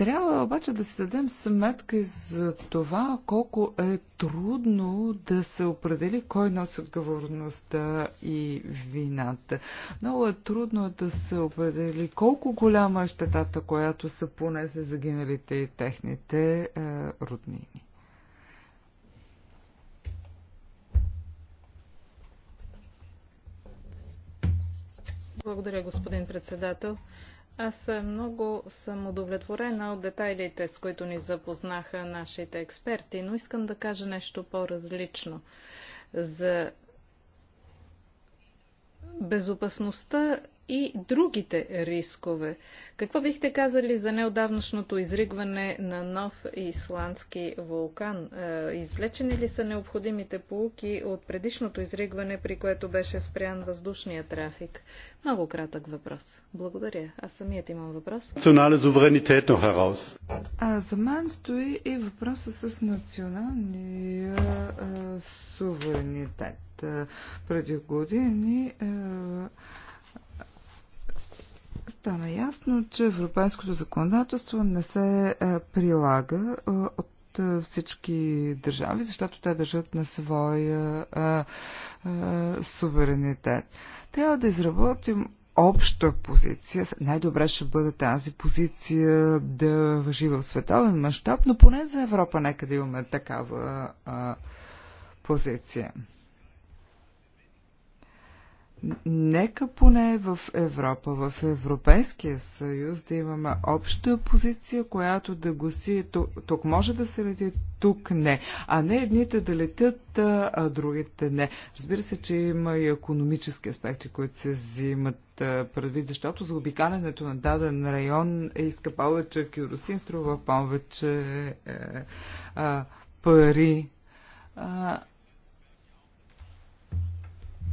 S2: Трябва обаче да си дадем сметка и за това колко е трудно да се определи кой носи отговорността и вината. Много е трудно да се определи колко голяма е щетата, която са понесли загиналите и техните е, роднини.
S5: Благодаря, господин председател. Аз много съм удовлетворена от детайлите, с които ни запознаха нашите експерти, но искам да кажа нещо по-различно за безопасността и другите рискове. Какво бихте казали за неодавнашното изригване на нов исландски вулкан? Е, извлечени ли са необходимите полуки от предишното изригване, при което беше спрян въздушния трафик? Много кратък въпрос. Благодаря. Аз самият имам въпрос. суверенитет
S2: А за мен стои и въпроса с националния е, суверенитет. Е, преди години а, Стана ясно, че европейското законодателство не се е, прилага е, от е, всички държави, защото те държат на своя суверенитет. Трябва да изработим обща позиция. Най-добре ще бъде тази позиция да въжи в световен мащаб, но поне за Европа нека да имаме такава а, позиция. Нека поне в Европа, в Европейския съюз да имаме обща позиция, която да гласи тук, тук може да се лети, тук не. А не едните да летят, а другите не. Разбира се, че има и економически аспекти, които се взимат предвид, защото обикалянето на даден район е иска повече керосин, струва повече е, е, пари. А,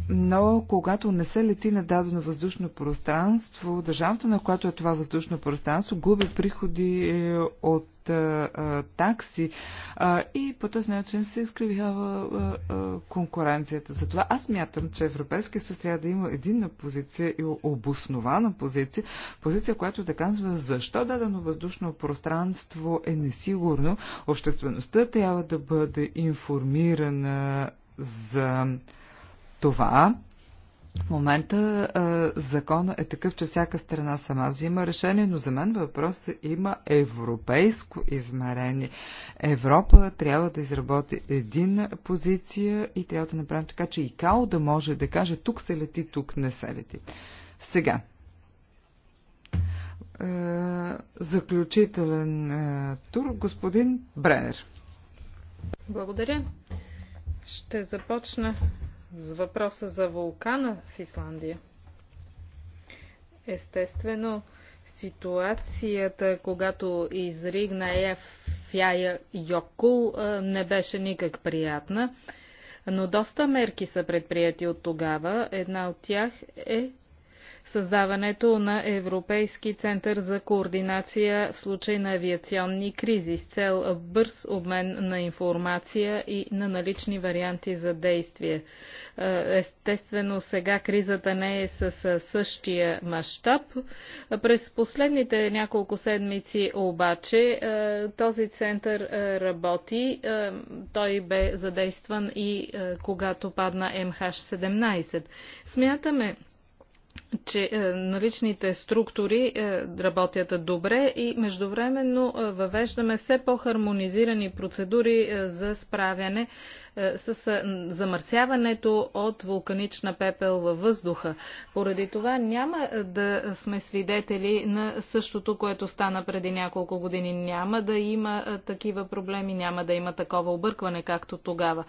S2: но когато не се лети на дадено въздушно пространство, държавата, на която е това въздушно пространство, губи приходи е, от а, е, а, е, такси а, и по този начин се изкривява а, а, конкуренцията. Затова аз мятам, че Европейския съюз трябва да има единна позиция и обоснована позиция, позиция, която да казва защо дадено въздушно пространство е несигурно. Обществеността трябва да бъде информирана за това, в момента а, закона е такъв, че всяка страна сама взима решение, но за мен въпросът има европейско измерение. Европа трябва да изработи един позиция и трябва да направим така, че и КАО да може да каже тук се лети, тук не се лети. Сега. А, заключителен а, тур, господин Бренер.
S5: Благодаря. Ще започна с въпроса за вулкана в Исландия. Естествено, ситуацията, когато изригна Ефяя Йокул, не беше никак приятна, но доста мерки са предприяти от тогава. Една от тях е създаването на Европейски център за координация в случай на авиационни кризи с цел бърз обмен на информация и на налични варианти за действие. Е, естествено, сега кризата не е с същия мащаб. През последните няколко седмици обаче е, този център е, работи. Той бе задействан и когато падна МХ-17. Смятаме, че е, наличните структури е, работят добре и междувременно е, въвеждаме все по-хармонизирани процедури за справяне с замърсяването от вулканична пепел във въздуха. Поради това няма да сме свидетели на същото, което стана преди няколко години. Няма да има такива проблеми, няма да има такова объркване, както тогава.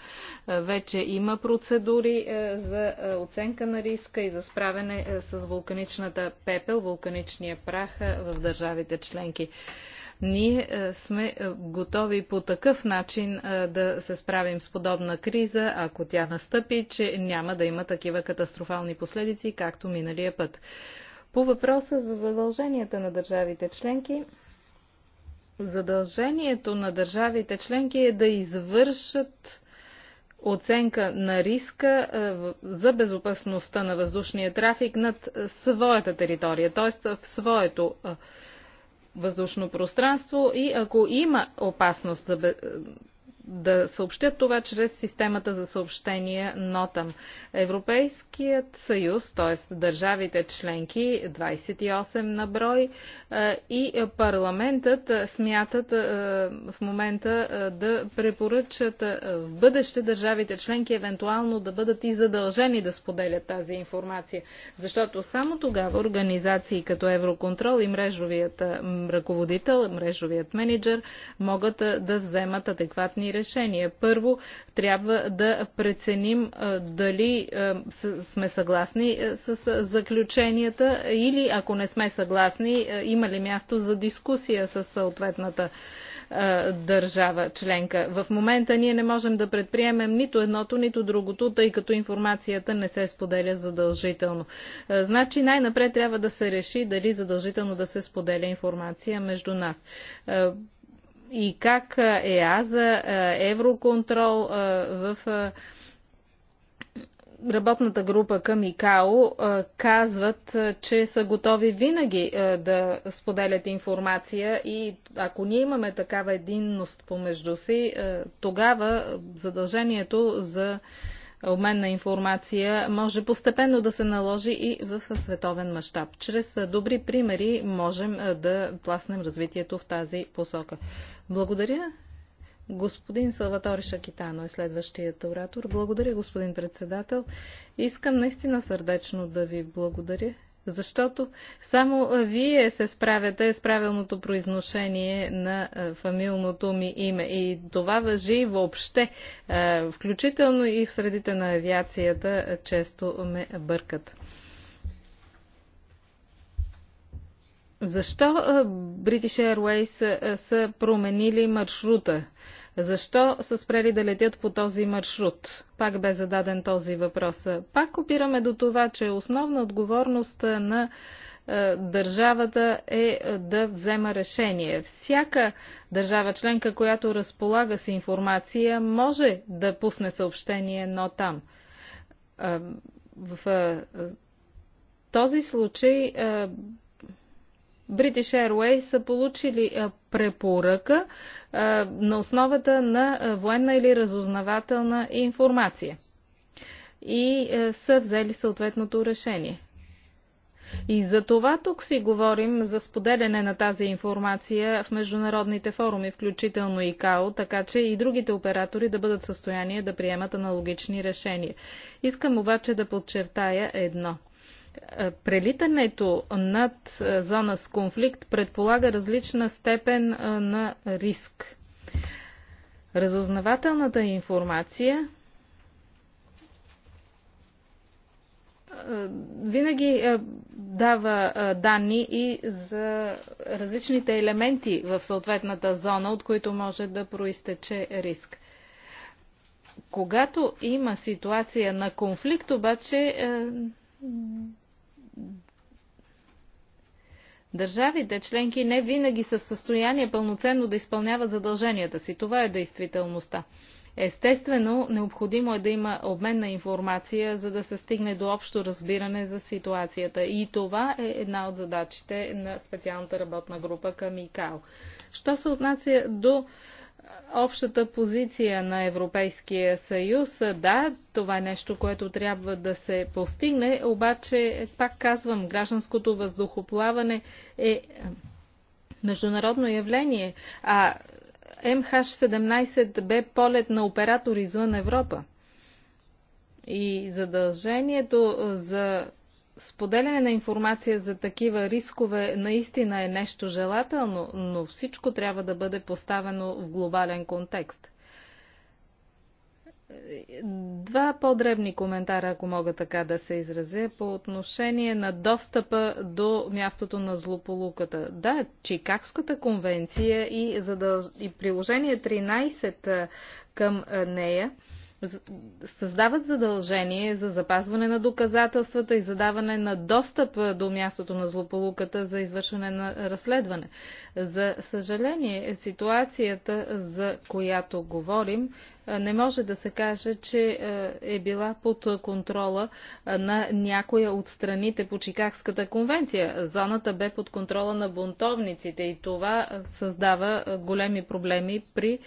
S5: Вече има процедури за оценка на риска и за справяне с вулканичната пепел, вулканичния прах в държавите членки. Ние сме готови по такъв начин да се справим с подобна криза, ако тя настъпи, че няма да има такива катастрофални последици, както миналия път. По въпроса за задълженията на държавите членки, задължението на държавите членки е да извършат оценка на риска е, за безопасността на въздушния трафик над е, своята територия, т.е. в своето е, въздушно пространство и ако има опасност за да съобщят това чрез системата за съобщение НОТАМ. Европейският съюз, т.е. държавите членки, 28 на брой, е, и парламентът смятат е, в момента е, да препоръчат в бъдеще държавите членки евентуално да бъдат и задължени да споделят тази информация. Защото само тогава организации като Евроконтрол и мрежовият ръководител, мрежовият менеджер могат да вземат адекватни решения решения. Първо трябва да преценим дали сме съгласни с заключенията или ако не сме съгласни, има ли място за дискусия с съответната държава членка. В момента ние не можем да предприемем нито едното, нито другото, тъй като информацията не се споделя задължително. Значи най-напред трябва да се реши дали задължително да се споделя информация между нас и как за Евроконтрол в работната група към ИКАО казват, че са готови винаги да споделят информация и ако ние имаме такава единност помежду си, тогава задължението за обмен на информация може постепенно да се наложи и в световен мащаб. Чрез добри примери можем да пласнем развитието в тази посока. Благодаря. Господин Салватори Шакитано е следващият оратор. Благодаря, господин председател. Искам наистина сърдечно да ви благодаря защото само вие се справяте с правилното произношение на фамилното ми име. И това въжи въобще, включително и в средите на авиацията често ме бъркат. Защо British Airways са променили маршрута? Защо са спрели да летят по този маршрут? Пак бе зададен този въпрос. Пак опираме до това, че основна отговорност на е, държавата е да взема решение. Всяка държава членка, която разполага с информация, може да пусне съобщение, но там. Е, в е, този случай British Airways са получили препоръка на основата на военна или разузнавателна информация и са взели съответното решение. И за това тук си говорим за споделяне на тази информация в международните форуми, включително и КАО, така че и другите оператори да бъдат в състояние да приемат аналогични решения. Искам обаче да подчертая едно – е, прелитането над е, зона с конфликт предполага различна степен е, на риск. Разузнавателната информация винаги дава данни и за различните елементи в съответната зона, от които може да проистече риск. Когато има ситуация на конфликт, обаче Държавите членки не винаги са в състояние пълноценно да изпълняват задълженията си. Това е действителността. Естествено, необходимо е да има обмен на информация, за да се стигне до общо разбиране за ситуацията. И това е една от задачите на специалната работна група към ИКАО. Що се отнася до общата позиция на Европейския съюз. Да, това е нещо, което трябва да се постигне, обаче, пак казвам, гражданското въздухоплаване е международно явление, а МХ-17 бе полет на оператор извън Европа. И задължението за споделяне на информация за такива рискове наистина е нещо желателно, но всичко трябва да бъде поставено в глобален контекст. Два по-дребни коментара, ако мога така да се изразя, по отношение на достъпа до мястото на злополуката. Да, Чикагската конвенция и, задълж... и приложение 13 към нея създават задължение за запазване на доказателствата и задаване на достъп до мястото на злополуката за извършване на разследване. За съжаление, ситуацията, за която говорим, не може да се каже, че е била под контрола на някоя от страните по Чикагската конвенция. Зоната бе под контрола на бунтовниците и това създава големи проблеми при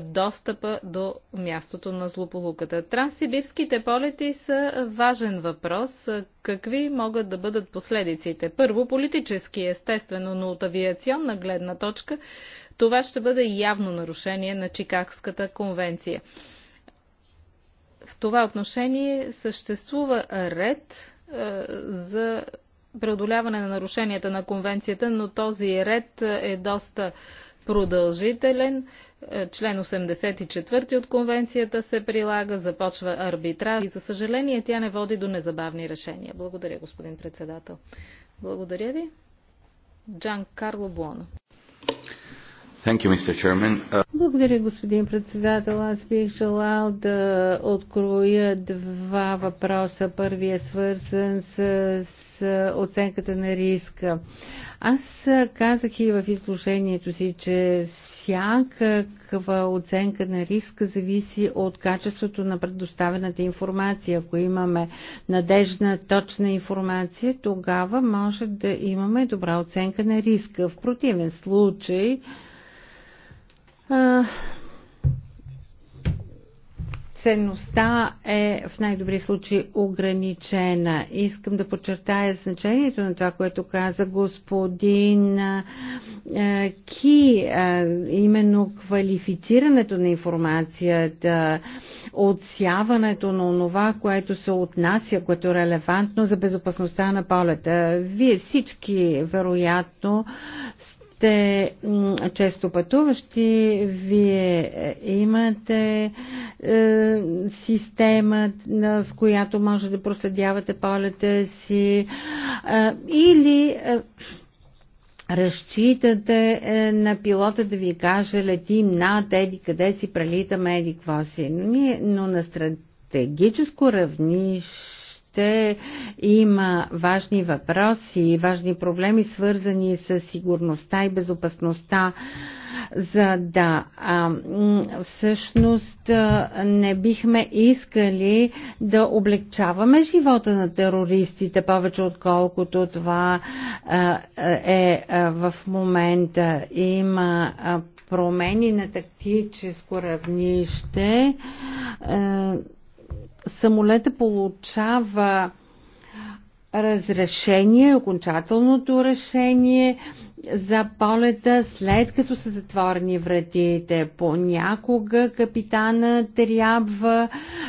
S5: достъпа до мястото на злополуката. Транссибирските полети са важен въпрос. Какви могат да бъдат последиците? Първо, политически, естествено, но от авиационна гледна точка това ще бъде явно нарушение на Чикагската конвенция. В това отношение съществува ред е, за преодоляване на нарушенията на конвенцията, но този ред е доста продължителен. Е, член 84 от конвенцията се прилага, започва арбитраж и за съжаление тя не води до незабавни решения. Благодаря, господин председател. Благодаря ви. Джан Карло Буоно.
S1: You, uh,
S4: Благодаря, господин председател. Аз бих желал да откроя два въпроса. Първият е свързан с, с оценката на риска. Аз казах и в изложението си, че всякаква оценка на риска зависи от качеството на предоставената информация. Ако имаме надежна, точна информация, тогава може да имаме добра оценка на риска. В противен случай, ценността е в най-добри случаи ограничена. Искам да подчертая значението на това, което каза господин Ки, именно квалифицирането на информацията, отсяването на това, което се отнася, което е релевантно за безопасността на полета. Вие всички, вероятно, сте често пътуващи, вие е, имате е, система, с която може да проследявате полета си е, или е, разчитате е, на пилота да ви каже летим над еди къде си, прелитаме еди какво си. Но на стратегическо равнище ще има важни въпроси и важни проблеми, свързани с сигурността и безопасността, за да а, всъщност не бихме искали да облегчаваме живота на терористите повече отколкото това а, е а, в момента. Има а, промени на тактическо равнище. А, самолета получава разрешение, окончателното решение за полета, след като са затворени вратите. Понякога капитана трябва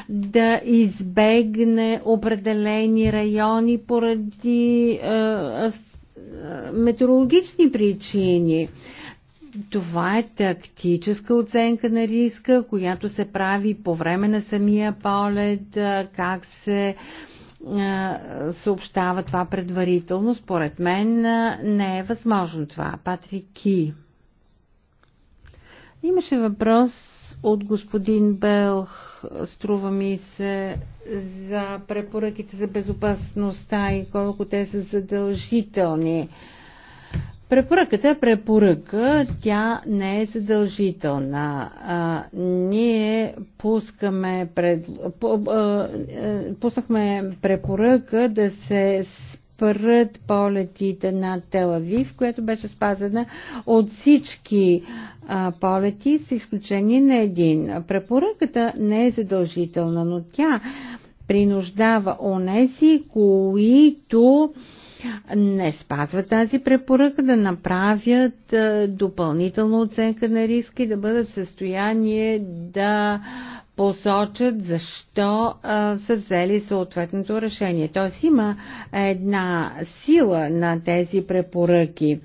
S4: да избегне определени райони поради е, е, метеорологични причини. Е, това е тактическа оценка на риска, която се прави по време на самия полет, как се съобщава това предварително. Според мен не е възможно това. Патрик Ки. Имаше въпрос от господин Белх, струва ми се, за препоръките за безопасността и колко те са задължителни. Препоръката е препоръка, тя не е задължителна. А, ние пускаме пред, по, а, пуснахме препоръка да се спрат полетите на Телавив, която беше спазена от всички а, полети, с изключение на един. Препоръката не е задължителна, но тя принуждава онези, които а, не спазват тази препоръка, да направят е, допълнителна оценка на риски, да бъдат в състояние да посочат защо а, е, са взели съответното решение. Т.е. има една сила на тези препоръки.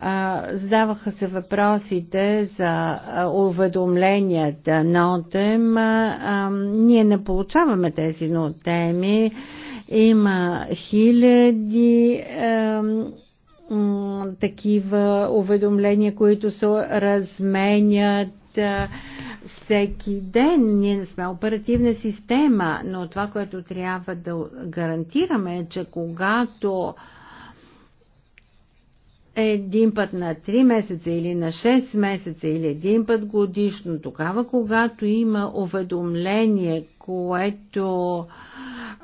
S4: А, е, задаваха се въпросите за уведомленията, но тем, а, а, ние не получаваме тези нотеми. теми има хиляди е, такива уведомления, които се разменят е, всеки ден. Ние не сме оперативна система, но това, което трябва да гарантираме е, че когато един път на 3 месеца или на 6 месеца или един път годишно, тогава когато има уведомление, което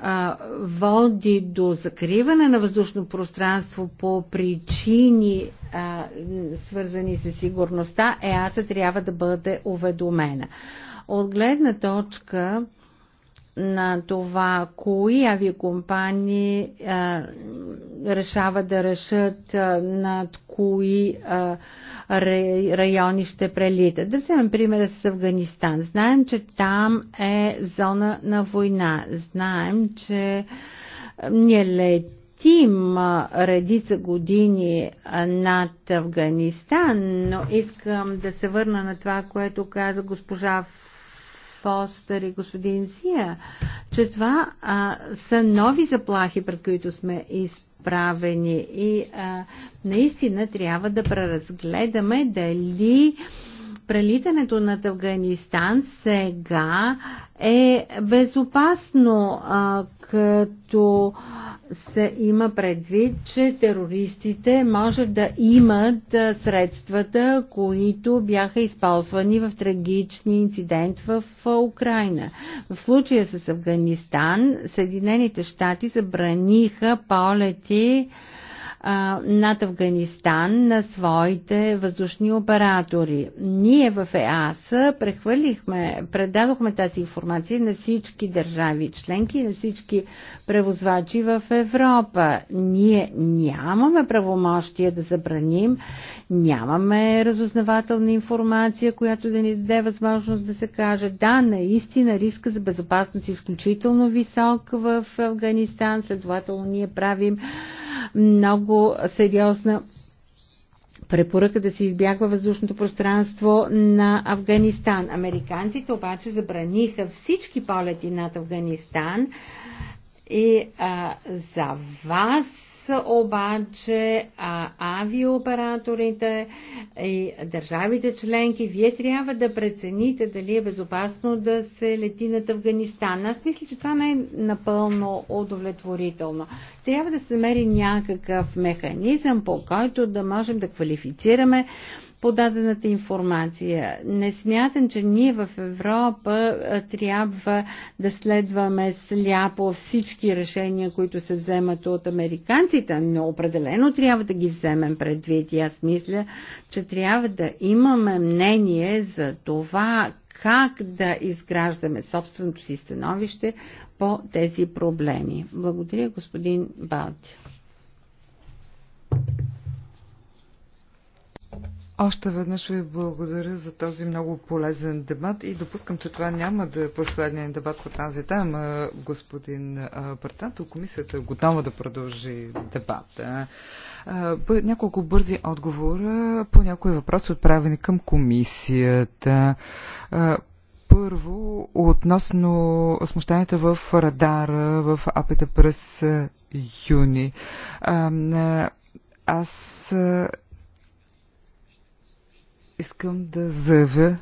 S4: а, води до закриване на въздушно пространство по причини а, свързани с сигурността, ЕАСА трябва да бъде уведомена. От гледна точка на това, кои авиакомпании а, решават да решат а, над кои а, райони ще прелитат. Да вземем примера с Афганистан. Знаем, че там е зона на война. Знаем, че ние летим редица години над Афганистан, но искам да се върна на това, което каза госпожа Фостер и господин Зия, че това а, са нови заплахи, пред които сме изправени и а, наистина трябва да преразгледаме дали а, прелитането над Афганистан сега е безопасно, а, като се има предвид, че терористите може да имат средствата, които бяха използвани в трагични инцидент в Украина. В случая с Афганистан, Съединените щати забраниха полети а, над Афганистан на своите въздушни оператори. Ние в ЕАСА прехвърлихме, предадохме тази информация на всички държави членки на всички превозвачи в Европа. Ние нямаме правомощия да забраним, нямаме разузнавателна информация, която да ни даде възможност да се каже да, наистина риска за безопасност е изключително висок в Афганистан, следователно ние правим много сериозна препоръка да се избягва въздушното пространство на Афганистан. Американците обаче забраниха всички полети над Афганистан. И а, за вас са обаче а, авиооператорите и държавите членки. Вие трябва да прецените дали е безопасно да се лети над Афганистан. Аз мисля, че това не е напълно удовлетворително. Трябва да се намери някакъв механизъм, по който да можем да квалифицираме подадената информация. Не смятам, че ние в Европа трябва да следваме сляпо всички решения, които се вземат от американците, но определено трябва да ги вземем предвид. И аз мисля, че трябва да имаме мнение за това как да изграждаме собственото си становище по тези проблеми. Благодаря, господин Балтия.
S2: Още веднъж ви благодаря за този много полезен дебат и допускам, че това няма да е последния дебат по тази тема. Господин председател, комисията е готова да продължи дебата. Няколко бързи отговора по някои въпроси отправени към комисията първо относно смущанията в радара в апета през юни. Аз Искам да заявя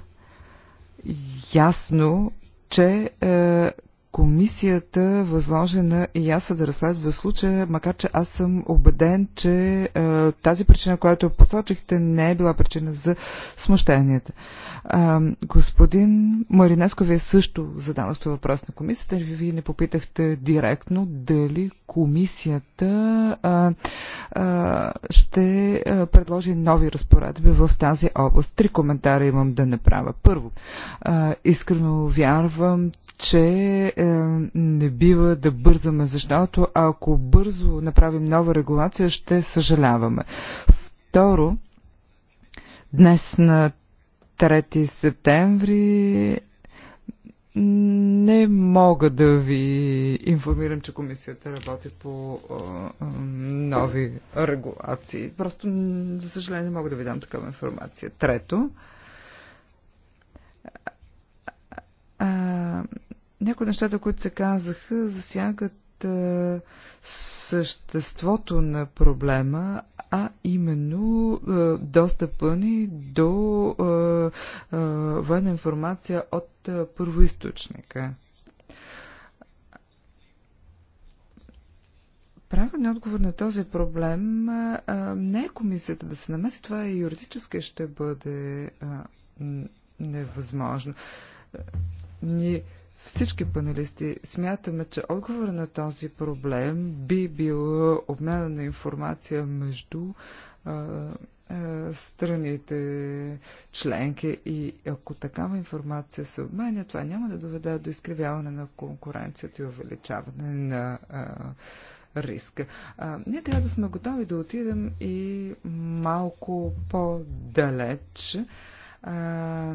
S2: ясно, че е, комисията възложена и аз да разследва случая, макар че аз съм убеден, че е, тази причина, която посочихте, не е била причина за смущенията. Е, господин Маринеско, вие също задавахте въпрос на комисията. Вие не попитахте директно дали комисията е, е, ще е, предложи нови разпоредби в тази област. Три коментара имам да направя. Първо, е, искрено вярвам, че е, не бива да бързаме, защото ако бързо направим нова регулация, ще съжаляваме. Второ, днес на 3 септември не мога да ви информирам, че комисията работи по а, е, е, нови регулации. Просто, за съжаление, не мога да ви дам такава информация. Трето, а, някои нещата, които се казаха, засягат а, съществото на проблема, а именно а, достъпа ни до военна информация от а, първоисточника. Правен отговор на този проблем а, не е комисията да се намеси, това е юридически ще бъде а, невъзможно. Ние всички панелисти смятаме, че отговор на този проблем би бил обмяна на информация между а, а, страните членки и ако такава информация се обменя, това няма да доведе до изкривяване на конкуренцията и увеличаване на а, риска. А, ние трябва да сме готови да отидем и малко по-далеч. А,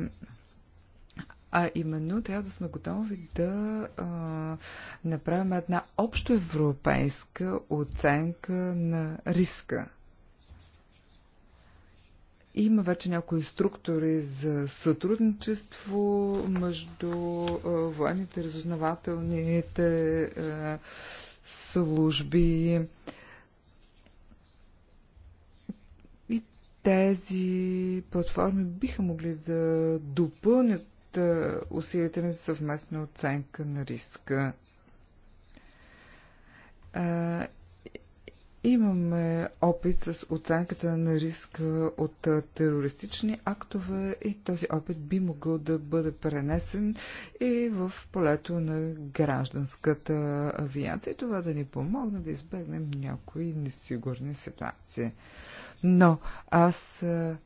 S2: а именно трябва да сме готови да а, направим една общо европейска оценка на риска. Има вече някои структури за сътрудничество между а, военните разузнавателните а, служби. И тези платформи биха могли да допълнят усилията ни за съвместна оценка на риска. Имаме опит с оценката на риска от терористични актове и този опит би могъл да бъде пренесен и в полето на гражданската авиация и това да ни помогне да избегнем някои несигурни ситуации. Но аз а,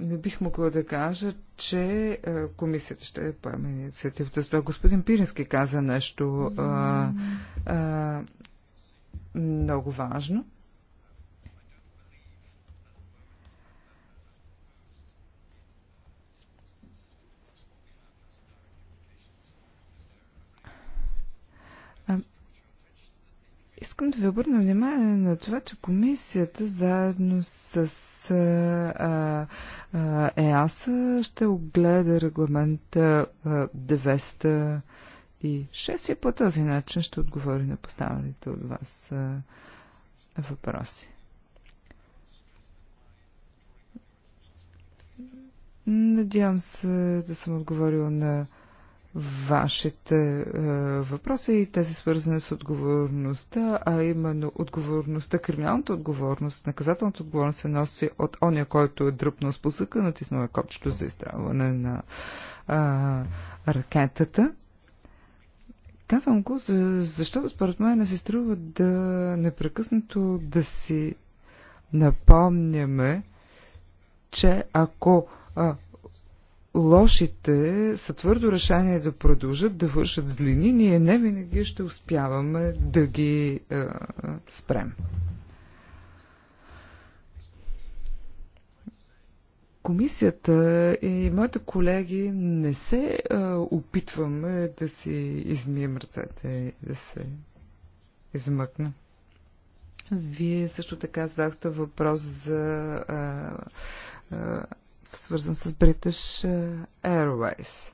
S2: не бих могла да кажа, че а, комисията ще поеме инициативата. това господин Пирински каза нещо а, а, много важно. Искам да ви обърна внимание на това, че комисията заедно с а, а, ЕАСА ще огледа регламента 206 и по този начин ще отговори на поставените от вас а, въпроси. Надявам се да съм отговорила на вашите е, въпроси и тези свързани с отговорността, а именно отговорността, криминалната отговорност, наказателната отговорност се носи от оня, който е дръпнал с посъка, натиснал е копчето за издаване на е, ракетата. Казвам го, защото според мен не се струва да непрекъснато да си напомняме, че ако лошите са твърдо решение да продължат да вършат злини, ние не винаги ще успяваме да ги е, спрем. Комисията и моите колеги не се е, опитваме да си измием ръцете и да се измъкнем. Вие също така задахте въпрос за е, е свързан с British е, Airways.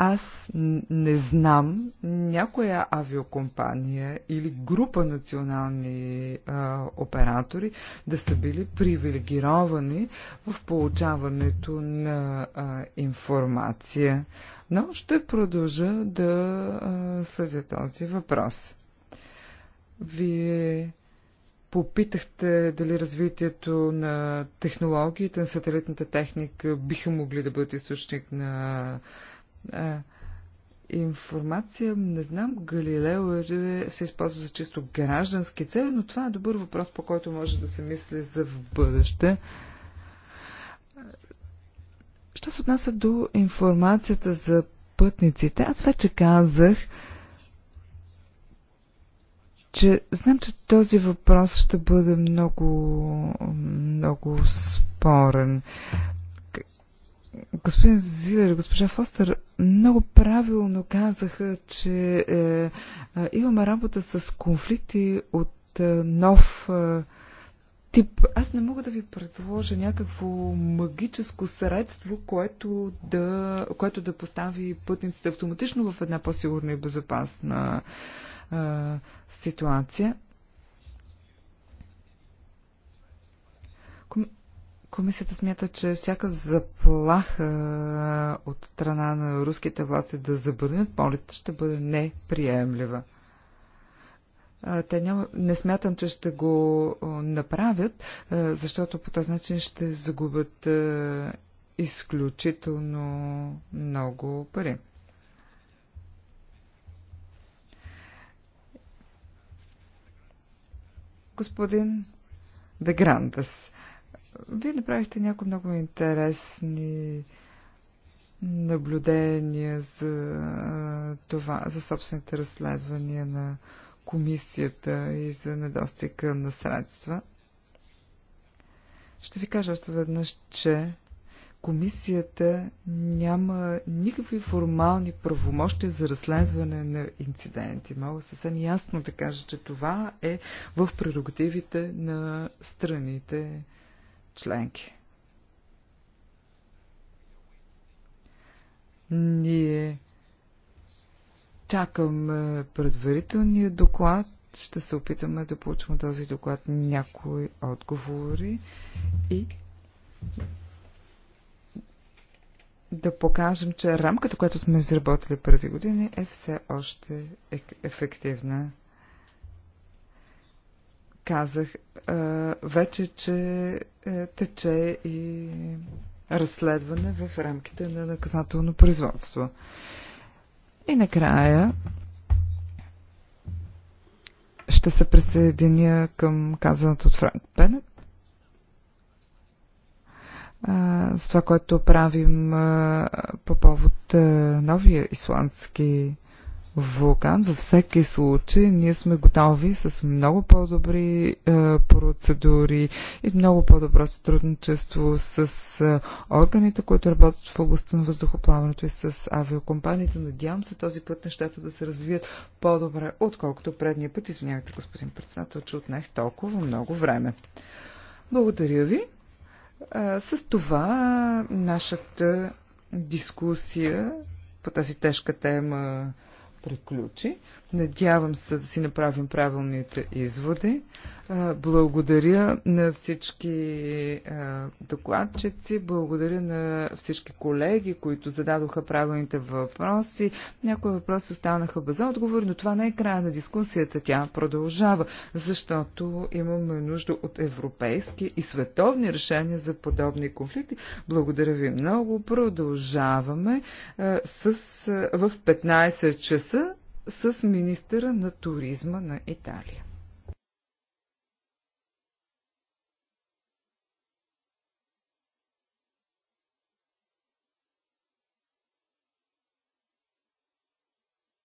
S2: Аз не знам някоя авиокомпания или група национални а, оператори да са били привилегировани в получаването на а, информация, но ще продължа да а, следя този въпрос. Вие Попитахте дали развитието на технологиите, на сателитната техника биха могли да бъдат източник на а, информация. Не знам, Галилео е, се използва за чисто граждански цели, но това е добър въпрос, по който може да се мисли за в бъдеще. Що се отнася до информацията за пътниците, аз вече казах, че знам, че този въпрос ще бъде много, много спорен. Господин Зилер госпожа Фостер много правилно казаха, че е, е, имаме работа с конфликти от е, нов е, тип. Аз не мога да ви предложа някакво магическо средство, което да, което да постави пътниците автоматично в една по-сигурна и безопасна е, ситуация. Комисията смята, че всяка заплаха от страна на руските власти да забърнят молите ще бъде неприемлива. Те няма, не смятам, че ще го направят, защото по този начин ще загубят изключително много пари. господин Деграндес. Вие направихте някои много интересни наблюдения за това, за собствените разследвания на комисията и за недостига на средства. Ще ви кажа още веднъж, че комисията няма никакви формални правомощи за разследване на инциденти. Мога съвсем ясно да кажа, че това е в прерогативите на страните членки. Ние чакам предварителния доклад ще се опитаме да получим този доклад някои отговори и да покажем, че рамката, която сме изработили преди години, е все още ефективна. Казах вече, че тече и разследване в рамките на наказателно производство. И накрая ще се присъединя към казаното от Франк Пенет с това, което правим по повод новия исландски вулкан. Във всеки случай ние сме готови с много по-добри процедури и много по-добро сътрудничество с органите, които работят в областта на въздухоплаването и с авиокомпаниите. Надявам се този път нещата да се развият по-добре, отколкото предния път. Извинявайте, господин председател, че отнех толкова много време. Благодаря ви. С това нашата дискусия по тази тежка тема приключи. Надявам се да си направим правилните изводи. Благодаря на всички докладчици, благодаря на всички колеги, които зададоха правилните въпроси. Някои въпроси останаха без отговор, но това не е края на дискусията. Тя продължава, защото имаме нужда от европейски и световни решения за подобни конфликти. Благодаря ви много. Продължаваме с, в 15 часа с министъра на туризма на Италия.